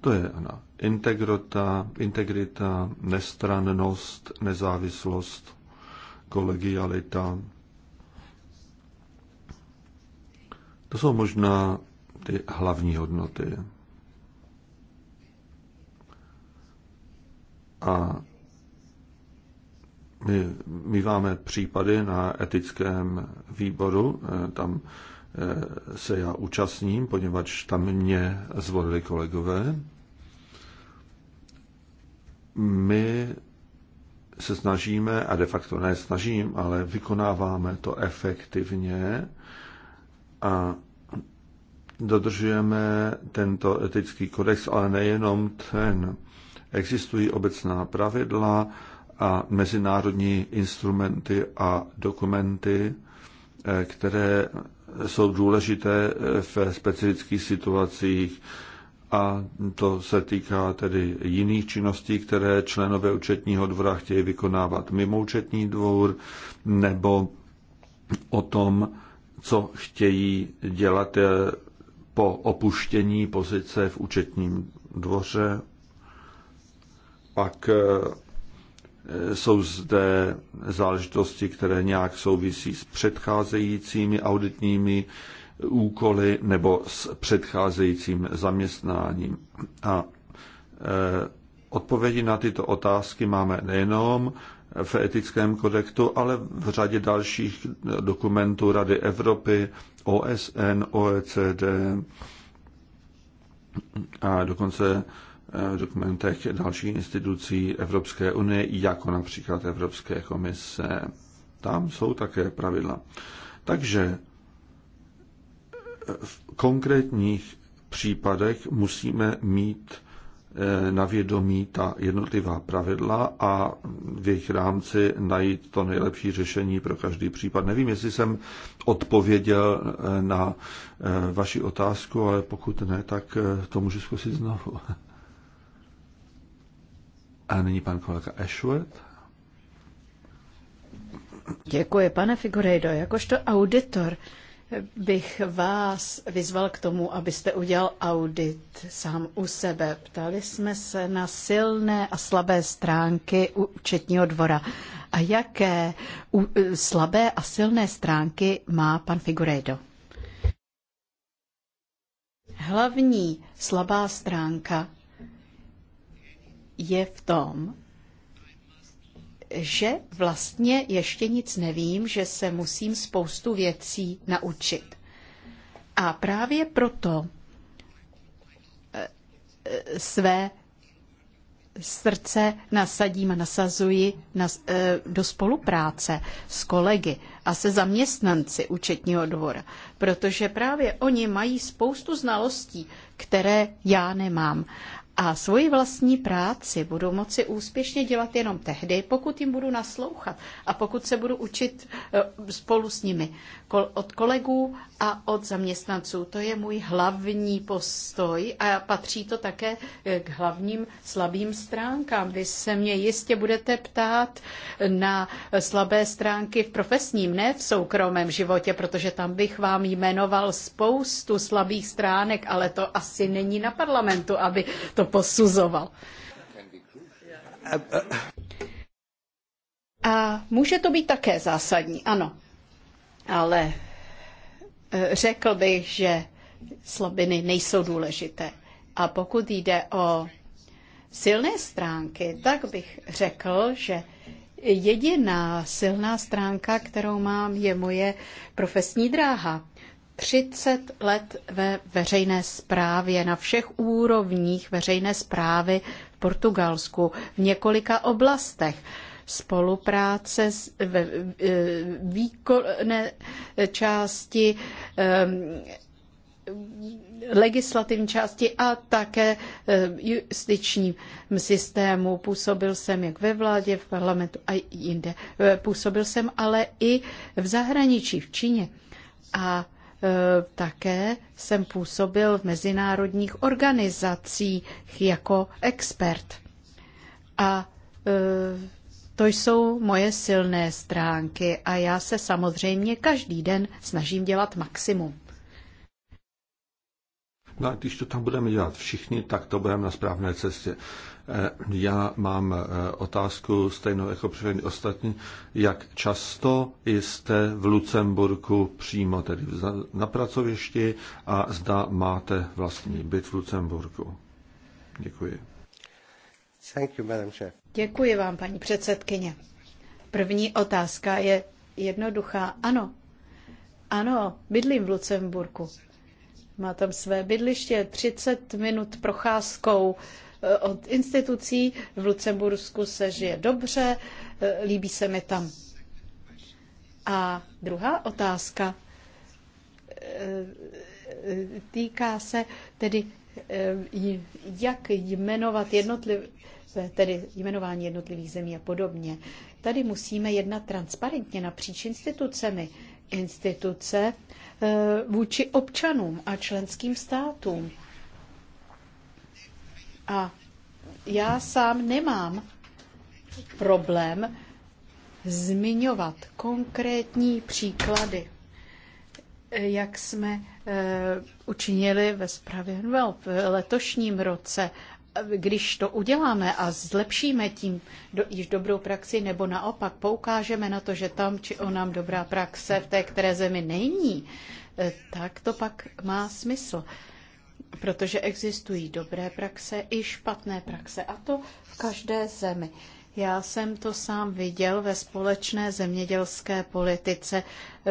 To je ona. Integrita, integrita, nestrannost, nezávislost, kolegialita. To jsou možná ty hlavní hodnoty. A my, my máme případy na etickém výboru, eh, tam eh, se já účastním, poněvadž tam mě zvolili kolegové. My se snažíme, a de facto ne snažím, ale vykonáváme to efektivně a dodržujeme tento etický kodex, ale nejenom ten. Existují obecná pravidla, a mezinárodní instrumenty a dokumenty, eh, které jsou důležité eh, v specifických situacích a to se týká tedy jiných činností, které členové účetního dvora chtějí vykonávat mimo účetní dvůr nebo o tom, co chtějí dělat eh, po opuštění pozice v účetním dvoře. Pak jsou zde záležitosti, které nějak souvisí s předcházejícími auditními úkoly nebo s předcházejícím zaměstnáním. A e, odpovědi na tyto otázky máme nejenom v etickém kodektu, ale v řadě dalších dokumentů Rady Evropy, OSN, OECD a dokonce v eh, dokumentech dalších institucí Evropské unie, jako například Evropské komise. Tam jsou také pravidla. Takže eh, v konkrétních případech musíme mít eh, na vědomí ta jednotlivá pravidla a v jejich rámci najít to nejlepší řešení pro každý případ. Nevím, jestli jsem odpověděl na vaši otázku, ale pokud ne, tak to můžu zkusit znovu. (laughs) A nyní pan kolega Ashworth. Děkuji, pane Figurejdo. Jakožto auditor bych vás vyzval k tomu, abyste udělal audit sám u sebe. Ptali jsme se na silné a slabé stránky účetního dvora. A jaké eh, slabé a silné stránky má pan Figurejdo? Hlavní slabá stránka je v tom, že vlastně ještě nic nevím, že se musím spoustu věcí naučit. A právě proto eh, eh, své srdce nasadím a nasazuji na, eh, do spolupráce s kolegy a se zaměstnanci účetního dvora, protože právě oni mají spoustu znalostí, které já nemám. A svoji vlastní práci budu moci úspěšně dělat jenom tehdy, pokud jim budu naslouchat a pokud se budu učit e, spolu s nimi od kolegů a od zaměstnanců. To je můj hlavní postoj a patří to také e, k hlavním slabým stránkám. Vy se mě jistě budete ptát na slabé stránky v profesním, ne v soukromém životě, protože tam bych vám jmenoval spoustu slabých stránek, ale to asi není na parlamentu, aby to posuzoval. A může to být také zásadní, ano. Ale e, řekl bych, že slabiny nejsou důležité. A pokud jde o silné stránky, tak bych řekl, že jediná silná stránka, kterou mám, je moje profesní dráha. 30 let ve veřejné správě, na všech úrovních veřejné správy v Portugalsku, v několika oblastech. Spolupráce s, ve e, výkonné části e, legislativní části a také e, justičním systému. Působil jsem jak ve vládě, v parlamentu a jinde. Působil jsem ale i v zahraničí, v Číně. A E, také jsem působil v mezinárodních organizacích jako expert. A e, to jsou moje silné stránky a já se samozřejmě každý den snažím dělat maximum. No a když to tam budeme dělat všichni, tak to budeme na správné cestě. Eh, já mám eh, otázku stejnou jako všechny ostatní. Jak často jste v Lucemburku přímo tedy na pracovišti a zda máte vlastní byt v Lucemburku? Děkuji. Thank you, madam Děkuji vám, paní předsedkyně. První otázka je jednoduchá. Ano, ano, bydlím v Lucemburku. Má tam své bydliště 30 minut procházkou od institucí. V Lucembursku se žije dobře, líbí se mi tam. A druhá otázka eh, týká se tedy, eh, jak jmenovat jednotlivé, tedy jmenování jednotlivých zemí a podobně. Tady musíme jednat transparentně napříč institucemi. Instituce eh, vůči občanům a členským státům a já sám nemám problém zmiňovat konkrétní příklady, jak jsme eh, učinili ve zprávě v letošním roce. Když to uděláme a zlepšíme tím do, již dobrou praxi, nebo naopak poukážeme na to, že tam či onam dobrá praxe v té které zemi není, eh, tak to pak má smysl protože existují dobré praxe i špatné praxe, a to v každé zemi. Já jsem to sám viděl ve společné zemědělské politice.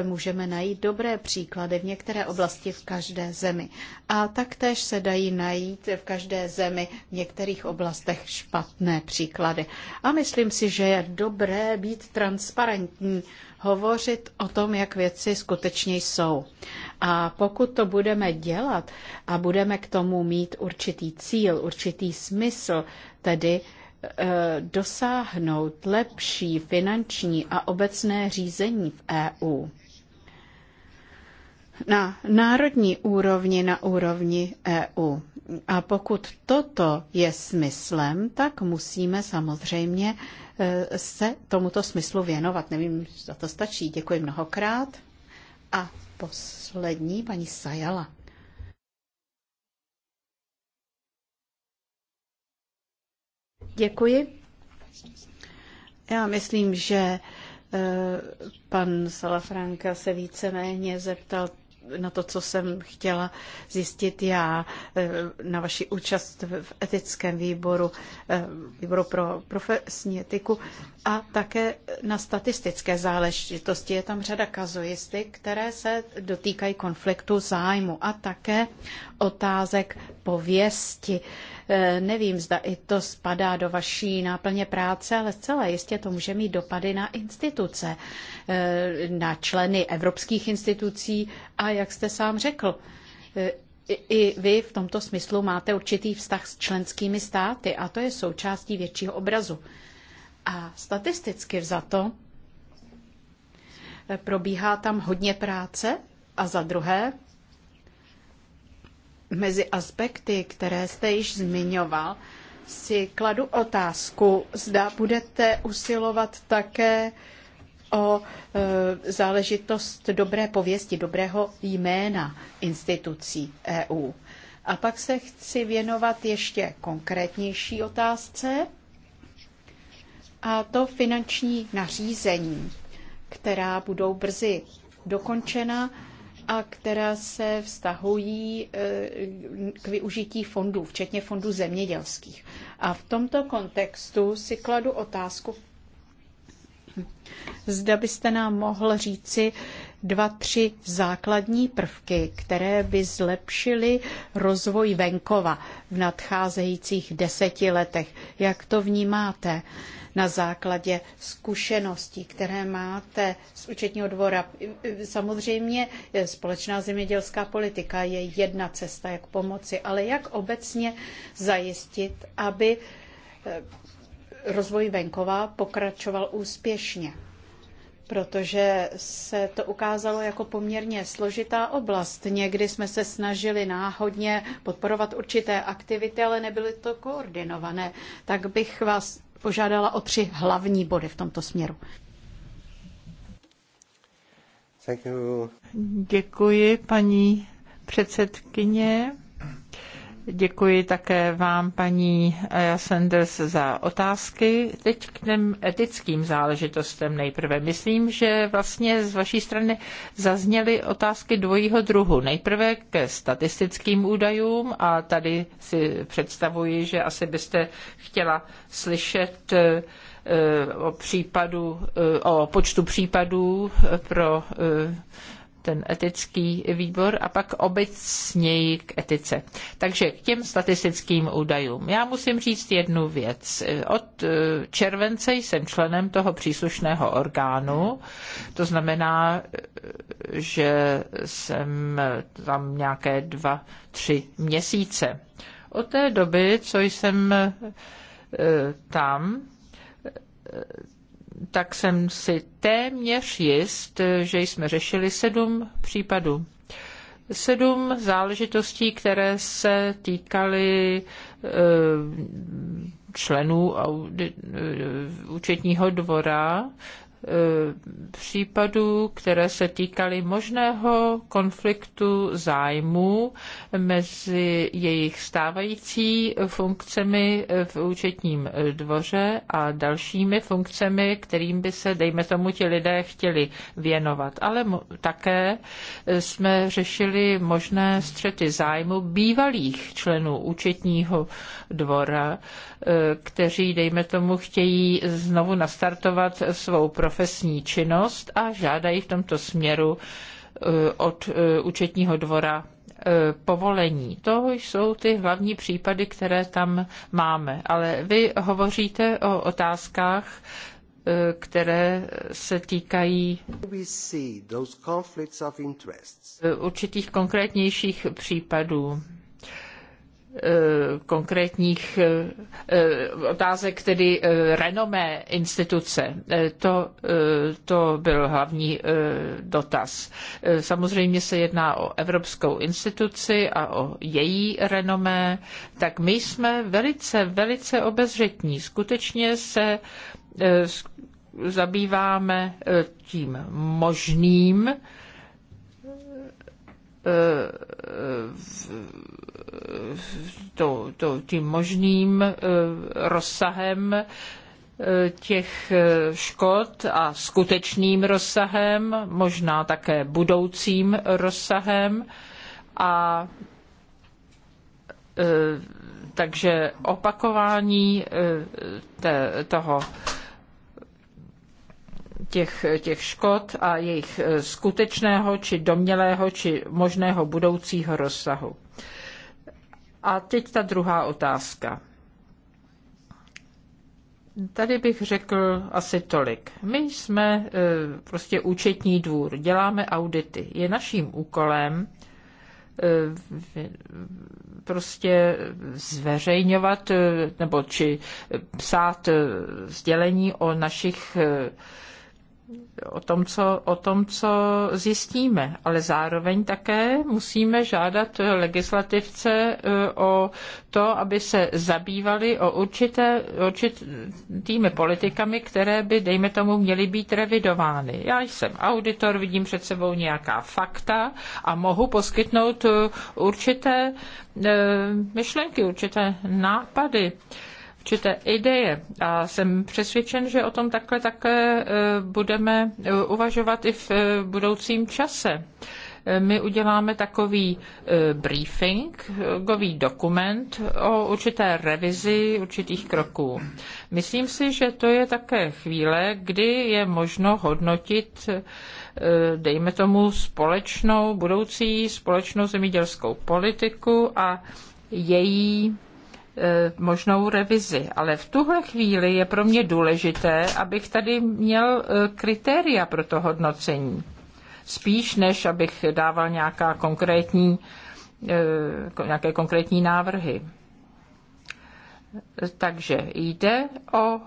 Můžeme najít dobré příklady v některé oblasti v každé zemi. A taktéž se dají najít v každé zemi v některých oblastech špatné příklady. A myslím si, že je dobré být transparentní hovořit o tom, jak věci skutečně jsou. A pokud to budeme dělat a budeme k tomu mít určitý cíl, určitý smysl, tedy eh, dosáhnout lepší finanční a obecné řízení v EU. Na národní úrovni, na úrovni EU. A pokud toto je smyslem, tak musíme samozřejmě Eh, se tomuto smyslu věnovat. Nevím, za to stačí. Děkuji mnohokrát. A poslední, paní Sajala. Děkuji. Já myslím, že eh, pan Salafranka se víceméně zeptal na to, co jsem chtěla zjistit já eh, na vaši účast v etickém výboru, eh, výboru pro profesní etiku a také na statistické záležitosti. Je tam řada kazuistik, které se dotýkají konfliktu zájmu a také otázek pověsti. Eh, nevím, zda i to spadá do vaší náplně práce, ale zcela jistě to může mít dopady na instituce. Eh, na členy evropských institucí a jak jste sám řekl, eh, i vy v tomto smyslu máte určitý vztah s členskými státy a to je součástí většího obrazu. A statisticky vzato eh, probíhá tam hodně práce a za druhé mezi aspekty, které jste již zmiňoval, si kladu otázku, zda budete usilovat také o e, záležitost dobré pověsti, dobrého jména institucí EU. A pak se chci věnovat ještě konkrétnější otázce, a to finanční nařízení, která budou brzy dokončena a která se vztahují e, k využití fondů, včetně fondů zemědělských. A v tomto kontextu si kladu otázku, Zda byste nám mohl říci dva, tři základní prvky, které by zlepšily rozvoj venkova v nadcházejících deseti letech. Jak to vnímáte na základě zkušeností, které máte z účetního dvora? Samozřejmě společná zemědělská politika je jedna cesta, jak pomoci, ale jak obecně zajistit, aby rozvoj venkova pokračoval úspěšně, protože se to ukázalo jako poměrně složitá oblast. Někdy jsme se snažili náhodně podporovat určité aktivity, ale nebyly to koordinované. Tak bych vás požádala o tři hlavní body v tomto směru. Děkuji, paní předsedkyně. Děkuji také vám, paní eh, Sanders, za otázky. Teď k těm etickým záležitostem nejprve. Myslím, že vlastně z vaší strany zazněly otázky dvojího druhu. Nejprve ke statistickým údajům a tady si představuji, že asi byste chtěla slyšet eh, eh, o, případu, o počtu případů pro ten etický výbor a pak obecněji k etice. Takže k těm statistickým údajům. Já musím říct jednu věc. Od eh, července jsem členem toho příslušného orgánu, to znamená, eh, že jsem tam nějaké dva, tři měsíce. Od té doby, co jsem eh, tam, tak jsem si téměř jist, že jsme řešili sedm případů. Sedm záležitostí, které se týkaly eh, členů eh, účetního dvora Eh, případů, které se týkaly možného konfliktu zájmů mezi jejich stávající funkcemi v účetním dvoře a dalšími funkcemi, kterým by se, dejme tomu, ti lidé chtěli věnovat. Ale také jsme řešili možné střety zájmu bývalých členů účetního dvora, eh, kteří, dejme tomu, chtějí znovu nastartovat svou pro profesní činnost a žádají v tomto směru eh, od eh, účetního dvora eh, povolení. To jsou ty hlavní případy, které tam máme. Ale vy hovoříte o otázkách, které se týkají určitých konkrétnějších případů. Eh, konkrétních eh, otázek, tedy eh, renomé instituce. To, to byl hlavní dotaz. Samozřejmě se jedná o evropskou instituci a o její renomé, tak my jsme velice, velice obezřetní. Skutečně se zabýváme tím možným to, eh, to, tím možným eh, rozsahem eh, těch škod a skutečným rozsahem, možná také budoucím rozsahem. A takže opakování te, toho těch, těch škod a jejich skutečného či domělého či možného budoucího rozsahu. A teď ta druhá otázka. Tady bych řekl asi tolik. My jsme e, prostě účetní dvůr, děláme audity. Je naším úkolem e, prostě zveřejňovat e, nebo či psát sdělení o našich o tom, co, o tom, co zjistíme, ale zároveň také musíme žádat legislativce e, o to, aby se zabývali o určité, určitými politikami, které by, dejme tomu, měly být revidovány. Já jsem auditor, vidím před sebou nějaká fakta a mohu poskytnout e, určité e, myšlenky, určité nápady určité ideje a jsem přesvědčen, že o tom takhle také e, budeme e, uvažovat i v e, budoucím čase my uděláme takový briefingový dokument o určité revizi určitých kroků. Myslím si, že to je také chvíle, kdy je možno hodnotit, dejme tomu, společnou budoucí společnou zemědělskou politiku a její Eh, možnou revizi. Ale v tuhle chvíli je pro mě důležité, abych tady měl eh, kritéria pro to hodnocení. Spíš než abych dával nějaká konkrétní, eh, nějaké konkrétní návrhy. Takže jde o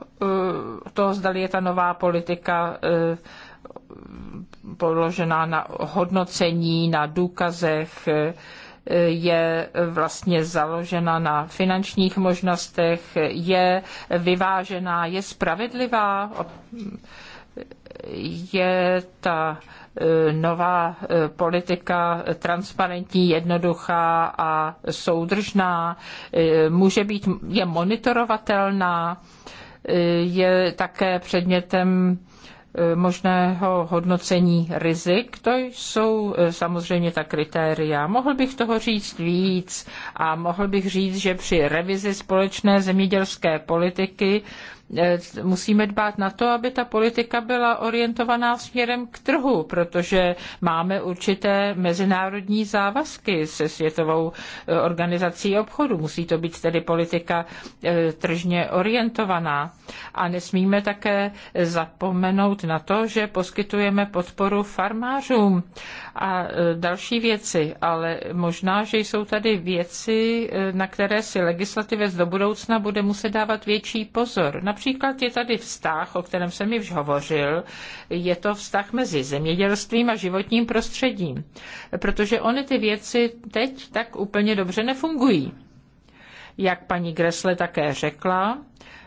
to, zda je ta nová politika položená na hodnocení, na důkazech, je vlastně založena na finančních možnostech, je vyvážená, je spravedlivá, je ta e, nová e, politika transparentní, jednoduchá a soudržná, e, může být, je monitorovatelná, je také předmětem možného hodnocení rizik. To jsou e, samozřejmě ta kritéria. Mohl bych toho říct víc a mohl bych říct, že při revizi společné zemědělské politiky Eh, musíme dbát na to, aby ta politika byla orientovaná směrem k trhu, protože máme určité mezinárodní závazky se Světovou eh, organizací obchodu. Musí to být tedy politika eh, tržně orientovaná. A nesmíme také zapomenout na to, že poskytujeme podporu farmářům a e, další věci, ale možná, že jsou tady věci, e, na které si legislativec do budoucna bude muset dávat větší pozor. Například je tady vztah, o kterém jsem již hovořil, je to vztah mezi zemědělstvím a životním prostředím, protože ony ty věci teď tak úplně dobře nefungují. Jak paní Gresle také řekla,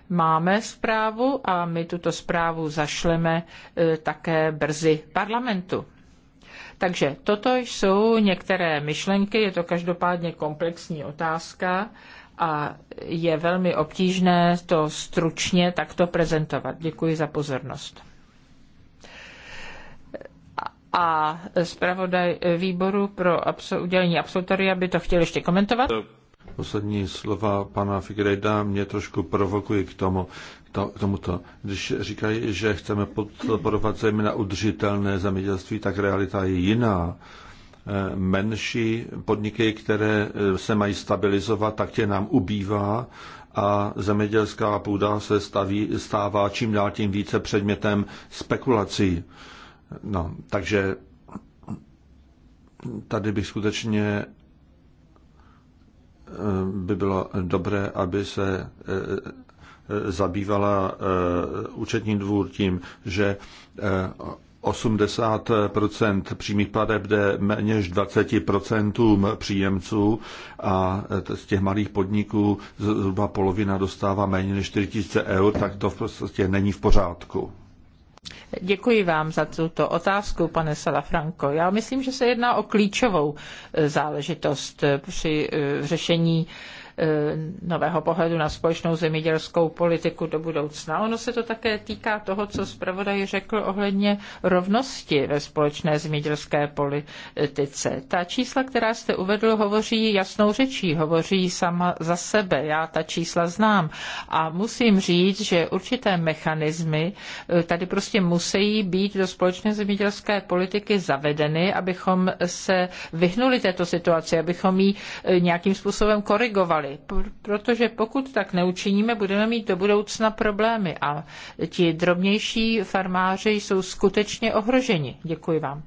máme zprávu a my tuto zprávu zašleme e, také brzy parlamentu. Takže toto jsou některé myšlenky, je to každopádně komplexní otázka a je velmi obtížné to stručně takto prezentovat. Děkuji za pozornost. A zpravodaj výboru pro absol- udělení absolutoria by to chtěl ještě komentovat? Poslední slova pana Figrejda mě trošku provokují k tomu to, tomuto. Když říkají, že chceme podporovat zejména udržitelné zemědělství, tak realita je jiná. Eh, menší podniky, které eh, se mají stabilizovat, tak tě nám ubývá a zemědělská půda se staví, stává čím dál tím více předmětem spekulací. No, takže tady bych skutečně eh, by bylo dobré, aby se zabývala eh, účetní dvůr tím, že 80 eh, přímých pladeb jde méně než 20 příjemců a eh, z těch malých podniků zhruba polovina dostává méně než 4000 eur, tak to v podstatě není v pořádku. Děkuji vám za tuto otázku, pane Salafranco. Já myslím, že se jedná o klíčovou záležitost při řešení E, nového pohledu na společnou zemědělskou politiku do budoucna. Ono se to také týká toho, co zpravodaj řekl ohledně rovnosti ve společné zemědělské politice. Ta čísla, která jste uvedl, hovoří jasnou řečí, hovoří sama za sebe. Já ta čísla znám a musím říct, že určité mechanismy e, tady prostě musí být do společné zemědělské politiky zavedeny, abychom se vyhnuli této situaci, abychom ji e, nějakým způsobem korigovali udělali, protože pokud tak neučiníme, budeme mít do budoucna problémy a ti drobnější farmáři jsou skutečně ohroženi. Děkuji vám.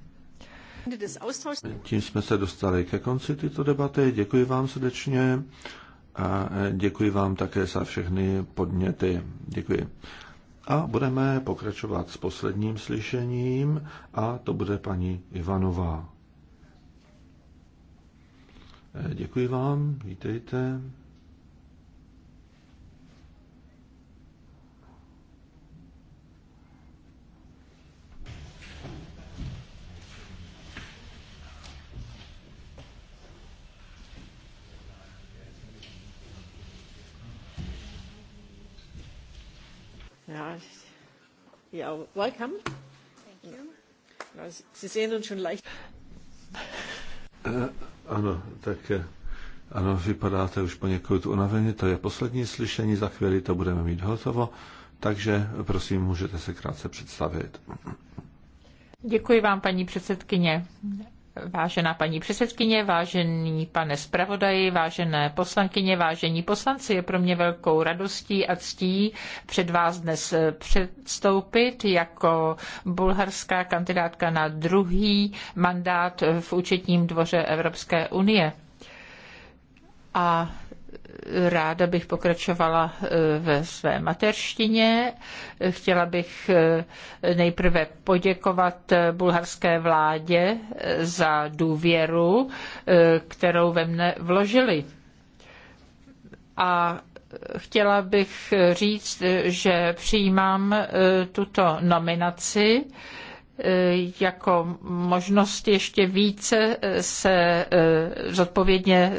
Tím jsme se dostali ke konci tyto debaty. Děkuji vám srdečně a děkuji vám také za všechny podněty. Děkuji. A budeme pokračovat s posledním slyšením a to bude paní Ivanová. Eh, děkuji vám, vítejte. Ja, welcome. Thank you. Sie sehen uns schon leicht. Eh, ano, tak eh, ano, vypadáte už poněkud unaveně, to je poslední slyšení, za chvíli to budeme mít hotovo, takže prosím, můžete se krátce představit. Děkuji vám, paní předsedkyně. Vážená paní předsedkyně, vážený pane zpravodaji, vážené poslankyně, vážení poslanci, je pro mě velkou radostí a ctí před vás dnes eh, předstoupit jako bulharská kandidátka na druhý mandát v účetním dvoře Evropské unie. A ráda bych pokračovala eh, ve své mateřštině. Chtěla bych eh, nejprve poděkovat eh, bulharské vládě za důvěru, kterou ve mne vložili. A chtěla bych říct, že přijímám tuto nominaci Eh, jako možnost ještě více eh, se eh, zodpovědně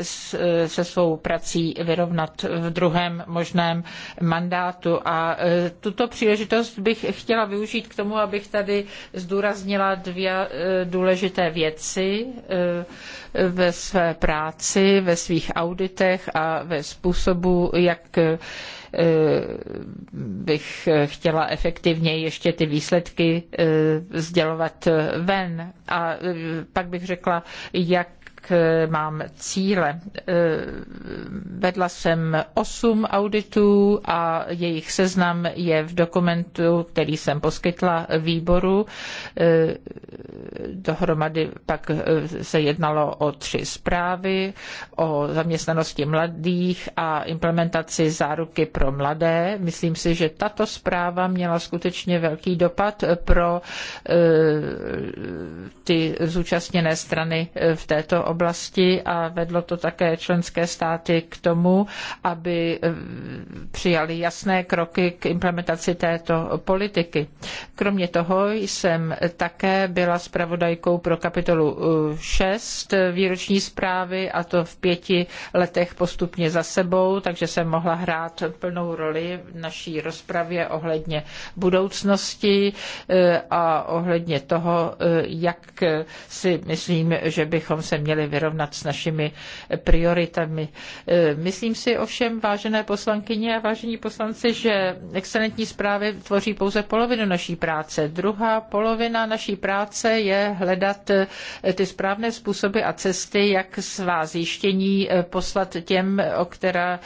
se svou prací vyrovnat v druhém možném mandátu. A tuto příležitost bych chtěla využít k tomu, abych tady zdůraznila dvě důležité věci ve své práci, ve svých auditech a ve způsobu, jak Eh, bych chtěla efektivněji ještě ty výsledky eh, sdělovat eh, ven. A pak bych řekla, jak Eh, mám cíle. Eh, vedla jsem osm auditů a jejich seznam je v dokumentu, který jsem poskytla výboru. Eh, dohromady pak se jednalo o tři zprávy, o zaměstnanosti mladých a implementaci záruky pro mladé. Myslím si, že tato zpráva měla skutečně velký dopad pro ty zúčastněné strany v této oblasti oblasti a vedlo to také členské státy k tomu, aby eh, přijali jasné kroky k implementaci této politiky. Kromě toho jsem také byla zpravodajkou pro kapitolu 6 eh, výroční zprávy a to v pěti letech postupně za sebou, takže jsem mohla hrát plnou roli v naší rozpravě ohledně budoucnosti eh, a ohledně toho, jak si myslím, že bychom se měli vyrovnat s našimi prioritami. E, myslím si ovšem, vážené poslankyně a vážení poslanci, že excelentní zprávy tvoří pouze polovinu naší práce. Druhá polovina naší práce je hledat e, ty správné způsoby a cesty, jak svá zjištění e, poslat těm, o, která,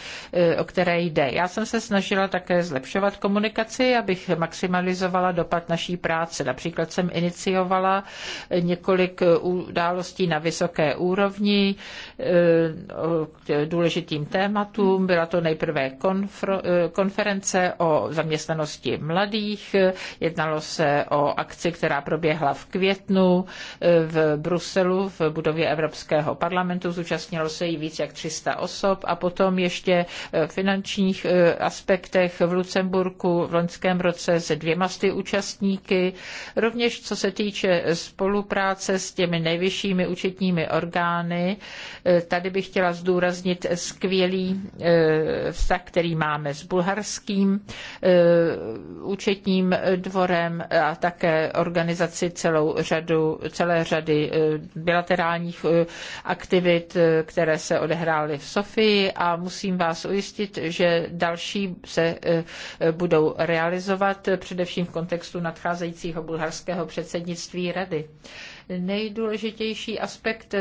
o které jde. Já jsem se snažila také zlepšovat komunikaci, abych maximalizovala dopad naší práce. Například jsem iniciovala několik událostí na vysoké úrovni, úrovni eh, k důležitým tématům. Byla to nejprve eh, konference o zaměstnanosti mladých, jednalo se o akci, která proběhla v květnu eh, v Bruselu v budově Evropského parlamentu. Zúčastnilo se jí víc jak 300 osob a potom ještě v finančních aspektech v Lucemburku v loňském roce se dvěma sty účastníky. Rovněž co se týče spolupráce s těmi nejvyššími účetními orgány, orgány. Eh, tady bych chtěla zdůraznit skvělý eh, vztah, který máme s bulharským eh, účetním dvorem a také organizaci celou řadu, celé řady bilaterálních aktivit, které se odehrály v Sofii a musím vás ujistit, že další se budou realizovat, především v kontextu nadcházejícího bulharského předsednictví rady. Nejdůležitější aspekt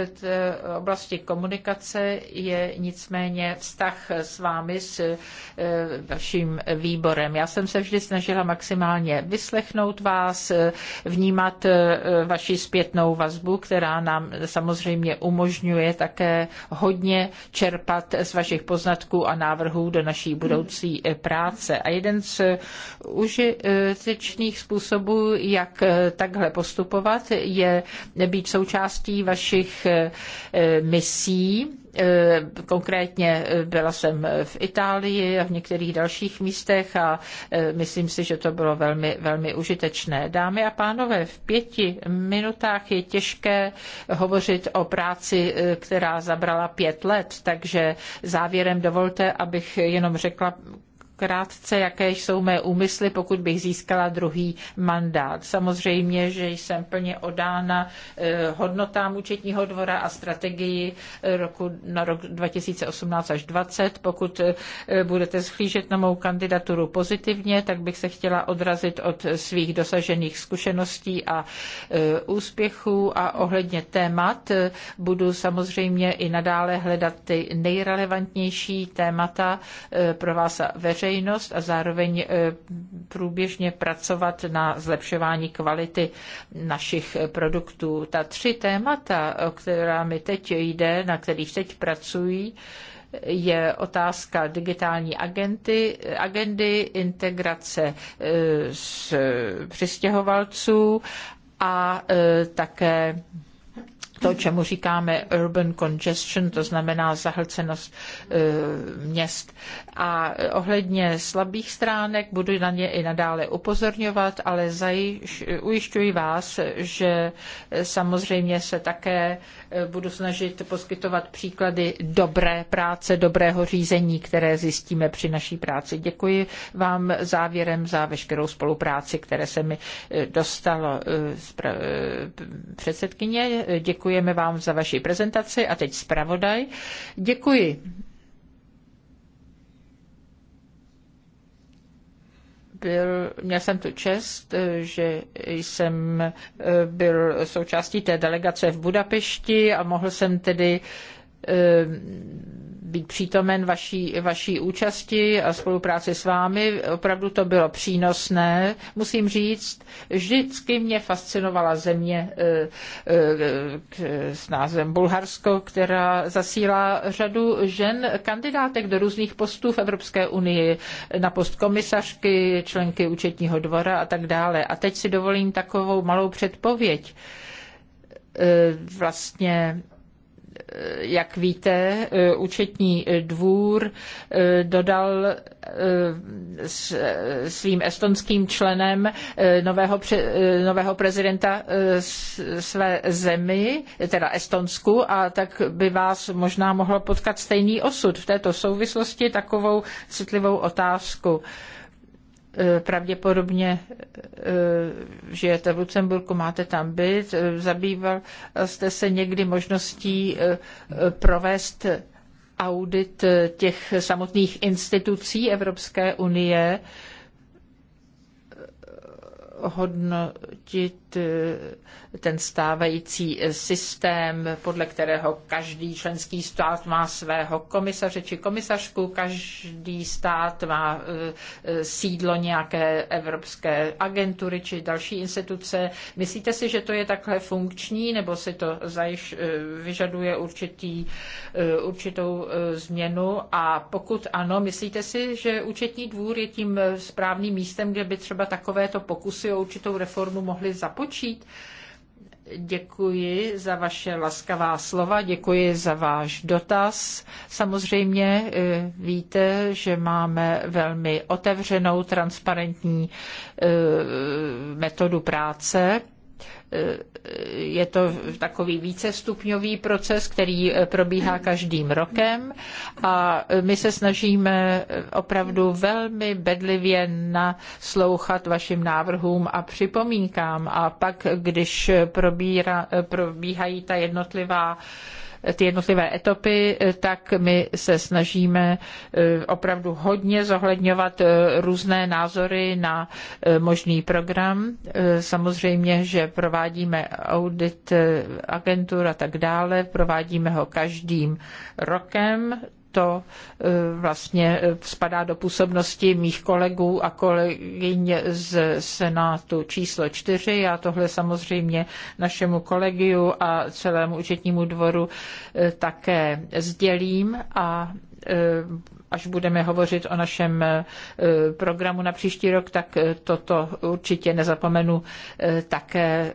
oblasti komunikace je nicméně vztah s vámi, s eh, vaším výborem. Já jsem se vždy snažila maximálně vyslechnout vás, eh, vnímat eh, vaši zpětnou vazbu, která nám samozřejmě umožňuje také hodně čerpat z vašich poznatků a návrhů do naší budoucí práce. A jeden z užitečných způsobů, jak takhle postupovat, je být součástí vašich eh, eh, misí. Eh, konkrétně byla jsem v Itálii a v některých dalších místech a myslím si, že to bylo velmi, velmi užitečné. Dámy a pánové, v pěti minutách je těžké hovořit o práci, která zabrala pět let, takže závěrem dovolte, abych jenom řekla krátce, jaké jsou mé úmysly, pokud bych získala druhý mandát. Samozřejmě, že jsem plně odána eh, hodnotám účetního dvora a strategii roku, na rok 2018 až 2020. Pokud eh, budete zhlížet na mou kandidaturu pozitivně, tak bych se chtěla odrazit od svých dosažených zkušeností a eh, úspěchů a ohledně témat budu samozřejmě i nadále hledat ty nejrelevantnější témata pro vás veřejně veřejnost a zároveň eh, průběžně pracovat na zlepšování kvality našich produktů. Ta tři témata, o která mi teď jde, na kterých teď pracují, je otázka digitální agenty, agendy, integrace eh, s přistěhovalců a eh, také to, čemu říkáme urban congestion, to znamená zahlcenost eh, měst. A ohledně slabých stránek budu na ně i nadále upozorňovat, ale zajiš, ujišťuji vás, že samozřejmě se také eh, budu snažit poskytovat příklady dobré práce, dobrého řízení, které zjistíme při naší práci. Děkuji vám závěrem za veškerou spolupráci, které se mi eh, dostalo z předsedkyně. Děkuji Děkujeme vám za vaši prezentaci a teď zpravodaj. Děkuji. byl, měl jsem tu čest, že jsem byl součástí té delegace v Budapešti a mohl jsem tedy eh, být přítomen vaší, vaší účasti a spolupráci s vámi. Opravdu to bylo přínosné. Musím říct, vždycky mě fascinovala země eh, eh, s názvem Bulharsko, která zasílá řadu žen kandidátek do různých postů v Evropské unii na post komisařky, členky účetního dvora a tak dále. A teď si dovolím takovou malou předpověď. Eh, vlastně jak víte, e, účetní dvůr e, dodal e, svým estonským členem nového, nového prezidenta své zemi, teda Estonsku, a tak by vás možná mohlo potkat stejný osud v této souvislosti takovou citlivou otázku. Eh, pravděpodobně eh, žijete v Lucemburku, máte tam byt, eh, zabýval jste se někdy možností provést audit těch samotných institucí Evropské unie, hodnotit Eh, ten stávající eh, systém, podle kterého každý členský stát má svého komisaře či komisařku, každý stát má eh, sídlo nějaké evropské agentury či další instituce. Myslíte si, že to je takhle funkční, nebo si to zajiš, vyžaduje určitý, určitou změnu? A pokud ano, myslíte si, že účetní dvůr je tím správným místem, kde by třeba takovéto pokusy o určitou reformu mohly zapojit? započít. Děkuji za vaše laskavá slova, děkuji za váš dotaz. Samozřejmě eh, víte, že máme velmi otevřenou, transparentní eh, metodu práce Eh, je to takový vícestupňový proces, který eh, probíhá každým rokem a eh, my se snažíme opravdu velmi bedlivě naslouchat vašim návrhům a připomínkám a pak, když probíra, probíhají ta jednotlivá ty jednotlivé etapy, tak my se snažíme e, opravdu hodně zohledňovat e, různé názory na e, možný program. Samozřejmě, že provádíme audit agentur a tak dále, provádíme ho každým rokem, to e, vlastně e, spadá do působnosti mých kolegů a kolegyň z Senátu číslo čtyři. Já tohle samozřejmě našemu kolegiu a celému účetnímu dvoru e, také sdělím a až budeme hovořit o našem programu na příští rok, tak toto určitě nezapomenu také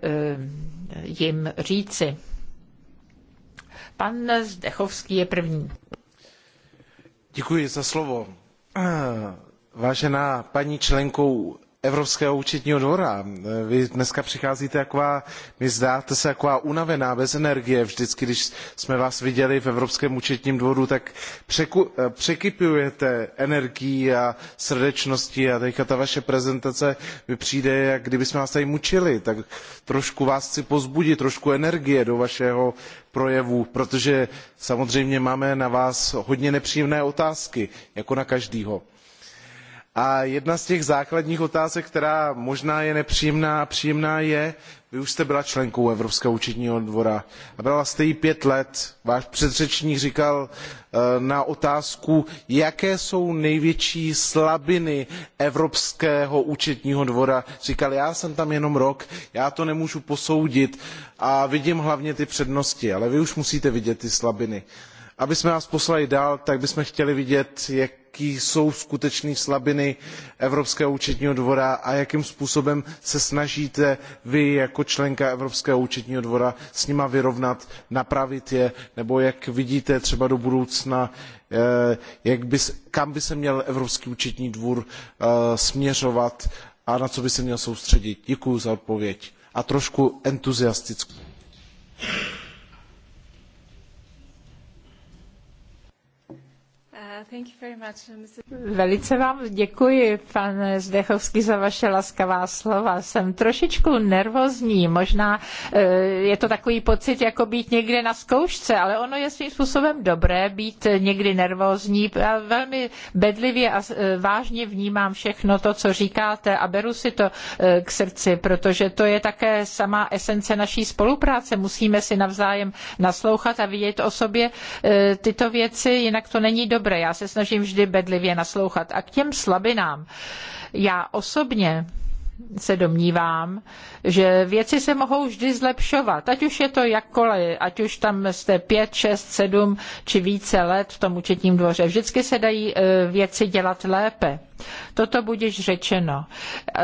jim říci. Pan Zdechovský je první. Děkuji za slovo. Vážená paní členko Evropského účetního dvora. Vy dneska přicházíte taková, vy zdáte se taková unavená, bez energie. Vždycky, když jsme vás viděli v Evropském účetním dvoru, tak překu, eh, překypujete energií a srdečností a teďka ta vaše prezentace mi přijde, jak kdyby jsme vás tady mučili. Tak trošku vás chci pozbudit, trošku energie do vašeho projevu, protože samozřejmě máme na vás hodně nepříjemné otázky, jako na každého a jedna z těch základních otázek, která možná je nepříjemná a příjemná je, vy už jste byla členkou Evropského účetního dvora a byla jste jí pět let. Váš předřečník říkal eh, na otázku, jaké jsou největší slabiny Evropského účetního dvora. Říkal, já jsem tam jenom rok, já to nemůžu posoudit a vidím hlavně ty přednosti, ale vy už musíte vidět ty slabiny abychom nás poslali dál tak bychom chtěli vidět jaké jsou skutečné slabiny evropského účetního dvora a jakým způsobem se snažíte vy jako členka evropského účetního dvora s nimi vyrovnat napravit je nebo jak vidíte třeba do budoucna eh, by, kam by se měl evropský účetní dvůr eh, směřovat a na co by se měl soustředit. děkuji za odpověď a trošku entuziastickou. Uh, Velice vám děkuji, pane Zdechovský, za vaše laskavá slova. Jsem trošičku nervózní, možná eh, je to takový pocit, jako být někde na zkoušce, ale ono je svým způsobem dobré být někdy nervózní. Já velmi bedlivě a eh, vážně vnímám všechno to, co říkáte a beru si to eh, k srdci, protože to je také sama esence naší spolupráce. Musíme si navzájem naslouchat a vidět o sobě tyto věci, jinak to není dobré. Já se snažím vždy bedlivě naslouchat. A k těm slabinám. Já osobně se domnívám, že věci se mohou vždy zlepšovat, ať už je to jakkoliv, ať už tam jste pět, šest, sedm či více let v tom účetním dvoře. Vždycky se dají eh, věci dělat lépe. Toto budiš řečeno. Eh,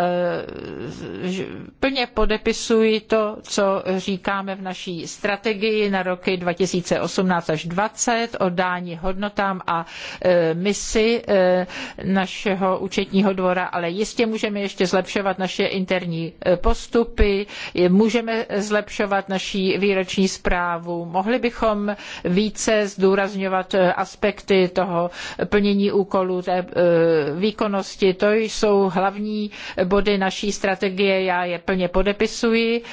plně podepisuji to, co říkáme v naší strategii na roky 2018 až 2020 o dání hodnotám a eh, misi eh, našeho účetního dvora, ale jistě můžeme ještě zlepšovat naše interní postupy, můžeme zlepšovat naší výroční zprávu, mohli bychom více zdůrazňovat aspekty toho plnění úkolů, té výkonu výkonnosti. To jsou hlavní body naší strategie, já je plně podepisuji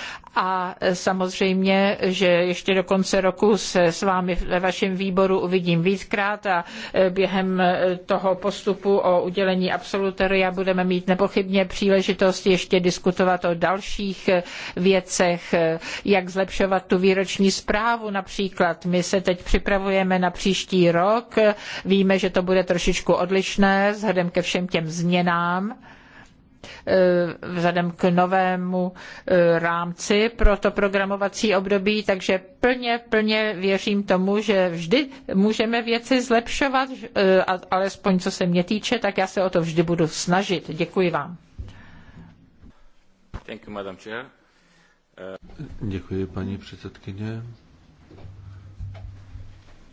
a samozřejmě, že ještě do konce roku se s vámi ve vašem výboru uvidím víckrát a e, během e, toho postupu o udělení absolutoria budeme mít nepochybně příležitost ještě diskutovat o dalších e, věcech, jak zlepšovat tu výroční zprávu například. My se teď připravujeme na příští rok, víme, že to bude trošičku odlišné vzhledem ke všem těm změnám, Eh, vzhledem k novému eh, rámci pro to programovací období, takže plně, plně věřím tomu, že vždy můžeme věci zlepšovat, eh, alespoň co se mě týče, tak já se o to vždy budu snažit. Děkuji vám. Madam Chair. Děkuji, paní předsedkyně.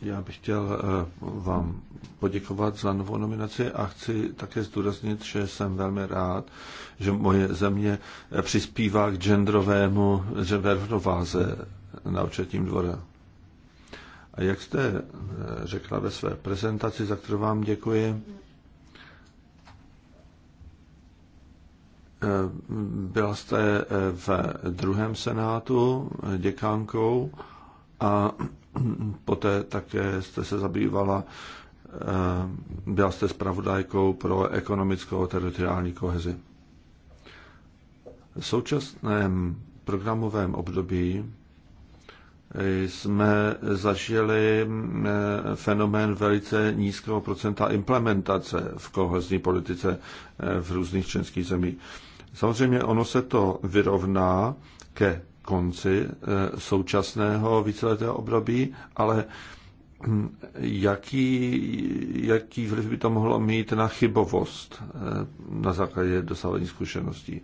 Já bych chtěl eh, vám poděkovat za novou nominaci a chci také zdůraznit, že jsem velmi rád, že moje země eh, přispívá k genderovému rovnováze na určitým dvore. A jak jste eh, řekla ve své prezentaci, za kterou vám děkuji, byla jste v druhém senátu děkánkou a Poté také jste se zabývala, eh, byla jste spravodajkou pro ekonomickou a teritoriální kohezi. V současném programovém období eh, jsme zažili eh, fenomén velice nízkého procenta implementace v kohezní politice v různých členských zemích. Samozřejmě ono se to vyrovná ke konci eh, současného víceletého období, ale hm, jaký, jaký vliv by to mohlo mít na chybovost eh, na základě dosávání zkušeností.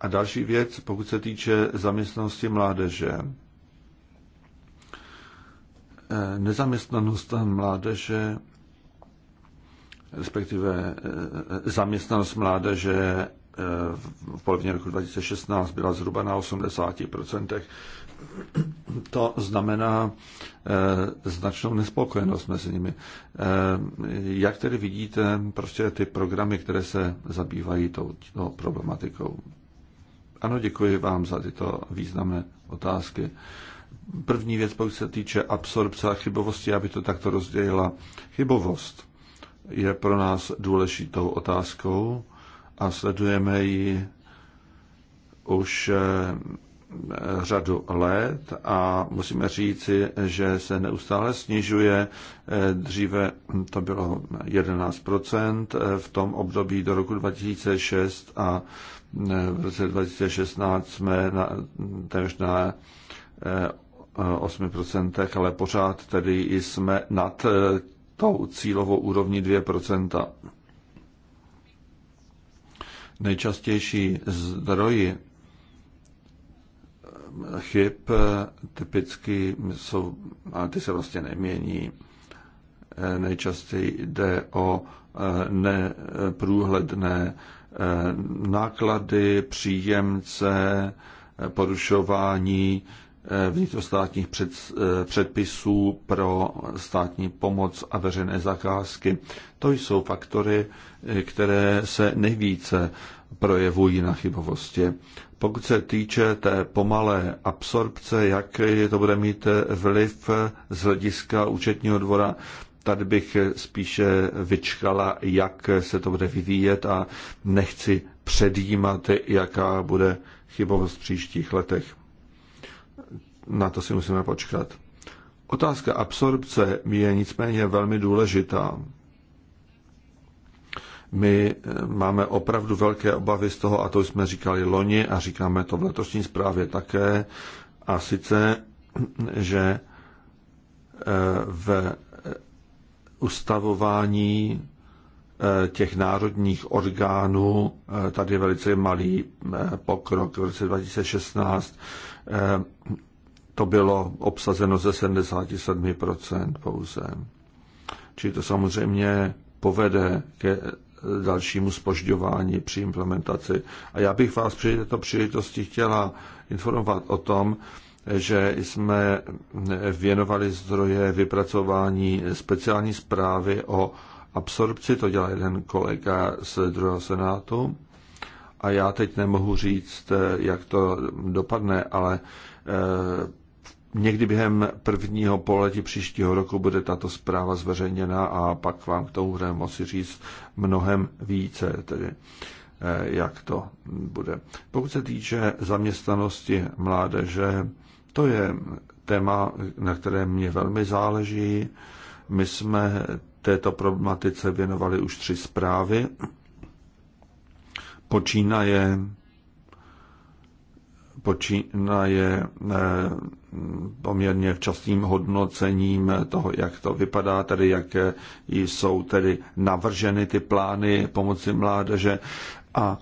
A další věc, pokud se týče zaměstnanosti mládeže. Eh, nezaměstnanost mládeže, respektive zaměstnanost mládeže v polovině roku 2016 byla zhruba na 80%. To znamená eh, značnou nespokojenost mezi nimi. Eh, jak tedy vidíte prostě ty programy, které se zabývají tou problematikou? Ano, děkuji vám za tyto významné otázky. První věc, pokud se týče absorpce a chybovosti, aby to takto rozdělila. Chybovost je pro nás důležitou otázkou a sledujeme ji už eh, řadu let a musíme říci, že se neustále snižuje. Eh, dříve to bylo 11% eh, v tom období do roku 2006 a v roce 2016 jsme na, téměř na 8%, ale pořád tedy jsme nad tou cílovou úrovní 2% nejčastější zdroji chyb typicky jsou, a ty se vlastně nemění, nejčastěji jde o eh, neprůhledné eh, náklady, příjemce, eh, porušování Eh, vnitrostátních před, eh, předpisů pro státní pomoc a veřejné zakázky. To jsou faktory, eh, které se nejvíce projevují na chybovosti. Pokud se týče té pomalé absorpce, jak to bude mít vliv z hlediska účetního dvora, tady bych spíše vyčkala, jak se to bude vyvíjet a nechci předjímat, jaká bude chybovost v příštích letech na to si musíme počkat. Otázka absorpce je nicméně velmi důležitá. My eh, máme opravdu velké obavy z toho, a to jsme říkali loni a říkáme to v letošní zprávě také, a sice, (clears throat) že eh, v eh, ustavování těch národních orgánů, tady je velice malý pokrok v roce 2016, to bylo obsazeno ze 77% pouze. Čili to samozřejmě povede ke dalšímu spožďování při implementaci. A já bych vás při této příležitosti chtěla informovat o tom, že jsme věnovali zdroje vypracování speciální zprávy o absorpci, to dělá jeden kolega z druhého senátu. A já teď nemohu říct, jak to dopadne, ale eh, Někdy během prvního poletí příštího roku bude tato zpráva zveřejněna a pak vám k tomu budeme moci říct mnohem více, tedy eh, jak to bude. Pokud se týče zaměstnanosti mládeže, to je téma, na které mě velmi záleží. My jsme této problematice věnovali už tři zprávy. Počínaje počínaje eh, poměrně včasným hodnocením toho, jak to vypadá, tedy jak eh, jsou tedy navrženy ty plány pomoci mládeže a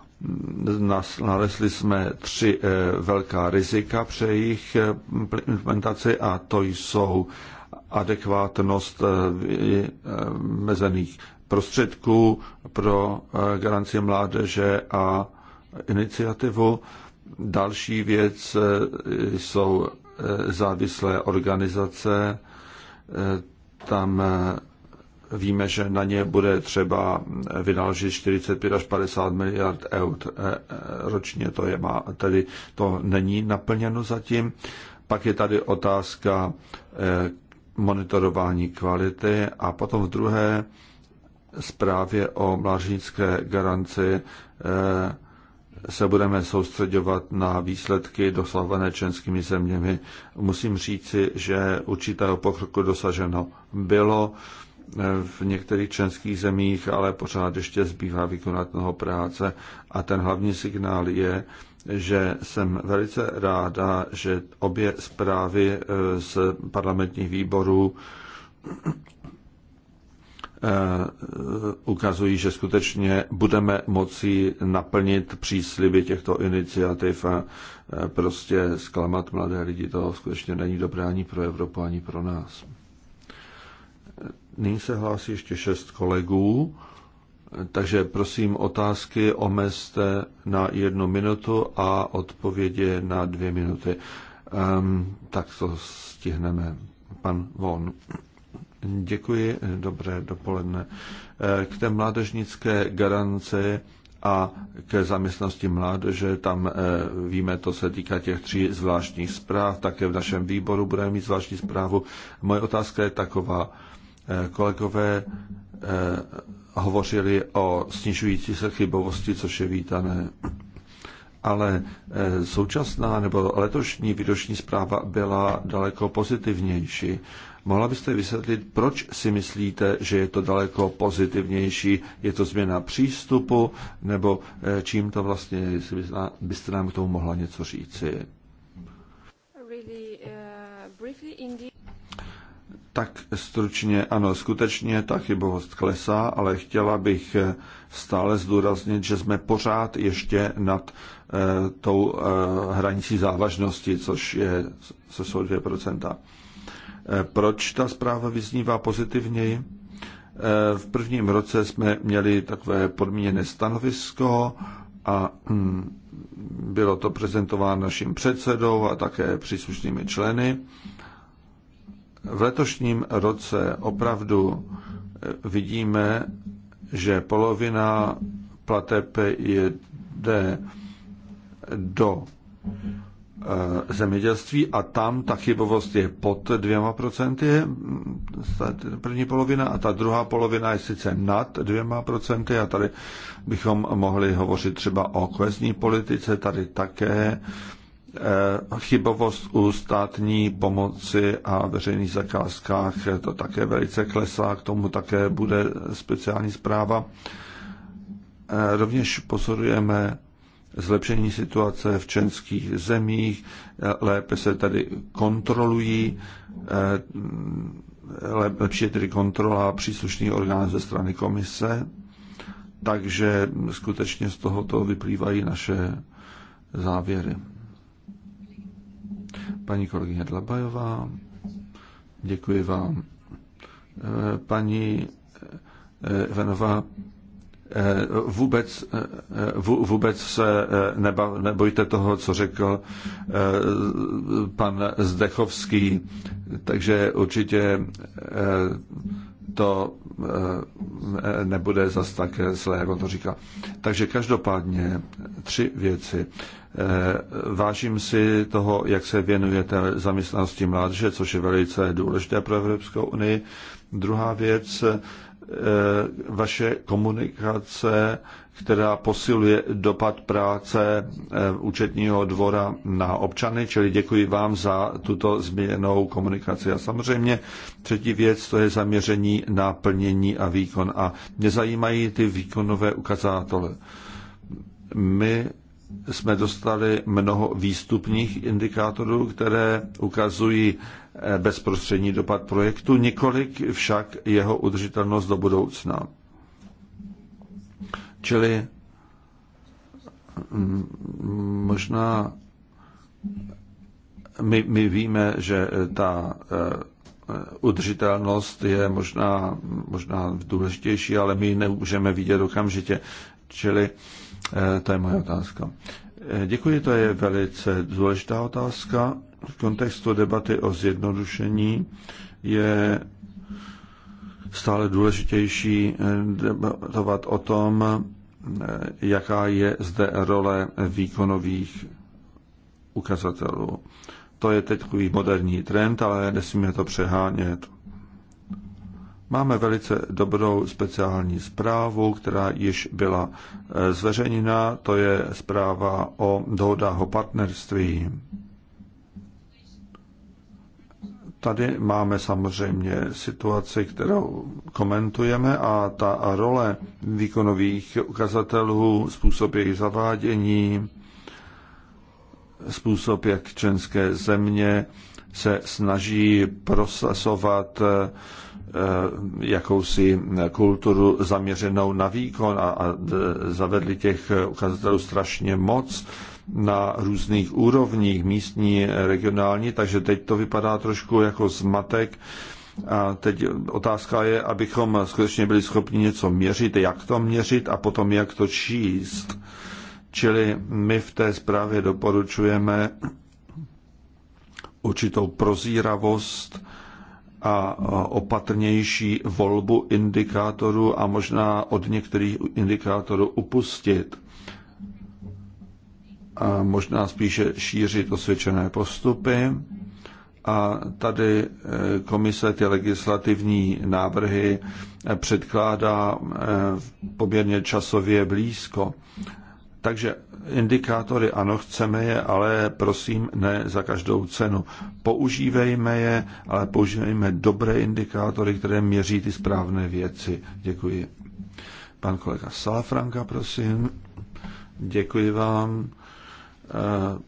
nalesli jsme tři eh, velká rizika při jejich implementaci a to jsou adekvátnost mezených prostředků pro garanci mládeže a iniciativu Další věc eh, jsou eh, závislé organizace. Eh, tam víme, že na ně bude třeba vynaložit 45 až 50 miliard eur ročně, to je má, tedy to není naplněno zatím. Pak je tady otázka monitorování kvality a potom v druhé zprávě o mlážnické garanci se budeme soustředovat na výsledky doslavené členskými zeměmi, musím říci, že určitého pokroku dosaženo bylo e, v některých členských zemích, ale pořád ještě zbývá vykonat mnoho práce. A ten hlavní signál je, že jsem velice ráda, že obě zprávy e, z parlamentních výborů Eh, ukazují, že skutečně budeme moci naplnit přísliby těchto iniciativ a eh, prostě zklamat mladé lidi. To skutečně není dobré ani pro Evropu, ani pro nás. Eh, nyní se hlásí ještě šest kolegů, takže prosím otázky omezte na jednu minutu a odpovědi na dvě minuty. Um, tak to stihneme. Pan Von. Děkuji, dobré dopoledne. K té mládežnické garanci a k zaměstnanosti mládeže. Tam eh, víme, to se týká těch tří zvláštních zpráv, také v našem výboru budeme mít zvláštní zprávu. Moje otázka je taková. Eh, kolegové eh, hovořili o snižující se chybovosti, což je vítané. Ale současná nebo letošní výroční zpráva byla daleko pozitivnější. Mohla byste vysvětlit, proč si myslíte, že je to daleko pozitivnější? Je to změna přístupu, nebo eh, čím to vlastně, byste nám k tomu mohla něco říci? Eh, tak stručně, ano, skutečně ta chybovost klesá, ale chtěla bych eh, stále zdůraznit, že jsme pořád ještě nad eh, tou eh, hranicí závažnosti, což, je, což jsou 2%. Proč ta zpráva vyznívá pozitivněji? Eh, v prvním roce jsme měli takové podmíněné stanovisko a hm, bylo to prezentováno naším předsedou a také příslušnými členy. V letošním roce opravdu eh, vidíme, že polovina plateb jde do Eh, zemědělství a tam ta chybovost je pod dvěma procenty, mm, první polovina a ta druhá polovina je sice nad dvěma procenty a tady bychom mohli hovořit třeba o kvezní politice, tady také eh, chybovost u státní pomoci a veřejných zakázkách eh, to také velice klesá, k tomu také bude speciální zpráva. Rovněž pozorujeme zlepšení situace v českých zemích, lépe se tady kontrolují, eh, lepší je tedy kontrola příslušných orgánů ze strany komise, takže skutečně z tohoto vyplývají naše závěry. Paní kolegyně Dlabajová, děkuji vám. Eh, paní eh, Venová, Eh, vůbec, eh, vůbec se eh, neba, nebojte toho, co řekl pan Zdechovský, takže určitě to nebude zas tak zlé, jak on to říká. Takže každopádně tři věci. Vážím si toho, jak se věnujete zaměstnanosti mládeže, což je velice důležité pro Evropskou unii. Druhá věc, Eh, vaše komunikace, která posiluje dopad práce eh, účetního dvora na občany, čili děkuji vám za tuto změnou komunikaci. A samozřejmě třetí věc, to je zaměření na plnění a výkon. A mě zajímají ty výkonové ukazatele. My jsme dostali mnoho výstupních indikátorů, které ukazují bezprostřední dopad projektu, nikolik však jeho udržitelnost do budoucna. Čili mm, možná my, my víme, že ta eh, udržitelnost je možná, možná důležitější, ale my ji nemůžeme vidět okamžitě. Čili eh, to je moje otázka. Eh, děkuji, to je velice důležitá otázka v kontextu debaty o zjednodušení je stále důležitější debatovat o tom, jaká je zde role výkonových ukazatelů. To je teď takový moderní trend, ale nesmíme to přehánět. Máme velice dobrou speciální zprávu, která již byla e, zveřejněna, to je zpráva o dohodách o partnerství. Tady máme samozřejmě situaci, kterou komentujeme a ta role výkonových ukazatelů, způsob jejich zavádění, způsob, jak členské země se snaží prosazovat eh, jakousi kulturu zaměřenou na výkon a, a eh, zavedli těch ukazatelů strašně moc na různých úrovních, místní, regionální, takže teď to vypadá trošku jako zmatek. A teď otázka je, abychom skutečně byli schopni něco měřit, jak to měřit a potom jak to číst. Čili my v té zprávě doporučujeme určitou prozíravost a opatrnější volbu indikátorů a možná od některých indikátorů upustit a možná spíše šířit osvědčené postupy. A tady eh, komise ty legislativní návrhy eh, předkládá eh, poměrně časově blízko. Takže indikátory ano, chceme je, ale prosím ne za každou cenu. Používejme je, ale používejme dobré indikátory, které měří ty správné věci. Děkuji. Pan kolega Salafranka, prosím. Děkuji vám. Eh,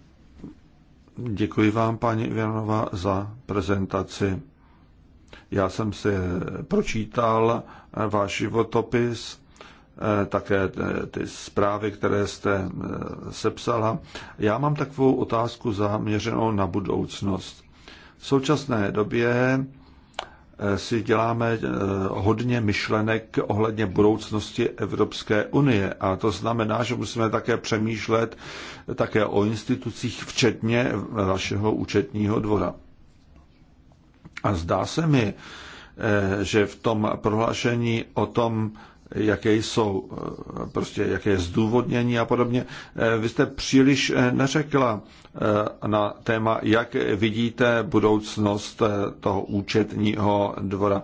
děkuji vám, paní Ivanova, za prezentaci. Já jsem si pročítal eh, váš životopis, eh, také ty zprávy, které jste sepsala. Já mám takovou otázku zaměřenou na budoucnost. V současné době si děláme eh, hodně myšlenek ohledně budoucnosti Evropské unie. A to znamená, že musíme také přemýšlet také o institucích, včetně našeho účetního dvora. A zdá se mi, eh, že v tom prohlášení o tom, jaké jsou, eh, prostě jaké je zdůvodnění a podobně. Eh, vy jste příliš eh, neřekla na téma, jak vidíte budoucnost toho účetního dvora.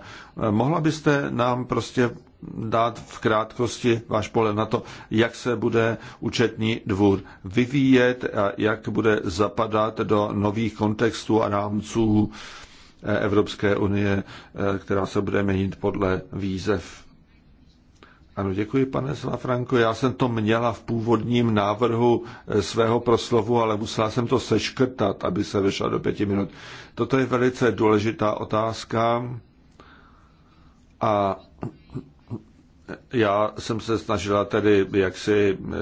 Mohla byste nám prostě dát v krátkosti váš pohled na to, jak se bude účetní dvůr vyvíjet a jak bude zapadat do nových kontextů a rámců Evropské unie, která se bude měnit podle výzev ano, děkuji, pane Svafranko. Já jsem to měla v původním návrhu eh, svého proslovu, ale musela jsem to seškrtat, aby se vešla do pěti minut. Toto je velice důležitá otázka a já jsem se snažila tedy jaksi eh,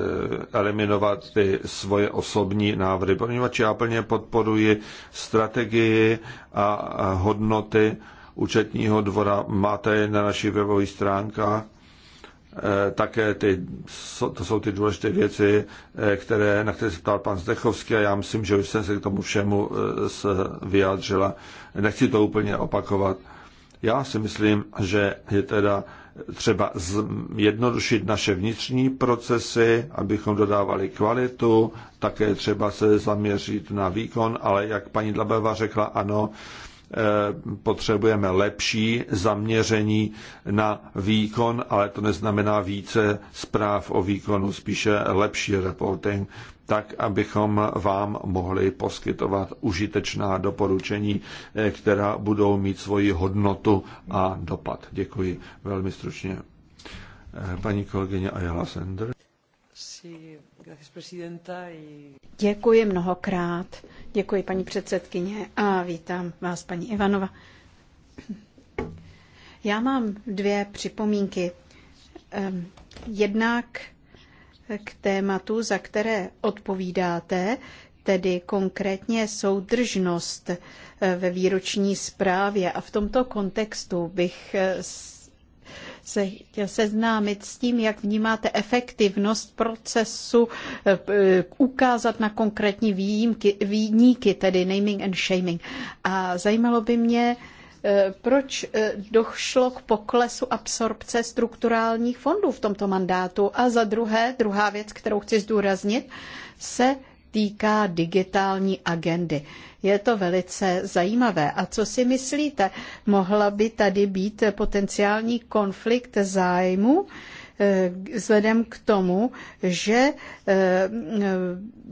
eliminovat ty svoje osobní návrhy, poněvadž já plně podporuji strategii a hodnoty účetního dvora. Máte je na našich webových stránkách Eh, také ty, to jsou ty důležité věci, eh, které, na které se ptal pan Zdechovský a já myslím, že už jsem se k tomu všemu eh, se vyjádřila. Nechci to úplně opakovat. Já si myslím, že je teda třeba jednodušit naše vnitřní procesy, abychom dodávali kvalitu, také třeba se zaměřit na výkon, ale jak paní Dlabeva řekla, ano, Eh, potřebujeme lepší zaměření na výkon, ale to neznamená více zpráv o výkonu, spíše lepší reporting, tak abychom vám mohli poskytovat užitečná doporučení, eh, která budou mít svoji hodnotu a dopad. Děkuji velmi stručně. Eh, paní kolegyně Ayala Sender. Děkuji mnohokrát. Děkuji, paní předsedkyně, a vítám vás, paní Ivanova. Já mám dvě připomínky. Ehm, jednak k tématu, za které odpovídáte, tedy konkrétně soudržnost eh, ve výroční zprávě. A v tomto kontextu bych eh, se chtěl seznámit s tím, jak vnímáte efektivnost procesu, eh, eh, ukázat na konkrétní výjimky, výjimky, tedy naming and shaming. A zajímalo by mě, eh, proč došlo k poklesu absorpce strukturálních fondů v tomto mandátu. A za druhé, druhá věc, kterou chci zdůraznit, se týká digitální agendy. Je to velice zajímavé. A co si myslíte? Mohla by tady být potenciální konflikt zájmu? Eh, vzhledem k tomu, že eh,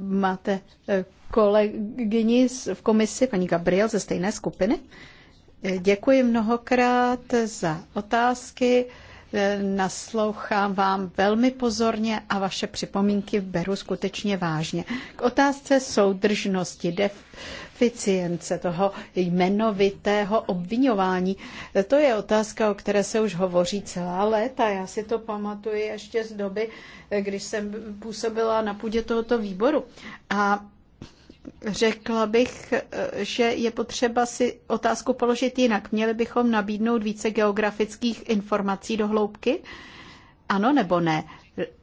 máte eh, kolegyni v komisi, paní Gabriel ze stejné skupiny. Děkuji mnohokrát za otázky naslouchám vám velmi pozorně a vaše připomínky beru skutečně vážně. K otázce soudržnosti, deficience toho jmenovitého obvinování, to je otázka, o které se už hovoří celá léta. Já si to pamatuji ještě z doby, když jsem působila na půdě tohoto výboru. A Řekla bych, eh, že je potřeba si otázku položit jinak. Měli bychom nabídnout více geografických informací do hloubky? Ano nebo ne?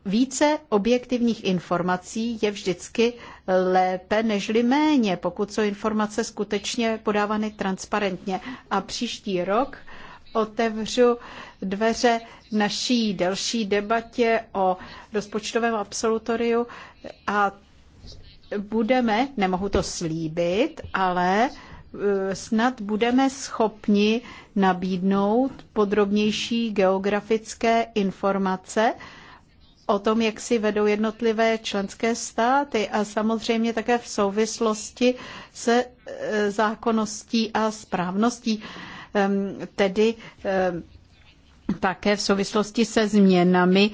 Více objektivních informací je vždycky lépe nežli méně, pokud jsou informace skutečně podávány transparentně. A příští rok otevřu dveře naší delší debatě o rozpočtovém absolutoriu a budeme, nemohu to slíbit, ale e, snad budeme schopni nabídnout podrobnější geografické informace o tom, jak si vedou jednotlivé členské státy a samozřejmě také v souvislosti se e, zákonností a správností, tedy také v souvislosti se změnami,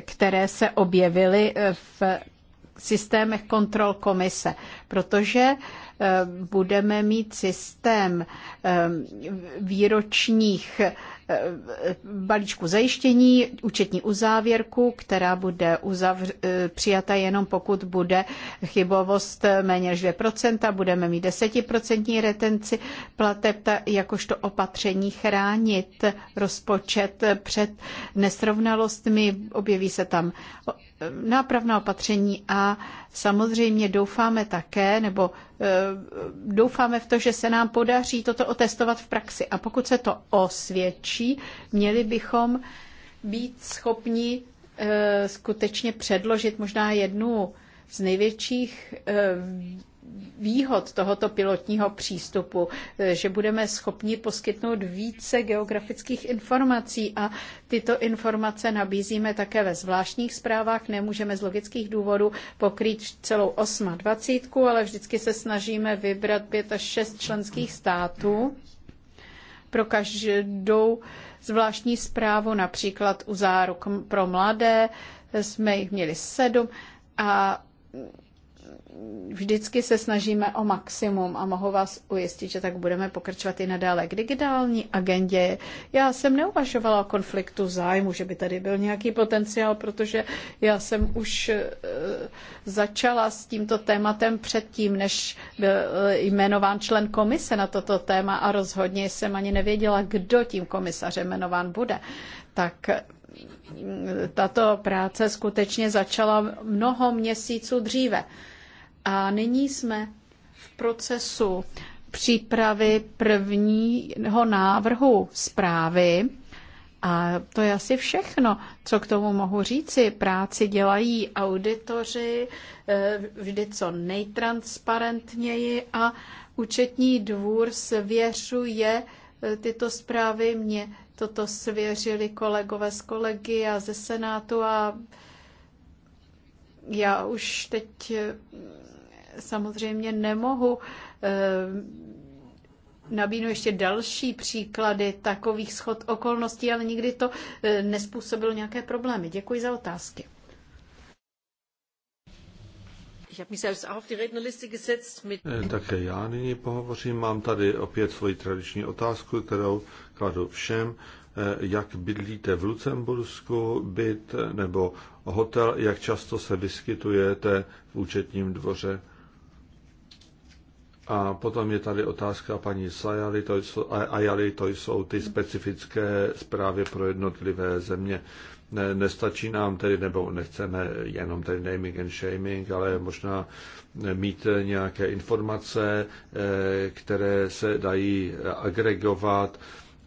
které se objevily e, v systémech kontrol komise, protože eh, budeme mít systém eh, výročních balíčku zajištění, účetní uzávěrku, která bude uzavř, eh, přijata jenom pokud bude chybovost méně než 2%, budeme mít 10% retenci plateb, jakožto opatření chránit rozpočet před nesrovnalostmi, objeví se tam eh, nápravná opatření a samozřejmě doufáme také, nebo eh, doufáme v to, že se nám podaří toto otestovat v praxi. A pokud se to osvědčí, lepší, měli bychom být schopni eh, skutečně předložit možná jednu z největších eh, výhod tohoto pilotního přístupu, eh, že budeme schopni poskytnout více geografických informací a tyto informace nabízíme také ve zvláštních zprávách. Nemůžeme z logických důvodů pokrýt celou 28, ale vždycky se snažíme vybrat 5 až 6 členských států pro každou zvláštní zprávu, například u záruk pro mladé jsme jich měli sedm a vždycky se snažíme o maximum a mohu vás ujistit, že tak budeme pokračovat i nadále. K digitální agendě já jsem neuvažovala o konfliktu zájmu, že by tady byl nějaký potenciál, protože já jsem už eh, začala s tímto tématem předtím, než byl eh, jmenován člen komise na toto téma a rozhodně jsem ani nevěděla, kdo tím komisařem jmenován bude. Tak mm, tato práce skutečně začala mnoho měsíců dříve. A nyní jsme v procesu přípravy prvního návrhu zprávy. A to je asi všechno, co k tomu mohu říci. Práci dělají auditoři eh, vždy co nejtransparentněji a účetní dvůr svěřuje eh, tyto zprávy. Mně toto svěřili kolegové z kolegy a ze Senátu a já už teď eh, samozřejmě nemohu eh, nabídnu ještě další příklady takových schod okolností, ale nikdy to eh, nespůsobilo nějaké problémy. Děkuji za otázky. Eh, také já nyní pohovořím. Mám tady opět svoji tradiční otázku, kterou kladu všem. Jak bydlíte v Lucembursku, byt nebo hotel, jak často se vyskytujete v účetním dvoře? A potom je tady otázka paní Sajali, to jsou, Ajali, to jsou ty specifické zprávy pro jednotlivé země. Ne, nestačí nám tedy, nebo nechceme jenom tedy naming and shaming, ale možná mít nějaké informace, eh, které se dají agregovat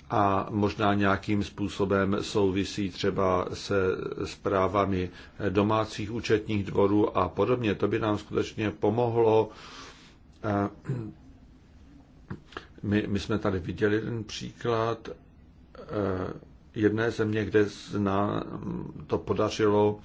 a možná nějakým způsobem souvisí třeba se zprávami domácích účetních dvorů a podobně. To by nám skutečně pomohlo my, my jsme tady viděli ten příklad e, jedné země, kde nám to podařilo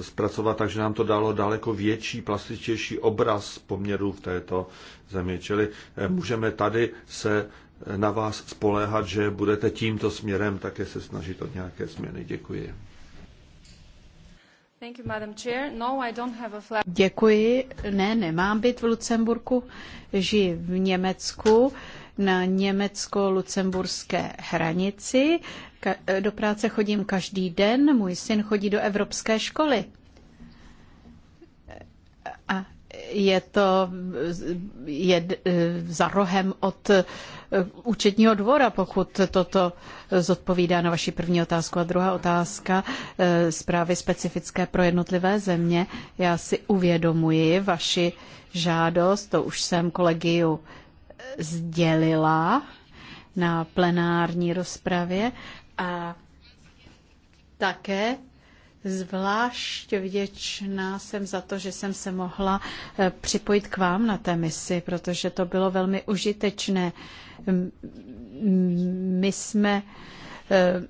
e, zpracovat, takže nám to dalo daleko větší, plastičtější obraz poměrů v této zemi. Čili e, můžeme tady se na vás spoléhat, že budete tímto směrem také se snažit o nějaké změny. Děkuji. No, Děkuji. Ne, nemám byt v Lucemburku. Žiji v Německu na německo-lucemburské hranici. do práce chodím každý den, můj syn chodí do evropské školy. A je to jed, za rohem od Eh, účetního dvora, pokud toto zodpovídá na vaši první otázku. A druhá otázka, eh, zprávy specifické pro jednotlivé země. Já si uvědomuji vaši žádost, to už jsem kolegiu eh, sdělila na plenární rozpravě a také Zvlášť vděčná jsem za to, že jsem se mohla eh, připojit k vám na té misi, protože to bylo velmi užitečné. My jsme eh,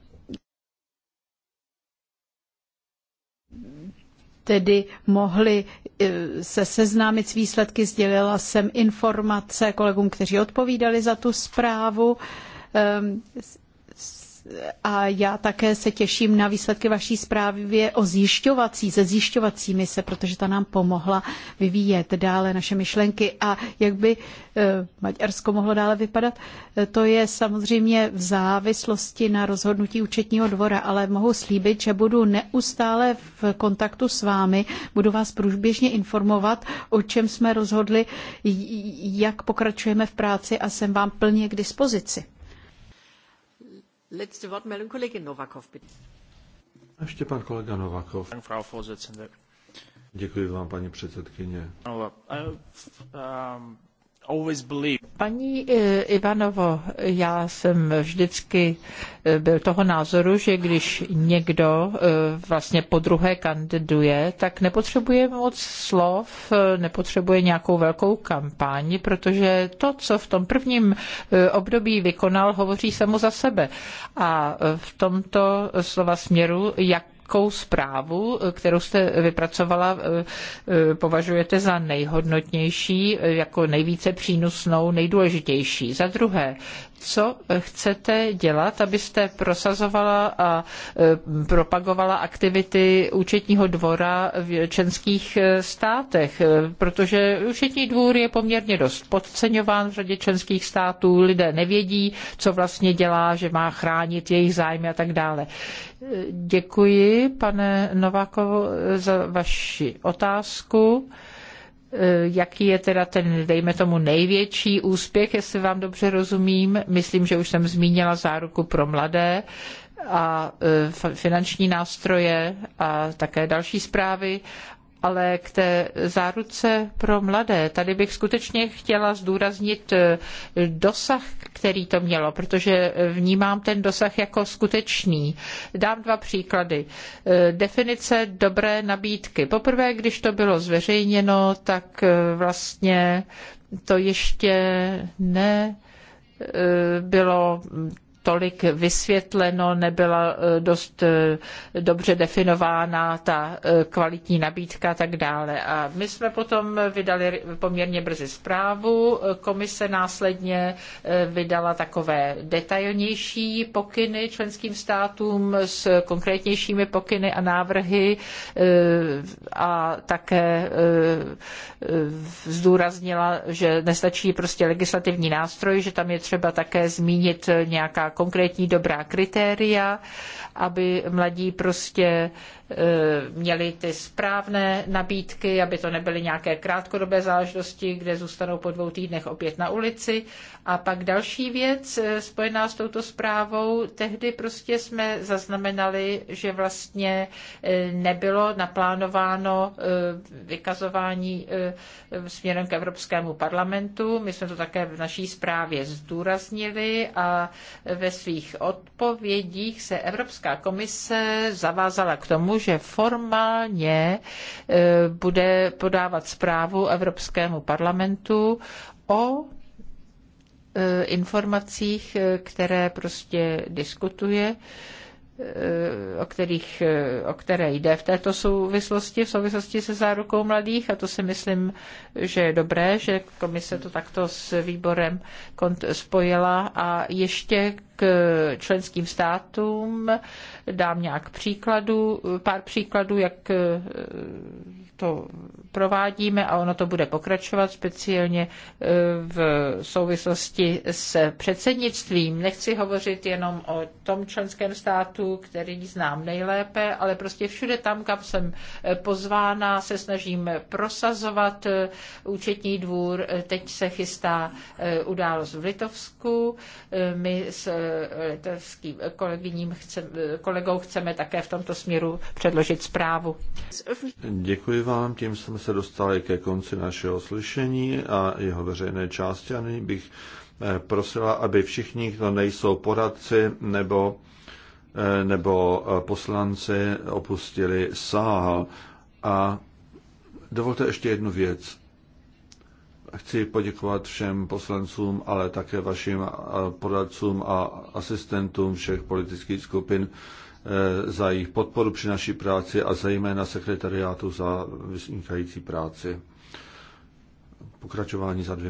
tedy mohli eh, se seznámit s výsledky. Sdělila jsem informace kolegům, kteří odpovídali za tu zprávu. Ehm, a já také se těším na výsledky vaší zprávy o zjišťovací, se zjišťovací mise, protože ta nám pomohla vyvíjet dále naše myšlenky a jak by eh, Maďarsko mohlo dále vypadat, eh, to je samozřejmě v závislosti na rozhodnutí účetního dvora, ale mohu slíbit, že budu neustále v kontaktu s vámi, budu vás průběžně informovat, o čem jsme rozhodli, jak pokračujeme v práci a jsem vám plně k dispozici. Letzte Wortmeldung, Kollegin Novakov, bitte. Ještě pan kolega Novakov. Děkuji vám, paní předsedkyně. No, eh, ehm, Paní eh, Ivanovo, já jsem vždycky eh, byl toho názoru, že když někdo eh, vlastně po druhé kandiduje, tak nepotřebuje moc slov, nepotřebuje nějakou velkou kampaň, protože to, co v tom prvním období vykonal, hovoří samo za sebe. A v tomto slova směru, jak krátkou zprávu, eh, kterou jste vypracovala, eh, eh, považujete za nejhodnotnější, jako nejvíce přínosnou, nejdůležitější. Za druhé, co chcete dělat, abyste prosazovala a propagovala aktivity účetního dvora v členských státech, protože účetní dvůr je poměrně dost podceňován v řadě členských států, lidé nevědí, co vlastně dělá, že má chránit jejich zájmy a tak dále. Děkuji, pane Novákovo, za vaši otázku. Jaký je teda ten, dejme tomu, největší úspěch, jestli vám dobře rozumím? Myslím, že už jsem zmínila záruku pro mladé a e, finanční nástroje a také další zprávy ale k té záruce pro mladé, tady bych skutečně chtěla zdůraznit eh, dosah, který to mělo, protože eh, vnímám ten dosah jako skutečný. Dám dva příklady. Eh, definice dobré nabídky. Poprvé, když to bylo zveřejněno, tak vlastně to ještě ne bylo tolik vysvětleno, nebyla eh, dost eh, dobře definována ta eh, kvalitní nabídka a tak dále. A my jsme potom vydali poměrně brzy zprávu, komise následně vydala takové detailnější pokyny členským státům s konkrétnějšími pokyny a návrhy a také zdůraznila, že nestačí prostě legislativní nástroj, že tam je třeba také zmínit nějaká konkrétní dobrá kritéria, aby mladí prostě E, měli ty správné nabídky, aby to nebyly nějaké krátkodobé záležitosti, kde zůstanou po dvou týdnech opět na ulici. A pak další věc e, spojená s touto zprávou, tehdy prostě jsme zaznamenali, že vlastně e, nebylo naplánováno vykazování směrem k Evropskému parlamentu. My jsme to také v naší zprávě zdůraznili a ve svých odpovědích se Evropská komise zavázala k tomu, že formálně e, bude podávat zprávu Evropskému parlamentu o e, informacích, e, které prostě diskutuje Eh, o, kterých, eh, o které jde v této souvislosti, v souvislosti se zárukou mladých a to si myslím, že je dobré, že komise to takto s výborem spojila a ještě k členským státům dám nějak příkladů, pár příkladů, jak eh, to provádíme a ono to bude pokračovat speciálně e, v souvislosti s předsednictvím. Nechci hovořit jenom o tom členském státu, který znám nejlépe, ale prostě všude tam, kam jsem e, pozvána, se snažím prosazovat e, účetní dvůr. Teď se chystá událost v Litovsku. My s litovským kolegyním kolegou chceme také v tomto směru předložit zprávu. Děkuji vám, tím jsme se se dostali ke konci našeho slyšení a jeho veřejné části a nyní bych eh, prosila, aby všichni, kdo nejsou poradci nebo, eh, nebo eh, poslanci, opustili sál. A dovolte ještě jednu věc. Chci poděkovat všem poslancům, ale také vašim poradcům a asistentům všech politických skupin, Eh, za jejich podporu při naší práci a zejména sekretariátu za vynikající práci. Pokračování za dvě